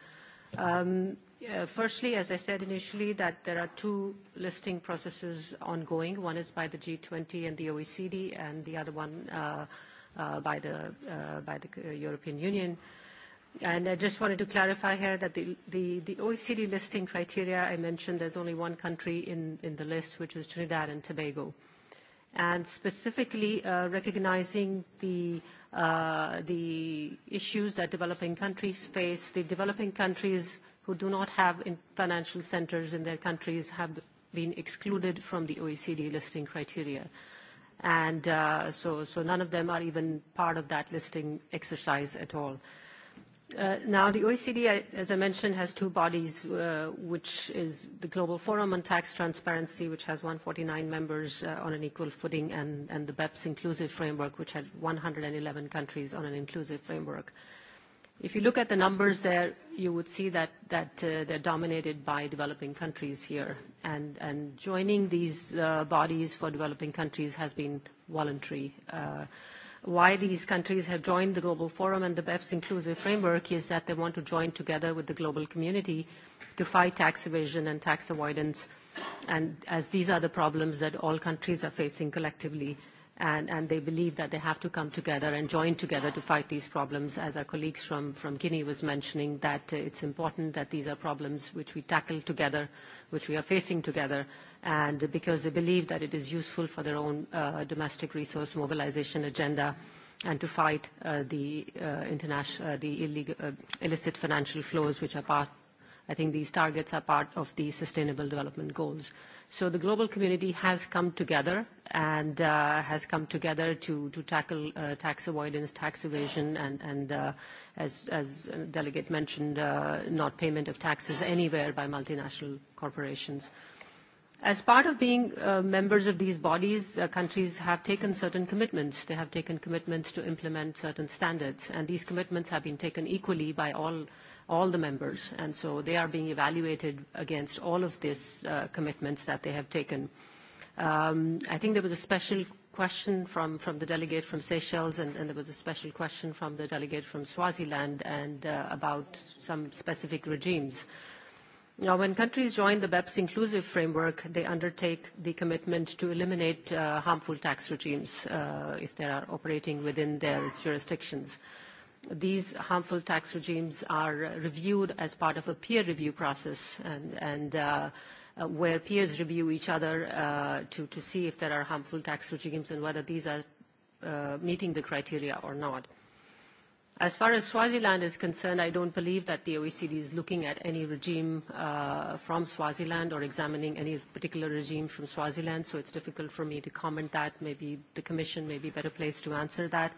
Firstly, as I said initially, that there are two listing processes ongoing. One is by the G20 and the OECD, and the other one by the European Union. And I just wanted to clarify here that the OECD listing criteria I mentioned, there's only one country in the list, which is Trinidad and Tobago. And specifically, recognizing the issues that developing countries face, the developing countries who do not have in financial centers in their countries have been excluded from the OECD listing criteria. And uh, so, so none of them are even part of that listing exercise at all. Uh, now, the OECD, as I mentioned, has two bodies, uh, which is the Global Forum on Tax Transparency, which has 149 members uh, on an equal footing, and, and the BEPS Inclusive Framework, which had 111 countries on an inclusive framework. Uh, If you look at the numbers there, you would see that they're dominated by developing countries here. and Joining these bodies for developing countries has been voluntary. Why these countries have joined the Global Forum and the BEPS Inclusive Framework is that they want to join together with the global community to fight tax evasion and tax avoidance, and as these are the problems that all countries are facing collectively and, and they believe that they have to come together and join together to fight these problems. As our colleagues from, from Guinea was mentioning, that uh, it's important that these are problems which we tackle together, which we are facing together, and because they believe that it is useful for their own uh, domestic resource mobilization agenda and to fight uh, the, uh, international, uh, the illegal, uh, illicit financial flows which are part I think these targets are part of the Sustainable Development Goals. So the global community has come together and uh, has come together to, to tackle uh, tax avoidance, tax evasion, and, and uh, as, as Delegate mentioned, uh, not payment of taxes anywhere by multinational corporations. As part of being uh, members of these bodies, the countries have taken certain commitments. They have taken commitments to implement certain standards, and these commitments have been taken equally by all, the members. And so they are being evaluated against all of these commitments that they have taken. Um, I think there was a special question from, from the delegate from Seychelles and, and there was a special question from the delegate from Swaziland and uh, about some specific regimes. Now, when countries join the BEPS inclusive framework, they undertake the commitment to eliminate uh, harmful tax regimes uh, if they are operating within their jurisdictions. These harmful tax regimes are reviewed as part of a peer review process, and, and uh, where peers review each other to, to see if there are harmful tax regimes and whether these are uh, meeting the criteria or not. As far as Swaziland is concerned, I don't believe that the OECD is looking at any regime uh, from Swaziland or examining any particular regime from Swaziland, so it's difficult for me to comment that. Maybe the Commission may be better placed to answer that.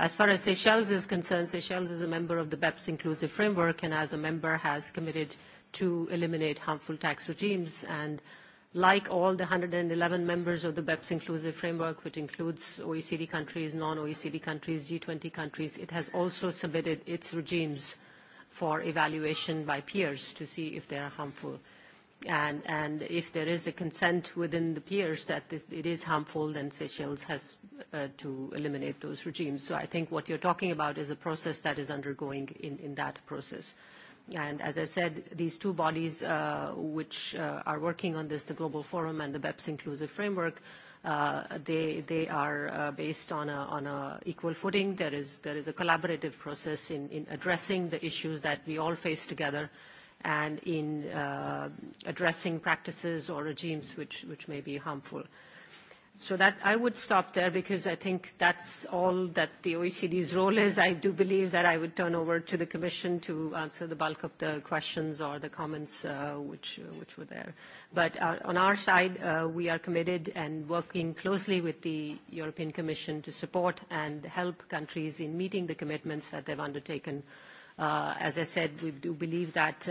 As far as Seychelles is concerned, Seychelles is a member of the BEPS Inclusive Framework and as a member has committed to eliminate harmful tax regimes. And like all the 111 members of the BEPS Inclusive Framework, which includes OECD countries, non-OECD countries, G20 countries, it has also submitted its regimes for evaluation by peers to see if they are harmful. And, and if there is a consent within the peers that this, it is harmful, then Seychelles has uh, to eliminate those regimes. So I think what you're talking about is a process that is undergoing in, in that process. Uh, And as I said, these two bodies uh, which uh, are working on this, the Global Forum and the BEPS Inclusive Framework, uh, they, they are uh, based on a, on a equal footing. There is, there is a collaborative process in, in addressing the issues that we all face together and in uh, addressing practices or regimes which, which may be harmful. Uh, So that I would stop there because I think that's all that the OECD's role is. I do believe that I would turn over to the Commission to answer the bulk of the questions or the comments which were there. But on our side, we are committed and working closely with the European Commission to support and help countries in meeting the commitments that they've undertaken. As I said, we do believe that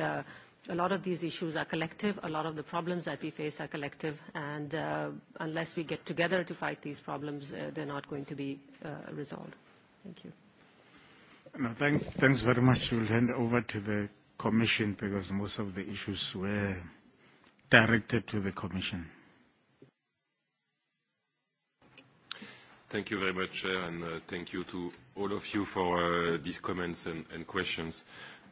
a lot of these issues are collective. A lot of the problems that we face are collective, and uh, unless we get together to fight these problems, uh, they're not going to be uh, resolved. Thank you.
No, thanks, thanks very much. We'll hand over to the Commission because most of the issues were directed to the Commission.
Thank you very much, Chair, and uh, thank you to all of you for uh, these comments and, and questions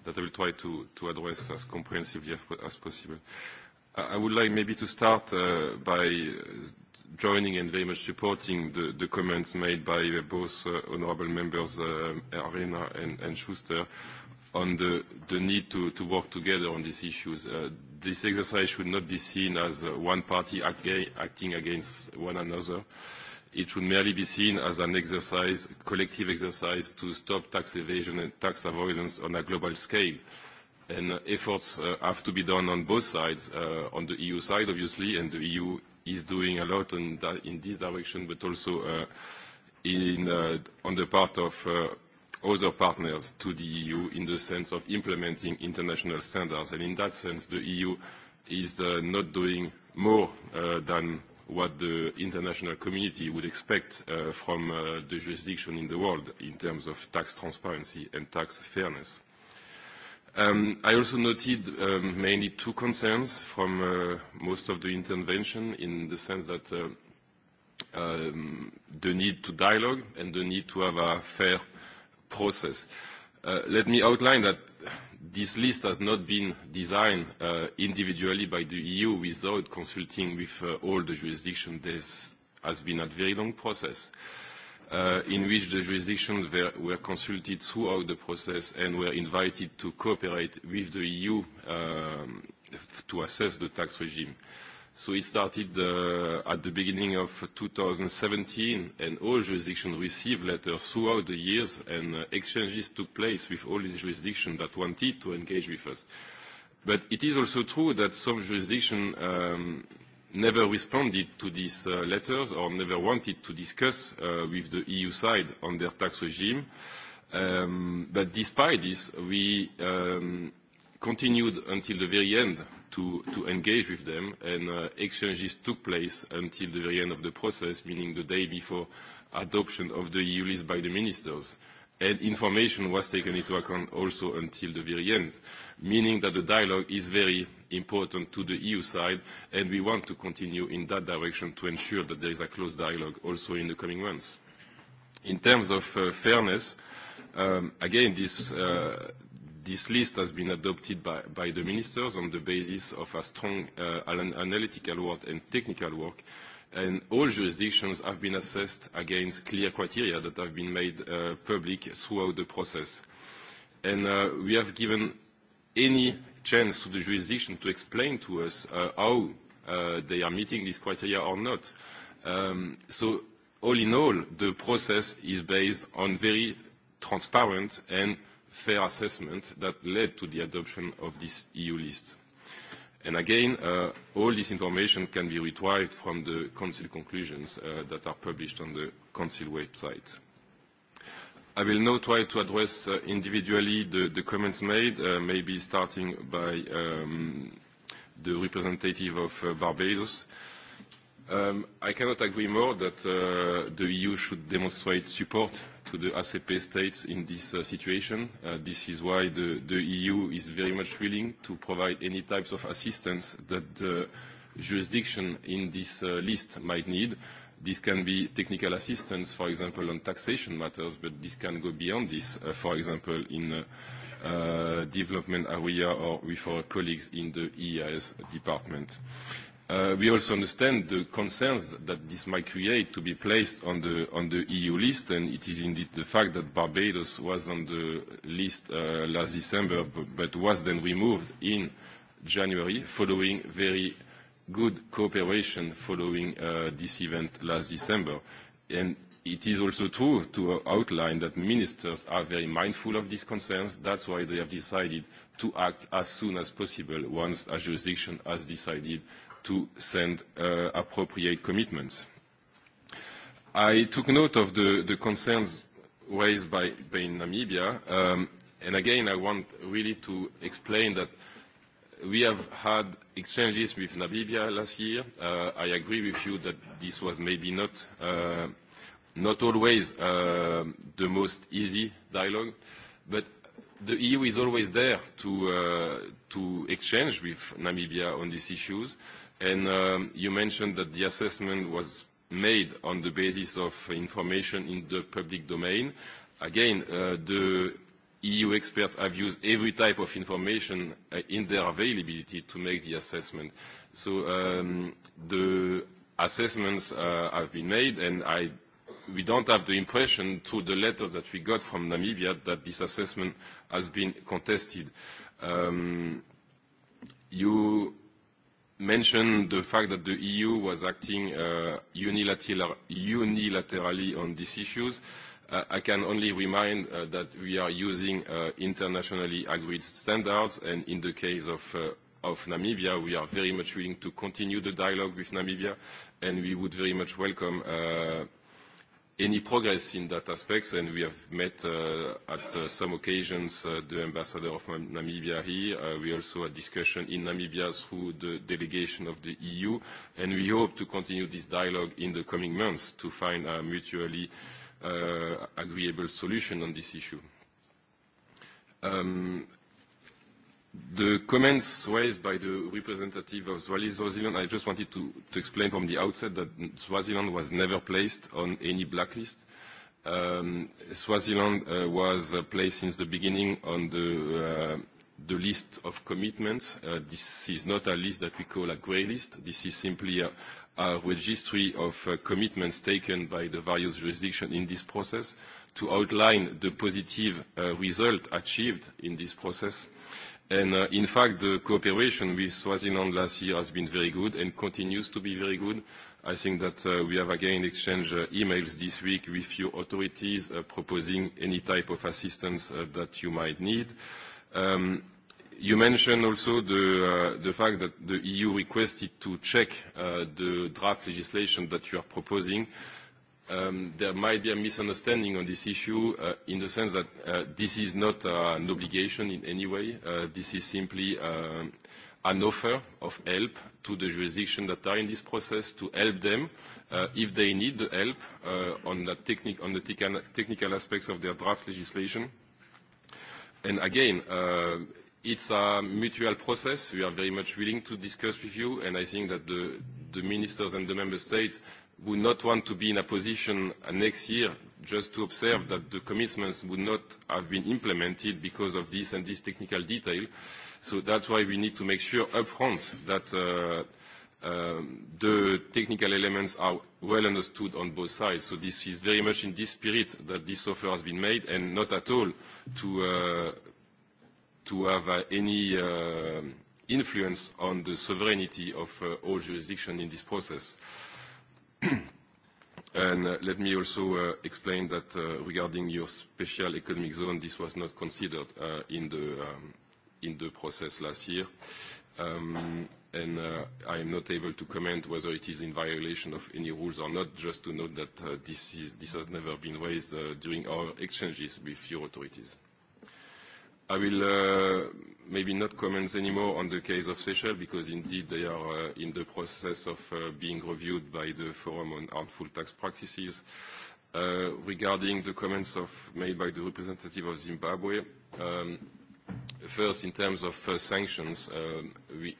that I will try to, to address as comprehensively as possible. I would like maybe to start uh, by joining and very much supporting the, the comments made by both uh, honorable members uh, Arena and, and Schuster on the, the need to, to work together on these issues. Uh, this exercise should not be seen as uh, one party act acting against one another. Uh, It should merely be seen as an exercise, collective exercise to stop tax evasion and tax avoidance on a global scale. And efforts uh, have to be done on both sides, uh, on the EU side, obviously, and the EU is doing a lot in, that, in this direction, but also uh, in, uh, on the part of uh, other partners to the EU in the sense of implementing international standards. And in that sense, the EU is uh, not doing more uh, than what the international community would expect uh, from uh, the jurisdiction in the world in terms of tax transparency and tax fairness. Um, I also noted um, mainly two concerns from uh, most of the intervention in the sense that uh, um, the need to dialogue and the need to have a fair process. Uh, let me outline that this list has not been designed uh, individually by the EU without consulting with uh, all the jurisdictions. This has been a very long process uh, in which the jurisdictions were, were consulted throughout the process and were invited to cooperate with the EU um, to assess the tax regime. Uh, So It started uh at the beginning of 2017, and all jurisdictions received letters throughout the years, and uh exchanges took place with all these jurisdictions that wanted to engage with us. But It is also true that some jurisdictions um never responded to these uh letters or never wanted to discuss uh with the EU side on their tax regime. Um but Despite this, we um continued until the very end to, to engage with them, and uh, exchanges took place until the very end of the process, meaning the day before adoption of the EU list by the ministers. And information was taken into account also until the very end, meaning that the dialogue is very important to the EU side, and we want to continue in that direction to ensure that there is a close dialogue also in the coming months. In terms of uh, fairness, um, again, this uh, This list has been adopted by, by the ministers on the basis of a strong uh, analytical work and technical work, and all jurisdictions have been assessed against clear criteria that have been made uh, public throughout the process. And uh, we have given any chance to the jurisdiction to explain to us uh, how uh, they are meeting these criteria or not. Um, so all in all, the process is based on very transparent and fair assessment that led to the adoption of this EU list. And again, uh, all this information can be retrieved from the Council conclusions uh, that are published on the Council website. I will now try to address uh, individually the, the comments made, uh, maybe starting by um, the representative of uh, Barbados. Uh, Um, I cannot agree more that uh, the EU should demonstrate support to the ACP states in this uh, situation. Uh, this is why the, the EU is very much willing to provide any types of assistance that the jurisdiction in this uh, list might need. This can be technical assistance, for example, on taxation matters, but this can go beyond this, uh, for example, in uh, uh, development area or with our colleagues in the EIS department. Uh, We also understand the concerns that this might create to be placed on the EU list, and it is indeed the fact that Barbados was on the list last December, but was then removed in January following very good cooperation following this event last December. And It is also true to outline that ministers are very mindful of these concerns. That's why they have decided to act as soon as possible once a jurisdiction has decided to send appropriate commitments. I took note of the concerns raised by Namibia. And again, I want really to explain that we have had exchanges with Namibia last year. I agree with you that this was maybe not not always the most easy dialogue, but The EU is always there to, uh, to exchange with Namibia on these issues. And um, you mentioned that the assessment was made on the basis of information in the public domain. Again, uh, the EU experts have used every type of information uh, in their availability to make the assessment. So um, the assessments uh, have been made, and I we don't have the impression through the letters that we got from Namibia that this assessment has been contested. Um, you mentioned the fact that the EU was acting uh, unilater unilaterally on these issues. Uh, I can only remind uh, that we are using uh, internationally agreed standards, and in the case of uh, of Namibia. We are very much willing to continue the dialogue with Namibia, and we would very much welcome uh any progress in that aspect, and we have met uh, at uh, some occasions uh, the ambassador of Namibia here. Uh, we also had discussion in Namibia through the delegation of the EU, and we hope to continue this dialogue in the coming months to find a mutually uh, agreeable solution on this issue. Um, The comments raised by the representative of Swaziland, I just wanted to explain from the outset that Swaziland was never placed on any blacklist. Swaziland was placed since the beginning on the list of commitments. This is not a list that we call a gray list. This is simply a registry of commitments taken by the various jurisdictions in this process to outline the positive result achieved in this process And uh, in fact, the cooperation with Swaziland last year has been very good and continues to be very good. I think that uh, we have again exchanged uh, emails this week with your authorities uh, proposing any type of assistance uh, that you might need. Um, You mentioned also the uh the fact that the EU requested to check uh the draft legislation that you are proposing um, there might be a misunderstanding on this issue uh, in the sense that uh, this is not uh, an obligation in any way. Uh, this is simply uh, an offer of help to the jurisdiction that are in this process to help them uh, if they need the help uh, on, the technic on the technical aspects of their draft legislation. And again, uh, It's a mutual process. We are very much willing to discuss with you, and I think that the the ministers and the member states would not want to be in a position next year just to observe that the commitments would not have been implemented because of this and this technical detail. So that's why we need to make sure upfront that the technical elements are well understood on both sides. So this is very much in this spirit that this offer has been made, and not at all to have any influence on the sovereignty of all jurisdiction in this process. And Let me also explain that regarding your special economic zone, this was not considered in the process last year. And I am not able to comment whether it is in violation of any rules or not, just to note that this has never been raised during our exchanges with your authorities. I will uh, maybe not comment anymore on the case of Seychelles because indeed they are uh, in the process of uh, being reviewed by the Forum on Harmful Tax Practices. Uh, regarding the comments of, made by the representative of Zimbabwe, um, First, in terms of sanctions, we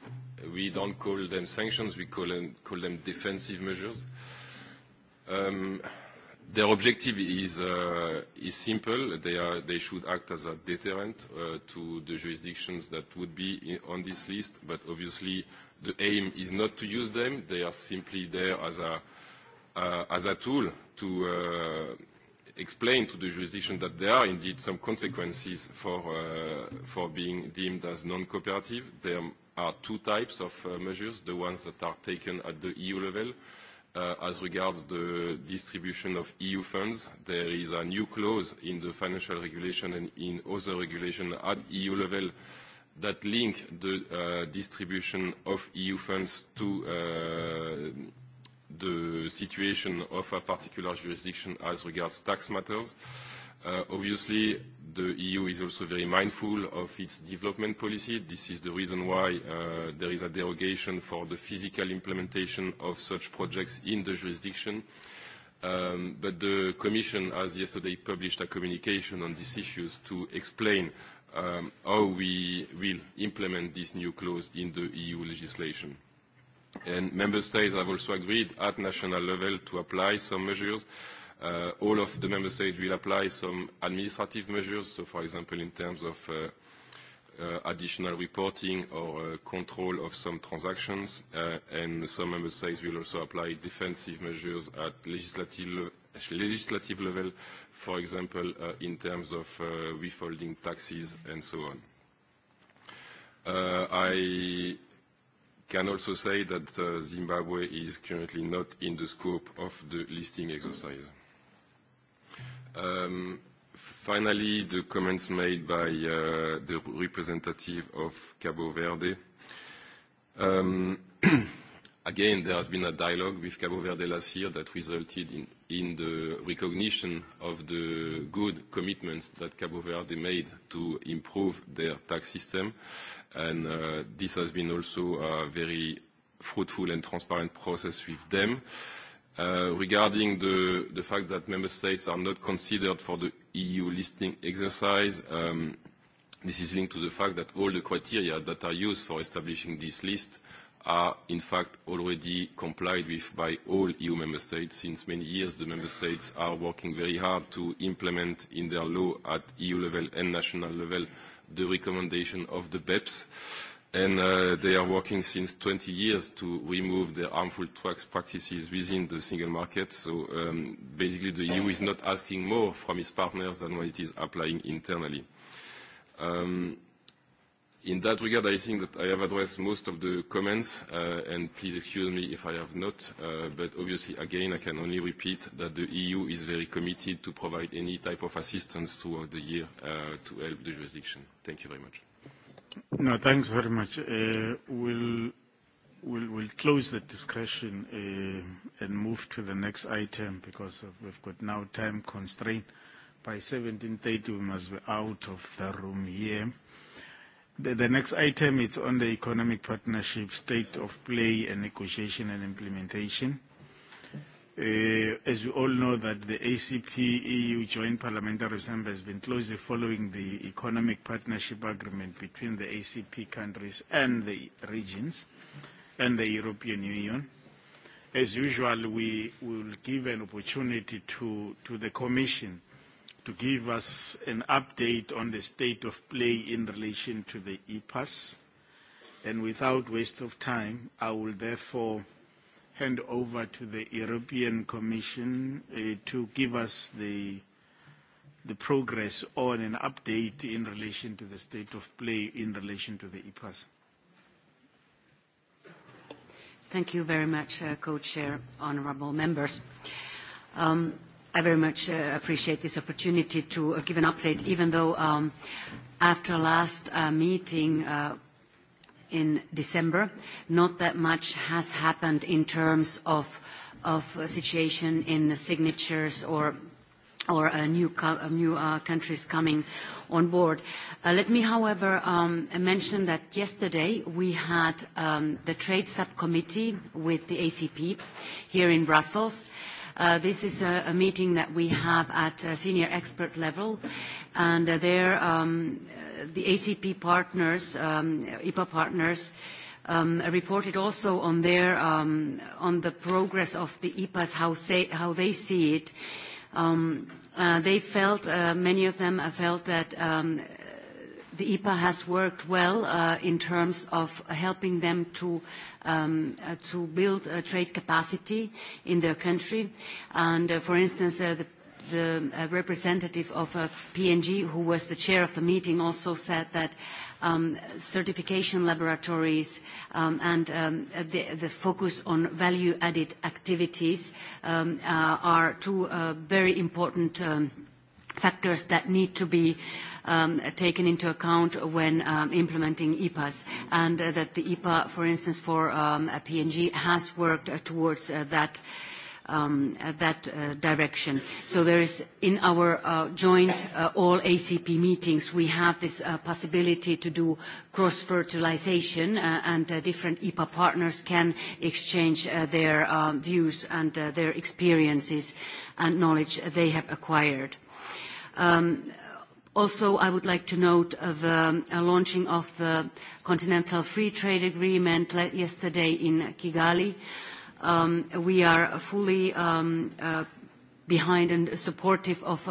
we don't call them sanctions, we call them call them defensive measures. Their objective is simple. They should act as a deterrent to the jurisdictions that would be on this list, but obviously the aim is not to use them. They are simply there as a tool to explain to the jurisdiction that there are indeed some consequences for being deemed as non-cooperative. There are two types of measures, the ones that are taken at the EU level, As regards the distribution of EU funds, there is a new clause in the financial regulation and in other regulation at EU level that link the distribution of EU funds to the situation of a particular jurisdiction as regards tax matters. Uh, Obviously, the EU is also very mindful of its development policy. This is the reason why there is a derogation for the physical implementation of such projects in the jurisdiction. But The Commission has yesterday published a communication on these issues to explain how we will implement this new clause in the EU legislation. And Member states have also agreed at national level to apply some measures Uh, all of the member states will apply some administrative measures, so for example in terms of uh, uh, additional reporting or uh, control of some transactions, uh, and some member states will also apply defensive measures at legislative, legislative level, for example uh, in terms of uh, withholding taxes and so on. Uh, I can also say that uh, Zimbabwe is currently not in the scope of the listing exercise. Finally, the comments made by the representative of Cabo Verde. Again, there has been a dialogue with Cabo Verde last year that resulted in in the recognition of the good commitments that Cabo Verde made to improve their tax system. and uh This has been also a very fruitful and transparent process with them. Regarding the fact that member states are not considered for the EU listing exercise, this is linked to the fact that all the criteria that are used for establishing this list are in fact already complied with by all EU member states. Since many years, the member states are working very hard to implement in their law at EU level and national level the recommendation of the BEPS and uh, they are working since 20 years to remove the harmful tax practices within the single market. So um, basically the EU is not asking more from its partners than what it is applying internally. Um, in that regard, I think that I have addressed most of the comments, uh, and please excuse me if I have not, uh, but obviously, again, I can only repeat that the EU is very committed to provide any type of assistance throughout the year uh, to help the jurisdiction. Thank you very much.
No, thanks very much. We'll we'll close the discussion and move to the next item because we've got now time constraint. By P.M., we must be out of the room here. The next item is on the economic partnership, state of play and negotiation and implementation. As you all know, that the ACP-EU Joint Parliamentary Assembly has been closely following the economic partnership agreement between the ACP countries and the regions and the European Union. As usual, we will give an opportunity to the Commission to give us an update on the state of play in relation to the EPAS. and Without waste of time, I will therefore hand over to the European Commission to give us the the progress on an update in relation to the state of play in relation to the EPAS.
Thank you very much, Co-Chair, honorable members. I very much appreciate this opportunity to give an update, even though after last meeting, in December. Not that much has happened in terms of situation in the signatures or new countries coming on board. Let me, however, mention that yesterday we had the trade subcommittee with the ACP here in Brussels. This is a meeting that we have at senior expert level, and there the ACP partners, IPA partners, reported also on their on the progress of the IPAs, how they see it. They felt, many of them felt that the IPA has worked well in terms of helping them to to build trade capacity in their country. And for instance, the the representative of P&G, who was the chair of the meeting, also said that certification laboratories and the focus on value-added activities are two very important factors that need to be taken into account when implementing EPAs, and that the EPA, for instance, for P&G, has worked towards that that direction. So there is, in our joint all ACP meetings, we have this possibility to do cross-fertilization, and different IPA partners can exchange their views and their experiences and knowledge they have acquired. Also, I would like to note the launching of the Continental Free Trade Agreement yesterday in Kigali, we are fully behind and supportive of,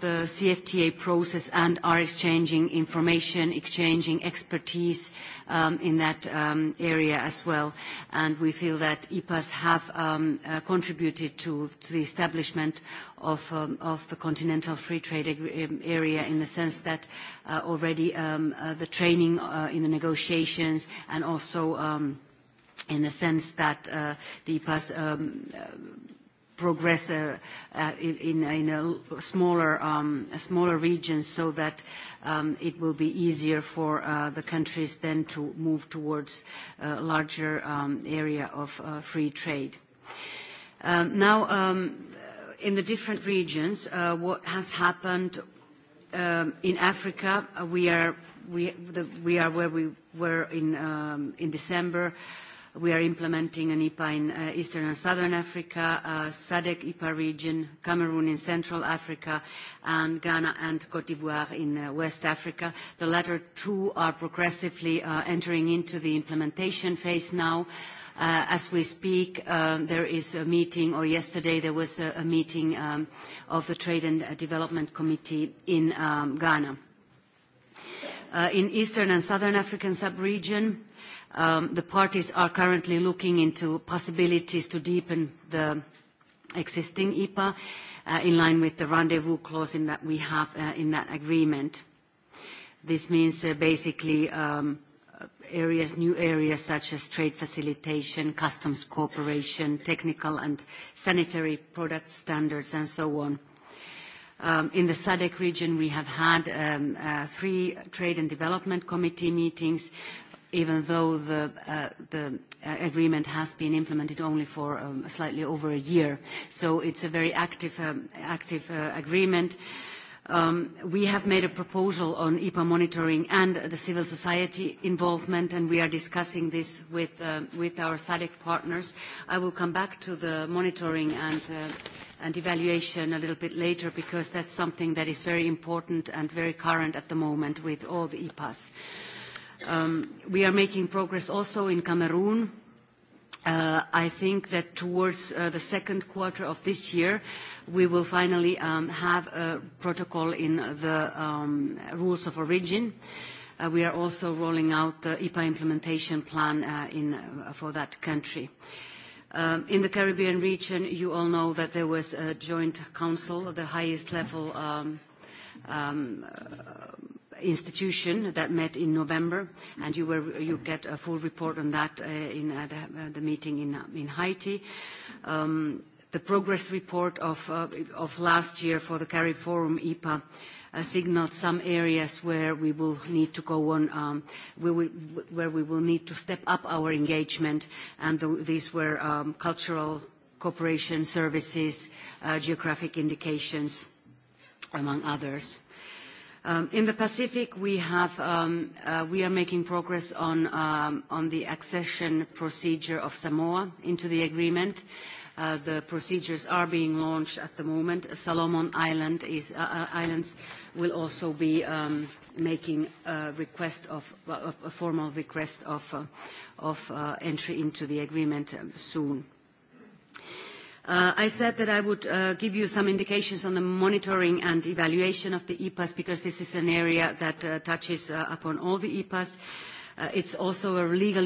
the CFTA process and are exchanging information, exchanging expertise in that area as well. And we feel that EPAs have contributed to, the establishment of, the continental free trade area in the sense that already the training in the negotiations and also in the sense that uh, DEPA's um, progress uh, uh, in, in a smaller, um, a smaller region so that um, it will be easier for uh, the countries then to move towards a larger um, area of uh, free trade. Um, now, um, in the different regions, uh, what has happened um, in Africa, we are, we, the, we are where we were in, um, in December. Uh, We are implementing an IPA in Eastern and Southern Africa, SADC IPA region, Cameroon in Central Africa, and Ghana and Côte d'Ivoire in West Africa. The latter two are progressively entering into the implementation phase now. As we speak, there is a meeting, or yesterday there was a meeting of the Trade and Development Committee in Ghana. In Eastern and Southern African sub-region, The parties are currently looking into possibilities to deepen the existing EPA in line with the rendezvous clause that we have in that agreement. This means basically areas, new areas such as trade facilitation, customs cooperation, technical and sanitary product standards, and so on. In the SADC region, we have had three trade and development committee meetings even though the agreement has been implemented only for slightly over a year. So it's a very active agreement. We have made a proposal on EPA monitoring and the civil society involvement, and we are discussing this with our SADC partners. I will come back to the monitoring and evaluation a little bit later because that's something that is very important and very current at the moment with all the EPAs. We are making progress also in Cameroon. I think that towards the second quarter of this year, we will finally have a protocol in the rules of origin. We are also rolling out the EPA implementation plan for that country. In the Caribbean region, you all know that there was a joint council, the highest level institution that met in November, and you get a full report on that in the meeting in Haiti. The progress report of last year for the forum IPA signaled some areas where we will need to go on, where we will need to step up our engagement, and these were cultural cooperation services, geographic indications, among others. In the Pacific, we are making progress on the accession procedure of Samoa into the agreement. The procedures are being launched at the moment. Solomon Islands will also be making a formal request of entry into the agreement soon. I said that I would give you some indications on the monitoring and evaluation of the EPAS, because this is an area that touches upon all the EPAS. It's also a legal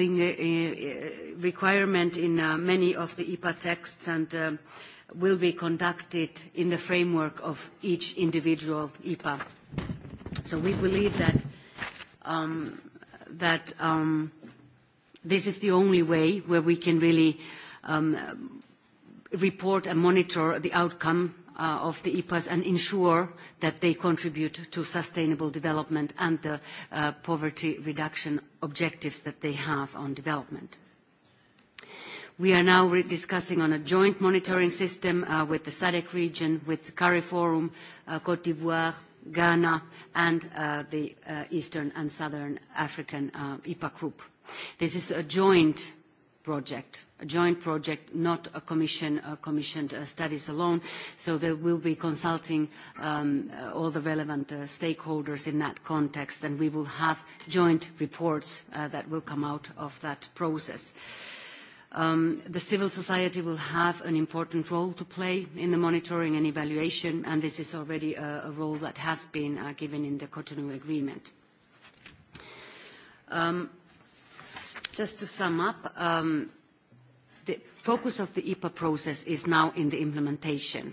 requirement in many of the EPA texts and will be conducted in the framework of each individual EPA. So we believe that this is the only way where we can really report and monitor the outcome of the EPAs and ensure that they contribute to sustainable development and the poverty reduction objectives that they have on development. We are now discussing on a joint monitoring system with the SADC region, with the CARI Forum, Côte d'Ivoire, Ghana, and the Eastern and Southern African IPA group. This is a joint project, a joint project, not a commissioned studies alone. So they will be consulting all the relevant stakeholders in that context, and we will have joint reports that will come out of that process. The civil society will have an important role to play in the monitoring and evaluation, and this is already a role that has been given in the Cotonou Agreement Just to sum up, the focus of the EPA process is now in the implementation.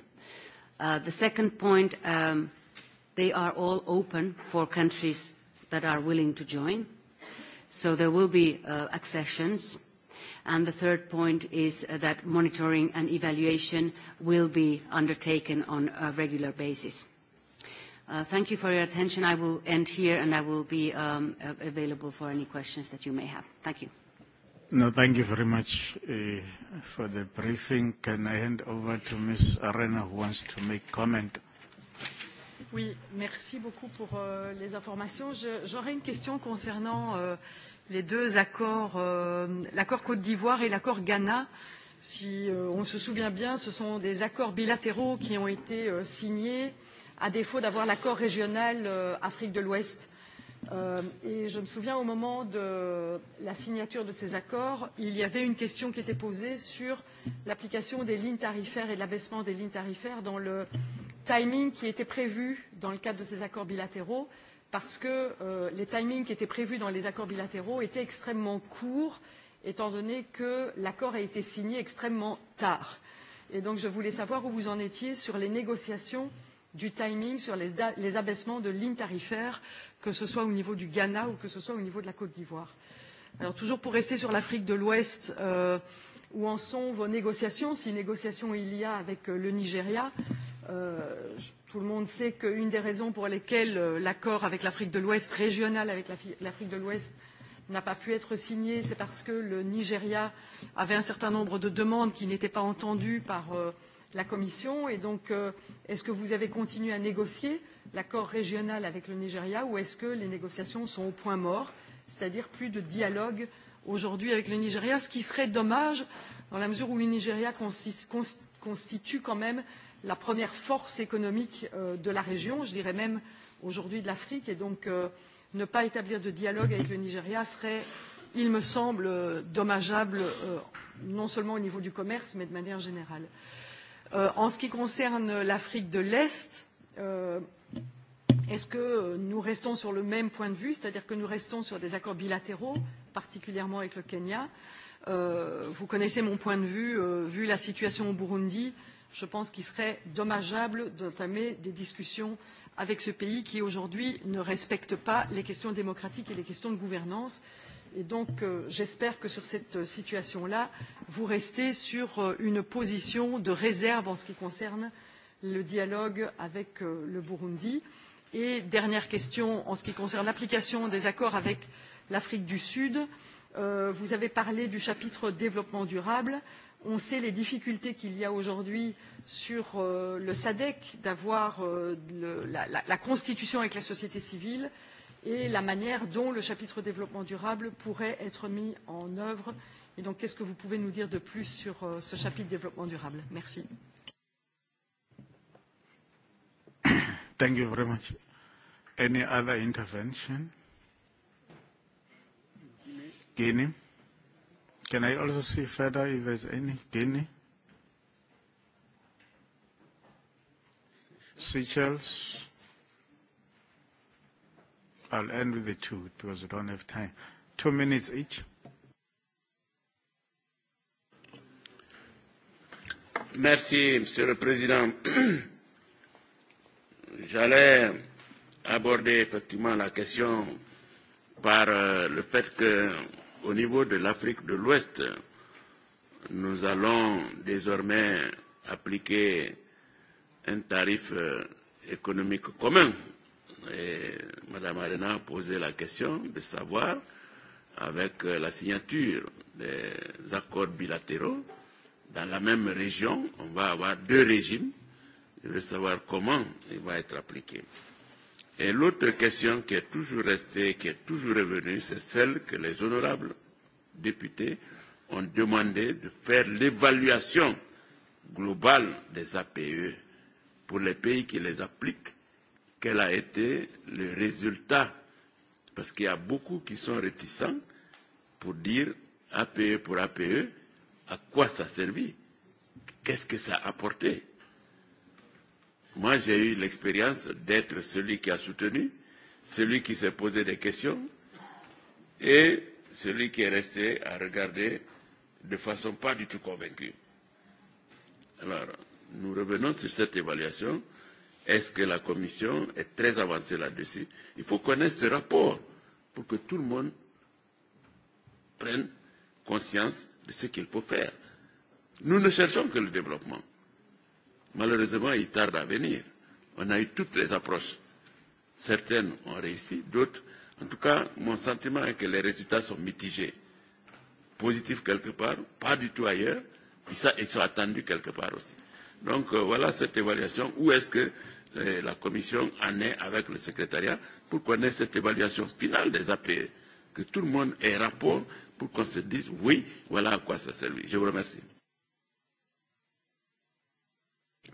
The second point, they are all open for countries that are willing to join, so there will be accessions. And the third point is that monitoring and evaluation will be undertaken on a regular basis. Thank you for your attention. I will end here, and I will be available for any questions that you may have. Thank you.
No, thank you very much for the briefing. Can I hand over to Ms. Arena, who wants to make comment?
Oui, merci beaucoup pour les informations. J'aurais une question concernant les deux accords, l'accord Côte d'Ivoire et l'accord Ghana. Si on se souvient bien, ce sont des accords bilatéraux qui ont été signés à défaut d'avoir l'accord régional euh, Afrique de l'Ouest. Euh, et je me souviens au moment de la signature de ces accords, il y avait une question qui était posée sur l'application des lignes tarifaires et de l'abaissement des lignes tarifaires dans le timing qui était prévu dans le cadre de ces accords bilatéraux, parce que euh, les timings qui étaient prévus dans les accords bilatéraux étaient extrêmement courts, étant donné que l'accord a été signé extrêmement tard. Et donc je voulais savoir où vous en étiez sur les négociations du timing sur les, les abaissements de lignes tarifaires, que ce soit au niveau du Ghana ou que ce soit au niveau de la Côte d'Ivoire. Alors toujours pour rester sur l'Afrique de l'Ouest, euh, où en sont vos négociations, si négociations il y a avec le Nigeria euh, Tout le monde sait qu'une des raisons pour lesquelles l'accord avec l'Afrique de l'Ouest, régional avec l'Afrique de l'Ouest, n'a pas pu être signé, c'est parce que le Nigeria avait un certain nombre de demandes qui n'étaient pas entendues par euh, la Commission. Et donc, est-ce que vous avez continué à négocier l'accord régional avec le Nigeria ou est-ce que les négociations sont au point mort, c'est-à-dire plus de dialogue aujourd'hui avec le Nigeria, ce qui serait dommage dans la mesure où le Nigeria constitue quand même la première force économique de la région, je dirais même aujourd'hui de l'Afrique. Et donc, ne pas établir de dialogue avec le Nigeria serait, il me semble, dommageable, non seulement au niveau du commerce, mais de manière générale. Euh, en ce qui concerne l'Afrique de l'Est, est-ce que nous restons sur le même point de vue, c'est-à-dire que nous restons sur des accords bilatéraux, particulièrement avec le Kenya Vous connaissez mon point de vue, vu la situation au Burundi, je pense qu'il serait dommageable d'entamer des discussions avec ce pays qui aujourd'hui ne respecte pas les questions démocratiques et les questions de gouvernance. Et donc, j'espère que sur cette situation-là, vous restez sur une position de réserve en ce qui concerne le dialogue avec le Burundi. Et dernière question en ce qui concerne l'application des accords avec l'Afrique du Sud. vous avez parlé du chapitre développement durable. On sait les difficultés qu'il y a aujourd'hui sur le SADEC d'avoir la, constitution avec la société civile. Euh, et la manière dont le chapitre développement durable pourrait être mis en œuvre. Et donc, qu'est-ce que vous pouvez nous dire de plus sur ce chapitre développement durable Merci.
Thank you very much. Any other intervention? Guinea? Can I also see further if there's any? Guinea? Seychelles? I'll end with the two because we don't have time. Two minutes each.
Merci, Monsieur le Président. J'allais aborder effectivement la question par le fait qu'au niveau de l'Afrique de l'Ouest, nous allons désormais appliquer un tarif économique commun et Mme Arena a posé la question de savoir, avec la signature des accords bilatéraux, dans la même région, on va avoir deux régimes. Je veux savoir comment il va être appliqué. Et l'autre question qui est toujours restée, qui est toujours revenue, c'est celle que les honorables députés ont demandé de faire l'évaluation globale des APE pour les pays qui les appliquent quel a été le résultat. Parce qu'il y a beaucoup qui sont réticents pour dire APE pour APE, à quoi ça a servi Qu'est-ce que ça a apporté Moi, j'ai eu l'expérience d'être celui qui a soutenu, celui qui s'est posé des questions et celui qui est resté à regarder de façon pas du tout convaincue. Alors, nous revenons sur cette évaluation Est-ce que la Commission est très avancée là-dessus Il faut connaître ce rapport pour que tout le monde prenne conscience de ce qu'il faut faire. Nous ne cherchons que le développement. Malheureusement, il tarde à venir. On a eu toutes les approches. Certaines ont réussi, d'autres. En tout cas, mon sentiment est que les résultats sont mitigés. Positifs quelque part, pas du tout ailleurs. Ils sont attendus quelque part aussi. Donc euh, voilà cette évaluation. Où est-ce que la Commission en est avec le secrétariat pour qu'on ait cette évaluation finale des APE, que tout le monde ait rapport pour qu'on se dise oui, voilà à quoi ça sert. Je vous remercie.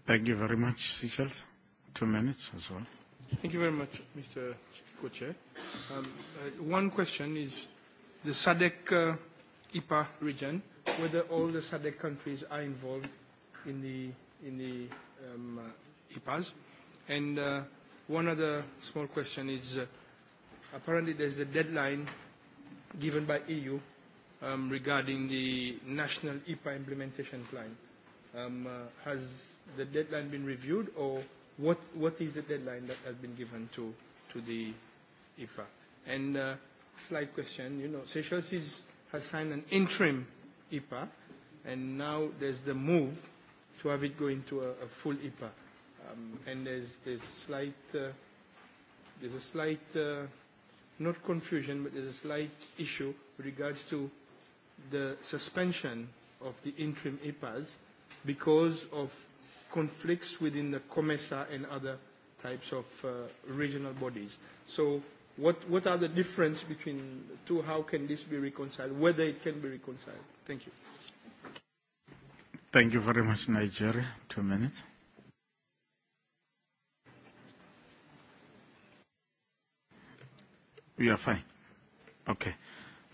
Thank you very much, Seychelles. Two minutes as well.
Thank you very
much, Mr. Co-Chair. Um, uh, one question is the SADC uh, IPA region, whether all the SADC countries are involved in the, in the um, uh, IPAs. And uh, one other small question is uh, apparently there's a deadline given by EU um, regarding the national EPA implementation plan. Um, uh, has the deadline been reviewed or what, what is the deadline that has been given to, to the EPA? And uh, slight question, you know, Seychelles is, has signed an interim EPA and now there's the move to have it go into a, a full EPA. Um, and there's, there's slight, uh, there's a slight, uh, not confusion, but there's a slight issue with regards to the suspension of the interim EPAs because of conflicts within the COMESA and other types of uh, regional bodies. So what, what are the difference between the two? How can this be reconciled? Whether it can be reconciled? Thank you.
Thank you very much, Nigeria. Two minutes. We are fine. Okay.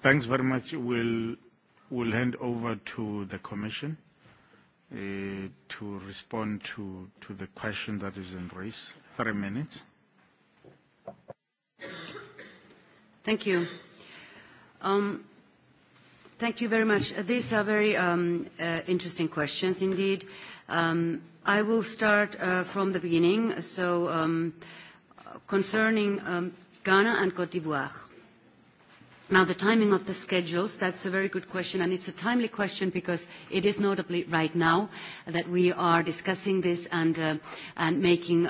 Thanks very much. We'll we'll hand over to the commission uh to respond to to the question that is in raised. Three minutes.
Thank you. Um Thank you very much. These are very um uh interesting questions indeed. Um I will start uh from the beginning. So um Concerning um Ghana and Côte d'Ivoire. Now, the timing of the schedules, that's a very good question, and it's a timely question because it is notably right now that we are discussing this and making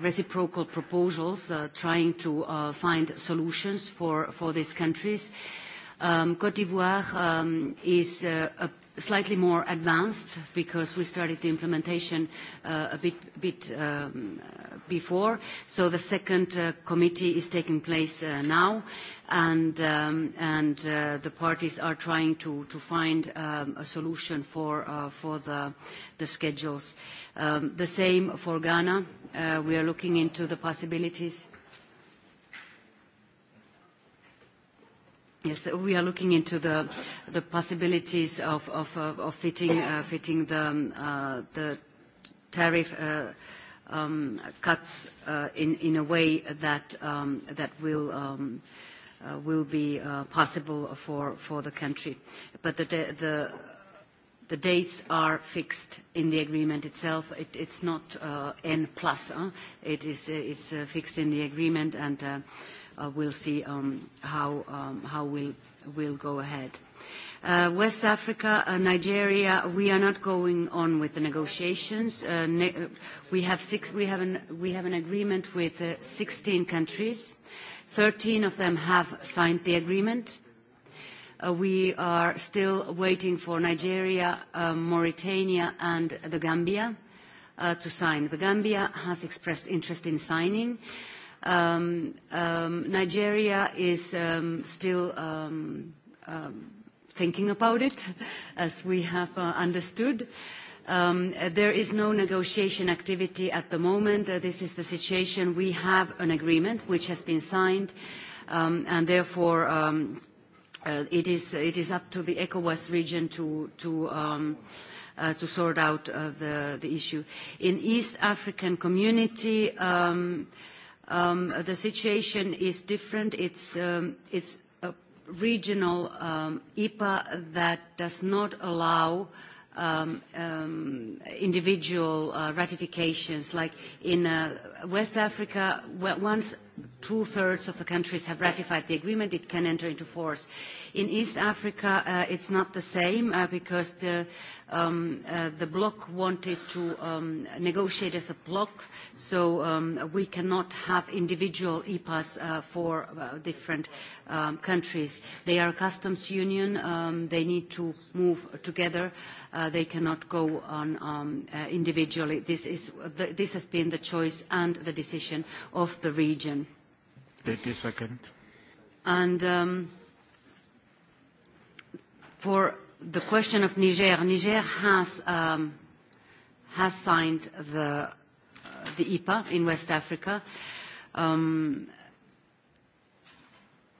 reciprocal proposals, trying to find solutions for these countries. Côte d'Ivoire is a slightly more advanced because we started the implementation a bit before. So the second committee is taking place now, and the parties are trying to find a solution for the schedules. The same for Ghana. We are looking into the possibilities Yes, we are looking into the the possibilities of of of fitting uh fitting the uh the tariff uh um cuts uh in in a way that um that will um uh will be uh possible for for the country. But the the the dates are fixed in the agreement itself. It It's not uh N plus. It is It's uh fixed in the agreement, and uh we'll see how we'll go ahead. West Africa, Nigeria, we are not going on with the negotiations. We have an agreement with 16 countries. 13 of them have signed the agreement. We are still waiting for Nigeria, Mauritania, and The Gambia to sign. The Gambia has expressed interest in signing. Nigeria is still thinking about it, as we have understood. There is no negotiation activity at the moment. This is the situation. We have an agreement which has been signed, and therefore, it is up to the ECOWAS region to sort out the issue. In East African Community, The situation is different. It's a regional IPA that does not allow individual ratifications. Like in West Africa, once two-thirds of the countries have ratified the agreement, it can enter into force. In East Africa, uh, it's not the same uh, because the, um, uh, the bloc wanted to um, negotiate as a bloc, so um, we cannot have individual EPAs uh, for uh, different um, countries. They are a customs union. Um, they need to move together. Uh, they cannot go on um, uh, individually. This, is the, this has been the choice and the decision of the region.
30 second.
And um, for the question of Niger, Niger has um, has signed the the EPA in West Africa. Um,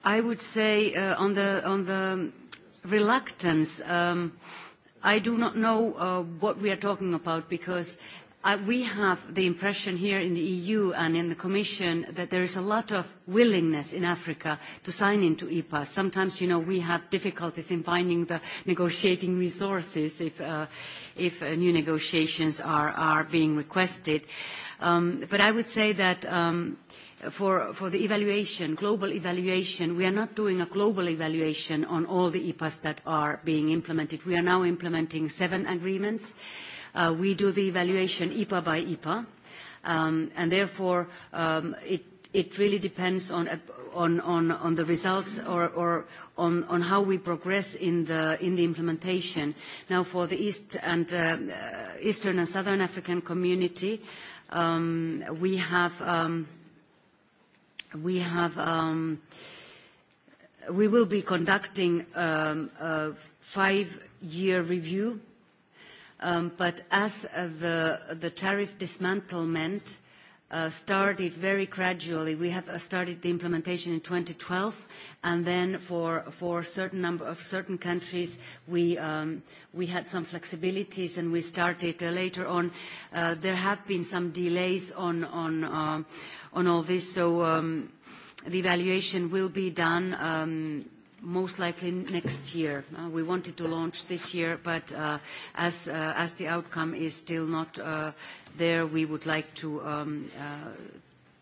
I would say uh, on the on the reluctance. Um, I do not know uh, what we are talking about because we have the impression here in the EU and in the Commission that there is a lot of willingness in Africa to sign into EPAs. Sometimes, you know, we have difficulties in finding the negotiating resources if, new negotiations are, being requested. but I would say that for the evaluation, global evaluation, we are not doing a global evaluation on all the EPAs that are being implemented. We are now implementing seven agreements. Uh, we do the evaluation EPA by EPA and therefore, it really depends on the results or on how we progress in the implementation. Now, for the East and Eastern and Southern African Community, we will be conducting a five-year review But as the tariff dismantlement started very gradually, we have started the implementation in 2012, and then for certain number of certain countries, we had some flexibilities, and we started later on. There have been some delays on all this, so the evaluation will be done most likely next year. We wanted to launch this year, but as the outcome is still not there, we would like to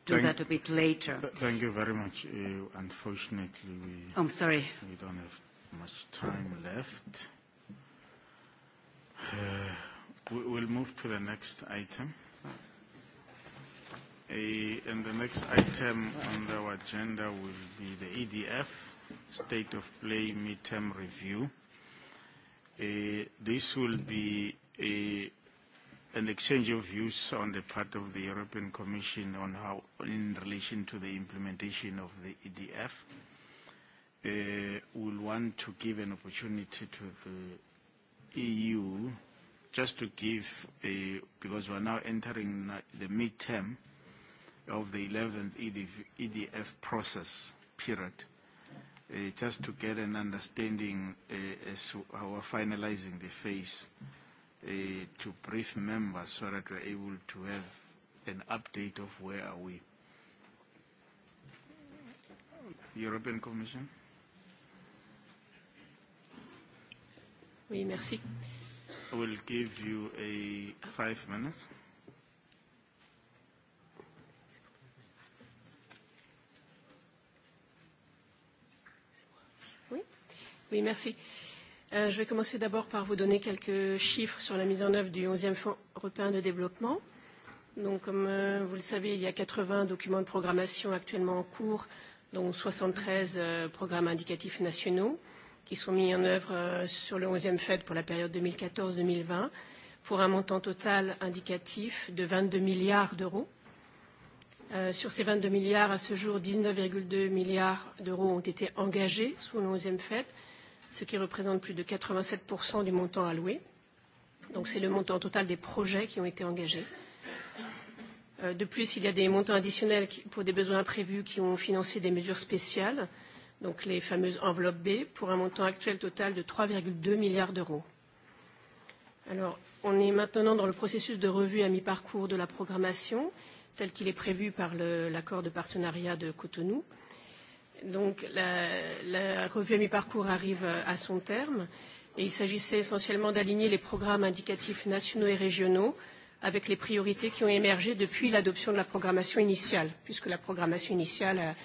do that a bit later. Thank
you very much. Unfortunately, we- Oh, sorry. We don't have much time left. We'll move to the next item. And the next item on our agenda will be the EDF state of play midterm review. Uh, this will be a, an exchange of views on the part of the European Commission on how, in relation to the implementation of the EDF. Uh, we'll want to give an opportunity to the EU just to give, a, because we're now entering the midterm of the 11th EDF, EDF process period uh, just to get an understanding uh, as to how we're finalizing the phase uh, to brief members so that we're able to have an update of where are we. European Commission. Oui, merci. I will give you a five minutes.
Oui, merci. Euh, je vais commencer d'abord par vous donner quelques chiffres sur la mise en œuvre du 11e Fonds européen de développement. Donc, comme euh, vous le savez, il y a 80 documents de programmation actuellement en cours, dont 73 euh, programmes indicatifs nationaux qui sont mis en œuvre euh, sur le 11e FED pour la période 2014-2020 pour un montant total indicatif de 22 milliards d'euros. Euh, sur ces 22 milliards, à ce jour, 19,2 milliards d'euros ont été engagés sous le 11e FED, ce qui représente plus de 87% du montant alloué. Donc c'est le montant total des projets qui ont été engagés. De plus, il y a des montants additionnels pour des besoins imprévus qui ont financé des mesures spéciales, donc les fameuses enveloppes B, pour un montant actuel total de 3,2 milliards d'euros. Alors, on est maintenant dans le processus de revue à mi-parcours de la programmation, tel qu'il est prévu par l'accord de partenariat de Cotonou donc la, la revue à mi-parcours arrive à son terme et il s'agissait essentiellement d'aligner les programmes indicatifs nationaux et régionaux avec les priorités qui ont émergé depuis l'adoption de la programmation initiale, puisque la programmation initiale a,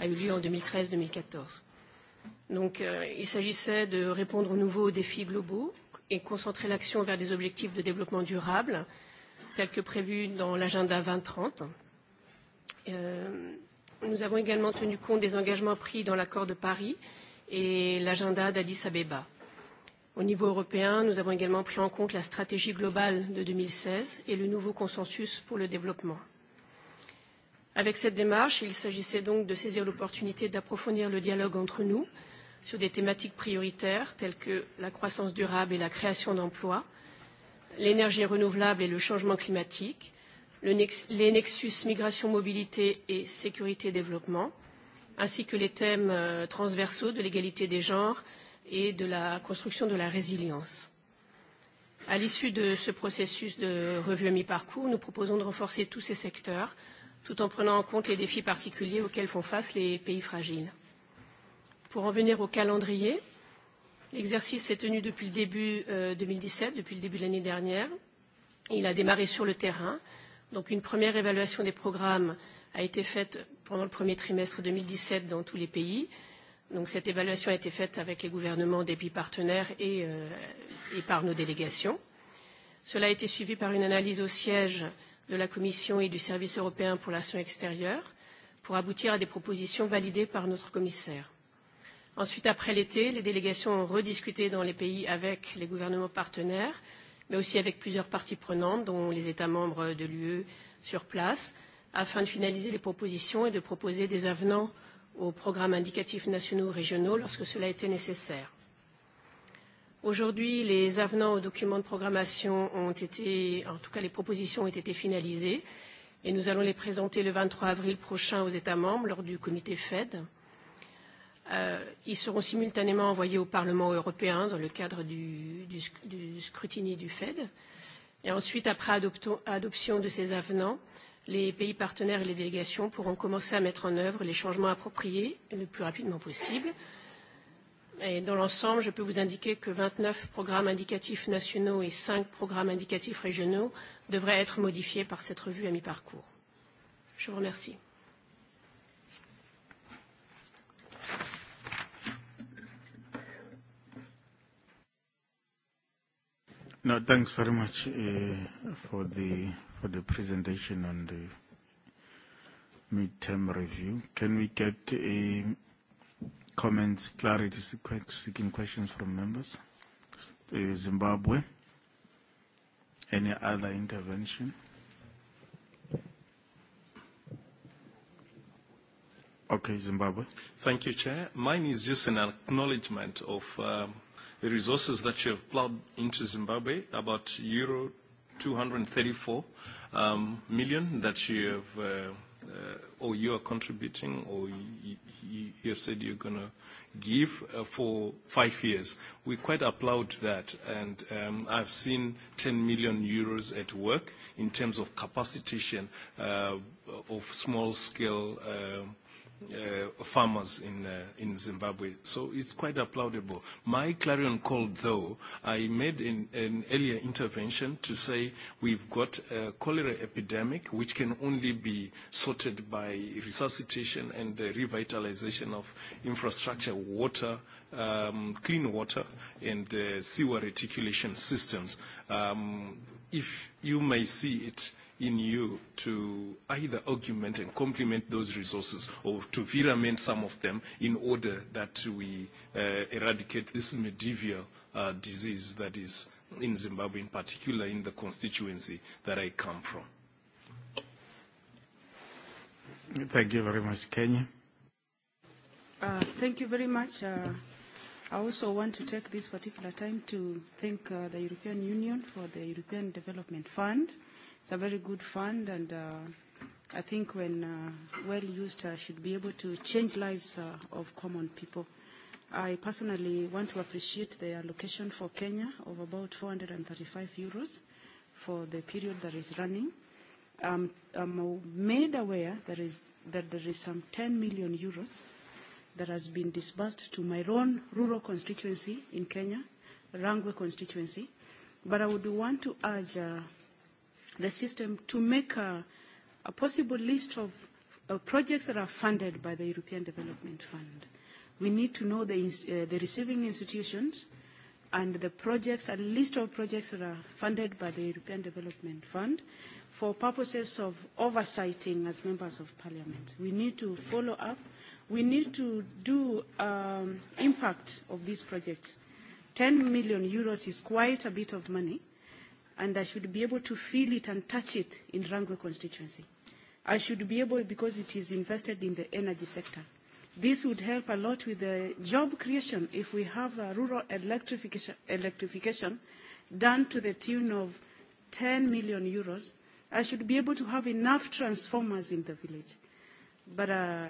a eu lieu en 2013-2014. Donc euh, il s'agissait de répondre au nouveau aux défis globaux et concentrer l'action vers des objectifs de développement durable, tels que prévus dans l'agenda 2030. Euh, Nous avons également tenu compte des engagements pris dans l'accord de Paris et l'agenda d'Addis Abeba. Au niveau européen, nous avons également pris en compte la stratégie globale de 2016 et le nouveau consensus pour le développement. Avec cette démarche, il s'agissait donc de saisir l'opportunité d'approfondir le dialogue entre nous sur des thématiques prioritaires telles que la croissance durable et la création d'emplois, l'énergie renouvelable et le changement climatique, les nexus migration, mobilité et sécurité développement, ainsi que les thèmes transversaux de l'égalité des genres et de la construction de la résilience. À l'issue de ce processus de revue à mi-parcours, nous proposons de renforcer tous ces secteurs tout en prenant en compte les défis particuliers auxquels font face les pays fragiles. Pour en venir au calendrier, l'exercice s'est tenu depuis le début euh, 2017, depuis le début de l'année dernière. Il a démarré sur le terrain Donc une première évaluation des programmes a été faite pendant le premier trimestre 2017 dans tous les pays. Donc cette évaluation a été faite avec les gouvernements des pays partenaires et, euh, et par nos délégations. Cela a été suivi par une analyse au siège de la Commission et du Service européen pour l'action extérieure pour aboutir à des propositions validées par notre commissaire. Ensuite, après l'été, les délégations ont rediscuté dans les pays avec les gouvernements partenaires mais aussi avec plusieurs parties prenantes, dont les États membres de l'UE sur place, afin de finaliser les propositions et de proposer des avenants aux programmes indicatifs nationaux ou régionaux lorsque cela était nécessaire. Aujourd'hui, les avenants aux documents de programmation ont été, en tout cas les propositions ont été finalisées et nous allons les présenter le 23 avril prochain aux États membres lors du comité FED. Euh, ils seront simultanément envoyés au Parlement européen dans le cadre du, du, du scrutiné du Fed. Et ensuite, après adoption de ces avenants, les pays partenaires et les délégations pourront commencer à mettre en œuvre les changements appropriés le plus rapidement possible. Et dans l'ensemble, je peux vous indiquer que 29 programmes indicatifs nationaux et 5 programmes indicatifs régionaux devraient être modifiés par cette revue à mi-parcours. Je vous remercie.
No, thanks very much uh, for the for the presentation on the midterm review. Can we get a comments, clarity seeking questions from members? Uh, Zimbabwe? Any other intervention? Okay, Zimbabwe.
Thank you, Chair. Mine is just an acknowledgement of um, resources that you have plowed into Zimbabwe, about euro 234 um, million that you have, uh, uh, or you are contributing, or you, you have said you're going to give uh, for five years. We quite applaud that, and um, I've seen 10 million euros at work in terms of capacitation uh, of small-scale uh, uh, farmers in, uh, in Zimbabwe. So it's quite applaudable. My clarion call, though, I made in, an earlier intervention to say we've got a cholera epidemic which can only be sorted by resuscitation and the revitalization of infrastructure, water, um, clean water, and uh, sewer reticulation systems. Um, if you may see it, in you to either augment and complement those resources or to filament some of them in order that we uh, eradicate this medieval uh, disease that is in Zimbabwe, in particular in the constituency that I come from.
Thank you very much. Kenya?
Uh, thank you very much. Uh, I also want to take this particular time to thank uh, the European Union for the European Development Fund. It's a very good fund, and uh, I think when uh, well used, uh, should be able to change lives uh, of common people. I personally want to appreciate the allocation for Kenya of about 435 euros for the period that is running. Um, I'm made aware there is, that there is some 10 million euros that has been disbursed to my own rural constituency in Kenya, Rangwe constituency. But I would want to urge uh, the system to make a, a possible list of uh, projects that are funded by the European Development Fund. We need to know the, uh, the receiving institutions and the projects, a list of projects that are funded by the European Development Fund for purposes of oversighting as members of parliament. We need to follow up. We need to do um, impact of these projects. 10 million euros is quite a bit of money and I should be able to feel it and touch it in Rangwe constituency. I should be able, because it is invested in the energy sector. This would help a lot with the job creation if we have a rural electrification, electrification done to the tune of 10 million euros. I should be able to have enough transformers in the village. But uh, uh,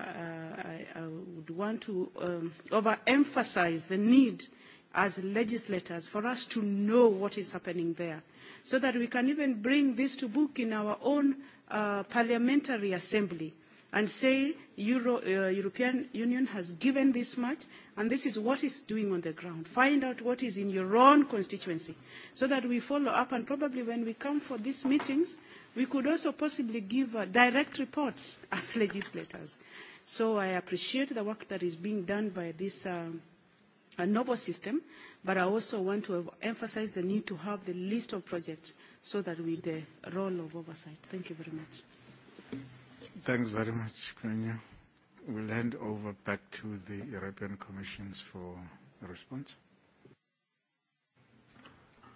I, I would want to um, overemphasize the need as legislators for us to know what is happening there so that we can even bring this to book in our own uh, parliamentary assembly and say Euro, uh, European Union has given this much and this is what it's doing on the ground. Find out what is in your own constituency so that we follow up and probably when we come for these meetings we could also possibly give uh, direct reports as legislators. So I appreciate the work that is being done by this uh, a noble system, but I also want to emphasize the need to have the list of projects so that we the role of oversight. Thank you very much.
Thanks very much, Kenya. We'll hand over back to the European Commissions for a response.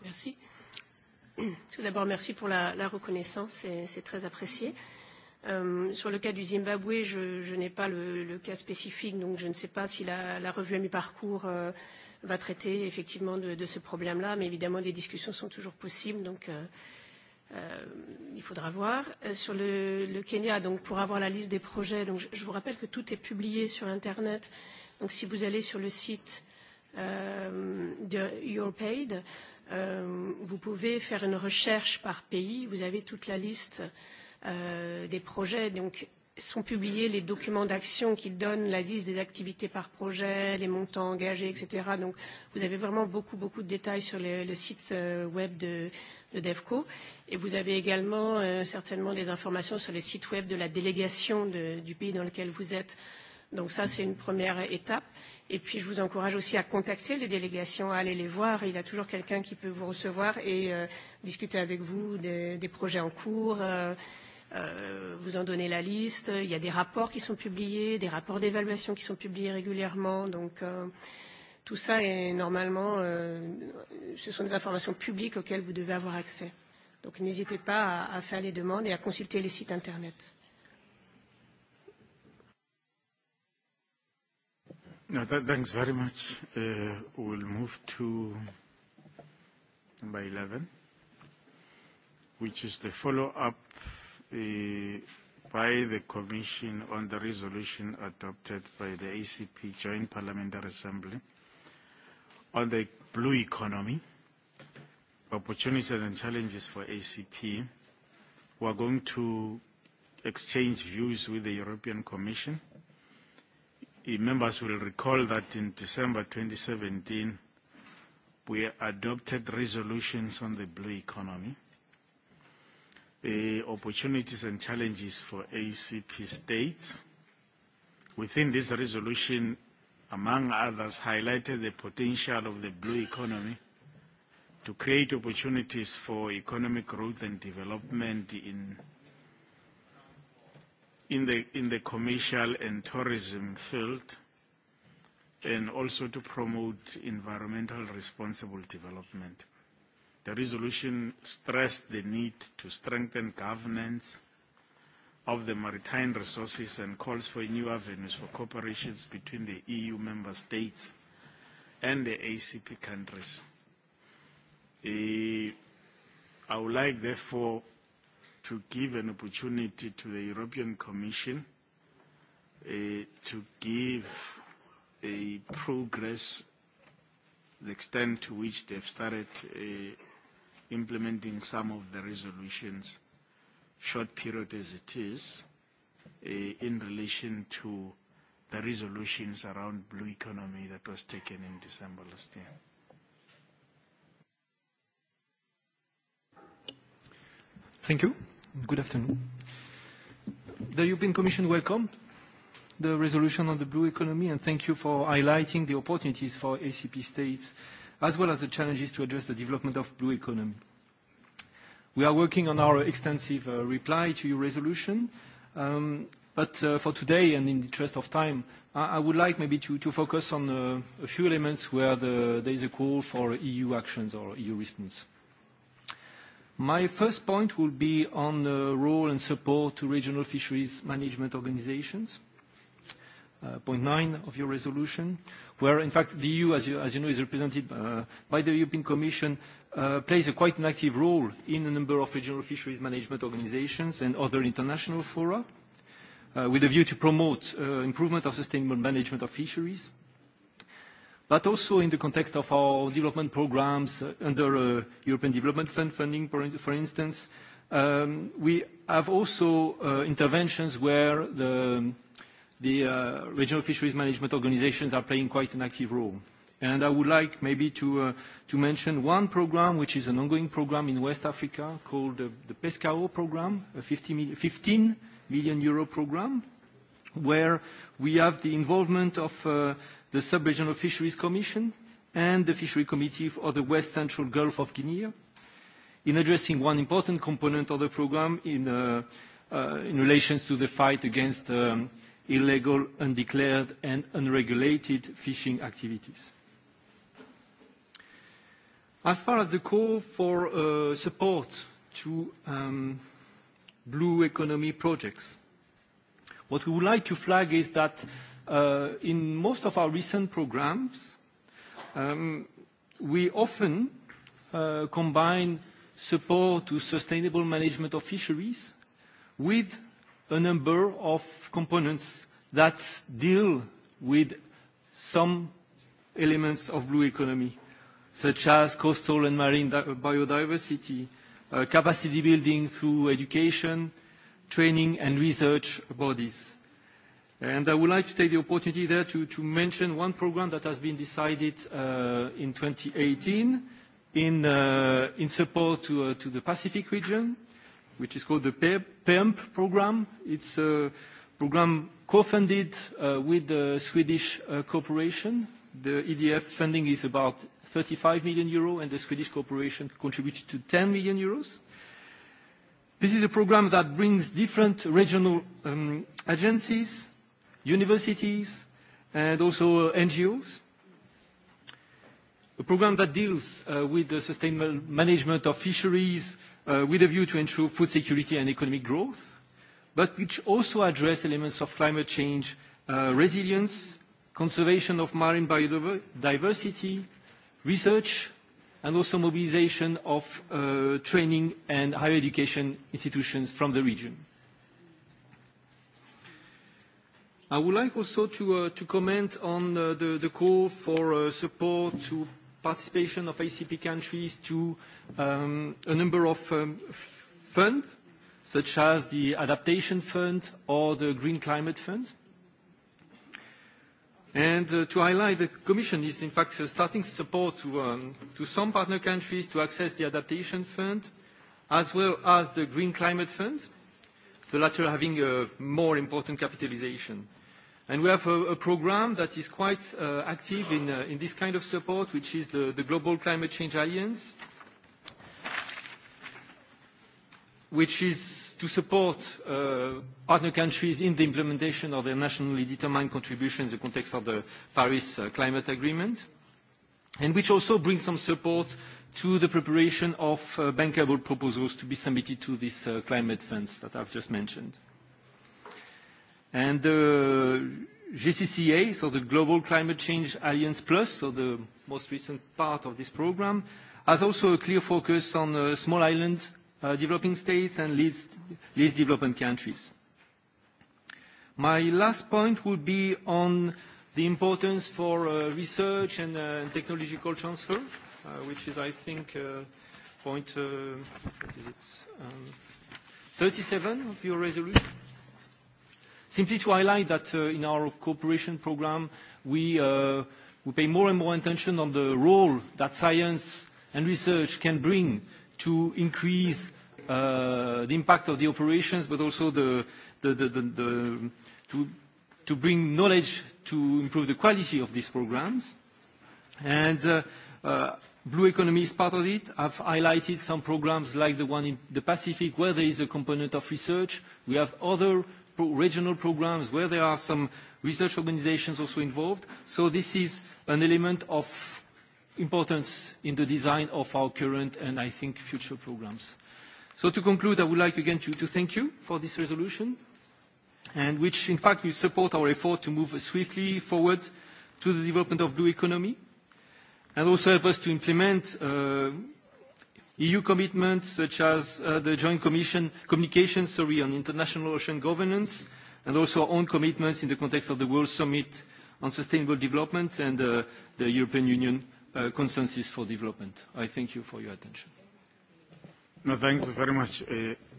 Merci. Tout d'abord, merci pour la, la reconnaissance, c'est très apprécié. Euh, sur le cas du Zimbabwe, je, je n'ai pas le, le cas spécifique, donc je ne sais pas si la, la revue à mi-parcours euh, va traiter effectivement de, de ce problème-là, mais évidemment des discussions sont toujours possibles, donc euh, euh, il faudra voir. Euh, sur le, le Kenya, donc pour avoir la liste des projets, donc je, je vous rappelle que tout est publié sur Internet, donc si vous allez sur le site euh, de YourPaid, euh, vous pouvez faire une recherche par pays, vous avez toute la liste euh, des projets. Donc, sont publiés les documents d'action qui donnent la liste des activités par projet, les montants engagés, etc. Donc, vous avez vraiment beaucoup, beaucoup de détails sur le, le site web de, de DEVCO. Et vous avez également euh, certainement des informations sur le site web de la délégation de, du pays dans lequel vous êtes. Donc ça, c'est une première étape. Et puis, je vous encourage aussi à contacter les délégations, à aller les voir. Il y a toujours quelqu'un qui peut vous recevoir et euh, discuter avec vous des, des projets en cours, euh, vous en donnez la liste. Il y a des rapports qui sont publiés, des rapports d'évaluation qui sont publiés régulièrement. Donc euh, tout ça est normalement, euh, ce sont des informations publiques auxquelles vous devez avoir accès. Donc n'hésitez pas à, à faire les demandes et à consulter les sites internet.
No, that, thanks very much. Uh, we'll move to number 11, which is the follow-up by the Commission on the resolution adopted by the ACP Joint Parliamentary Assembly on the blue economy, opportunities and challenges for ACP. We are going to exchange views with the European Commission. Members will recall that in December 2017, we adopted resolutions on the blue economy the opportunities and challenges for ACP states. Within this resolution, among others, highlighted the potential of the blue economy to create opportunities for economic growth and development in in the in the commercial and tourism field, and also to promote environmental responsible development. The resolution stressed the need to strengthen governance of the maritime resources and calls for new avenues for cooperation between the EU member states and the ACP countries. I would like, therefore, to give an opportunity to the European Commission to give a progress the extent to which they've started implementing some of the resolutions, short period as it is, uh, in relation to the resolutions around blue economy that was taken in December last year.
Thank you. Good afternoon. The European Commission welcomed the resolution on the blue economy, and thank you for highlighting the opportunities for ACP states as well as the challenges to address the development of blue economy. We are working on our extensive reply to your resolution. But for today, and in the interest of time, I would like maybe to focus on a few elements where there is a call for EU actions or EU response. My first point will be on the role and support to regional fisheries management organizations point nine of your resolution, where in fact the EU, as you, as you know, is represented uh, by the European Commission, uh, plays a quite an active role in a number of regional fisheries management organizations and other international fora, uh, with a view to promote uh, improvement of sustainable management of fisheries, but also in the context of our development programs uh, under uh, European Development Fund funding, for instance, um, we have also uh, interventions where the the regional fisheries management organizations are playing quite an active role. I would like maybe to, mention one program, which is an ongoing program in West Africa called the PESCAO program, a 50 15 million euro program, where we have the involvement of the Sub-Regional Fisheries Commission and the Fishery Committee of the West Central Gulf of Guinea in addressing one important component of the program in, relation to the fight against illegal, undeclared, and unregulated fishing activities. As far as the call for support to blue economy projects, what we would like to flag is that in most of our recent programs, we often combine support to sustainable management of fisheries with a number of components that deal with some elements of blue economy, such as coastal and marine biodiversity, capacity building through education, training, and research about this. I would like to take the opportunity there to mention one program that has been decided in 2018 in support to the Pacific region, which is called the PEMP program. It's a program co-funded with the Swedish corporation. The EDF funding is about 35 million euro, and the Swedish corporation contributed to 10 million euros. This is a program that brings different regional agencies, universities, and also NGOs. A program that deals with the sustainable management of fisheries, with a view to ensure food security and economic growth, but which also address elements of climate change resilience, conservation of marine biodiversity, research, and also mobilization of training and higher education institutions from the region. I would like also to comment on the call for support to participation of ACP countries to um, a number of um, funds, such as the Adaptation Fund or the Green Climate Fund. And to highlight, the Commission is in fact starting support to some partner countries to access the Adaptation Fund, as well as the Green Climate Fund, the latter having a more important capitalization. And we have a program that is quite active in this kind of support, which is the Global Climate Change Alliance, which is to support partner countries in the implementation of their nationally determined contributions in the context of the Paris Climate Agreement, and which also brings some support to the preparation of bankable proposals to be submitted to these climate funds that I've just mentioned. And the GCCA, so the Global Climate Change Alliance Plus, so the most recent part of this program, has also a clear focus on small islands, developing states and least developed countries. My last point would be on the importance for research and technological transfer, which is, I think, point 37 of your resolution. Simply to highlight that in our cooperation program, we pay more and more attention on the role that science and research can bring to increase the impact of the operations, but also the to bring knowledge to improve the quality of these programs. Blue Economy is part of it. I've highlighted some programs like the one in the Pacific, where there is a component of research. We have other regional programs where there are some research organizations also involved. So this is an element of importance in the design of our current and, I think, future programs. So to conclude, I would like again to, thank you for this resolution, and which in fact will support our effort to move swiftly forward to the development of blue economy, and also help us to implement EU commitments such as the Joint Commission communication sorry, on international ocean governance, and also our own commitments in the context of the World Summit on Sustainable Development and the European Union consensus for development. I thank you for your attention.
No, thanks very much.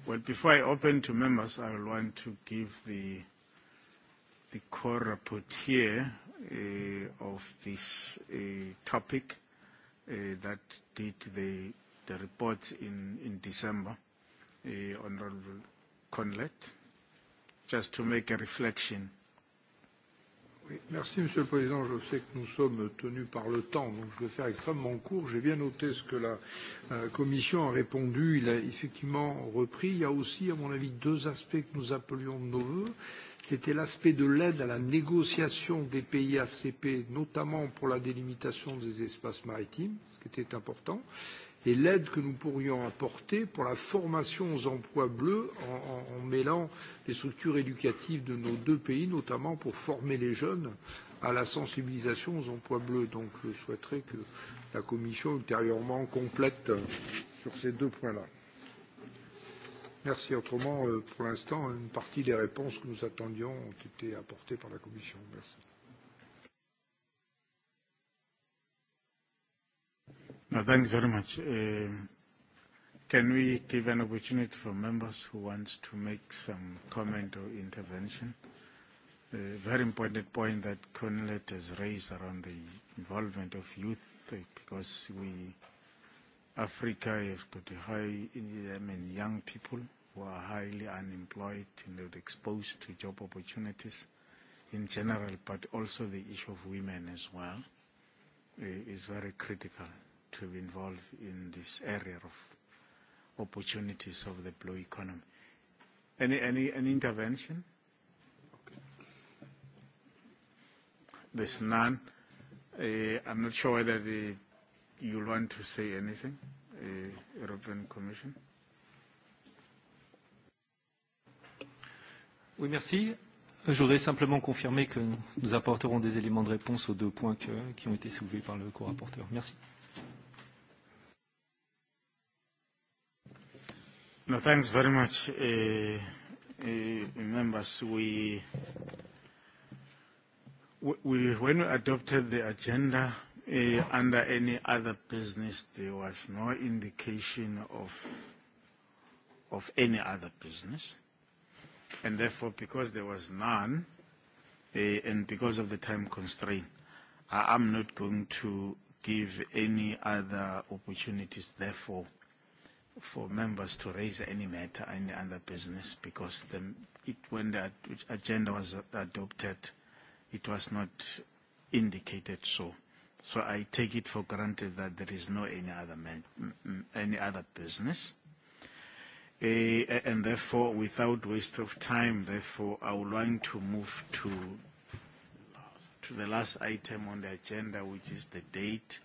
Well, before I open to members, I will want to give the the co-rapporteur of this topic that did the the report in in December, Honorable Conlet, just to make a reflection
Merci, Monsieur le Président. Je sais que nous sommes tenus par le temps, donc je vais faire extrêmement court. J'ai bien noté ce que la Commission a répondu. Il a effectivement repris. Il y a aussi, à mon avis, deux aspects que nous appelions de nos voeux. C'était l'aspect de l'aide à la négociation des pays ACP, notamment pour la délimitation des espaces maritimes, ce qui était important et l'aide que nous pourrions apporter pour la formation aux emplois bleus en, en, en mêlant les structures éducatives de nos deux pays, notamment pour former les jeunes à la sensibilisation aux emplois bleus. Donc je souhaiterais que la Commission ultérieurement complète sur ces deux points-là. Merci. Autrement, pour l'instant, une partie des réponses que nous attendions ont été apportées par la Commission. Merci.
No, you very much. Um, can we give an opportunity for members who want to make some comment or intervention? A very important point that Cornelet has raised around the involvement of youth, because we, Africa, have got a high, I mean, young people who are highly unemployed and not exposed to job opportunities in general, but also the issue of women as well is very critical to be involved in this area of opportunities of the blue economy. Any, any, any intervention? Okay. There's none. Uh, I'm not sure whether the, you want to say anything, uh, European Commission.
Oui, merci. Je voudrais simplement confirmer que nous apporterons des éléments de réponse aux deux points que, qui ont été soulevés par le co-rapporteur. Merci.
No, thanks very much, uh, uh, members. We, we, when we adopted the agenda uh, under any other business, there was no indication of of any other business, and therefore, because there was none, uh, and because of the time constraint, I am not going to give any other opportunities. Therefore for members to raise any matter, any other business, because the, it, when the agenda was adopted, it was not indicated so. So I take it for granted that there is no any other, man, any other business. Uh, and therefore, without waste of time, therefore, I would like to move to, to the last item on the agenda, which is the date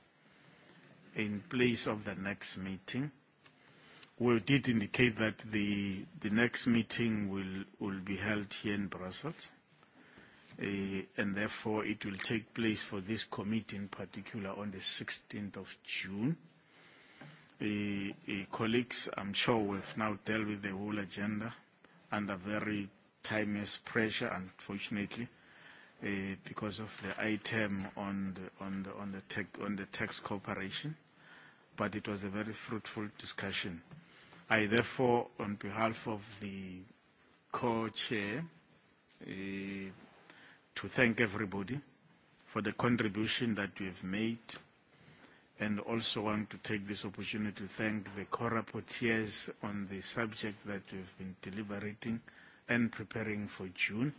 in place of the next meeting we did indicate that the the next meeting will will be held here in Brussels, and therefore it will take place for this committee in particular on the 16th of June. Colleagues, I'm sure we've now dealt with the whole agenda under very timeless pressure, unfortunately, because of the item on the on the on the tax cooperation, but it was a very fruitful discussion I therefore, on behalf of the co-chair, to thank everybody for the contribution that you have made and also want to take this opportunity to thank the co-rapporteurs on the subject that we've been deliberating and preparing for June,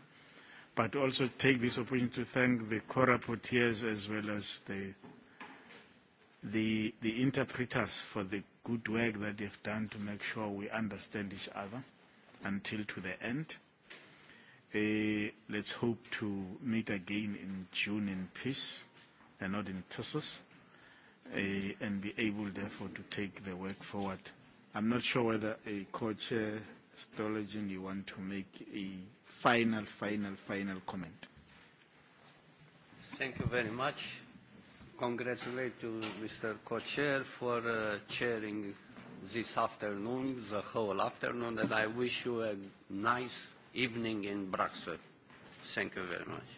but also take this opportunity to thank the co-rapporteurs as well as the, the, the interpreters for the good work that they've done to make sure we understand each other until to the end. Uh, let's hope to meet again in June in peace and not in pieces uh, and be able therefore to take the work forward. I'm not sure whether a co-chair Stologin you want to make a final, final, final comment.
Thank you very much congratulate you, Mr. Co-Chair, for uh, chairing this afternoon, the whole afternoon, and I wish you a nice evening in Brussels. Thank you very much.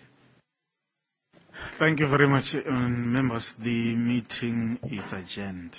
Thank you very much, um, members. The meeting is adjourned.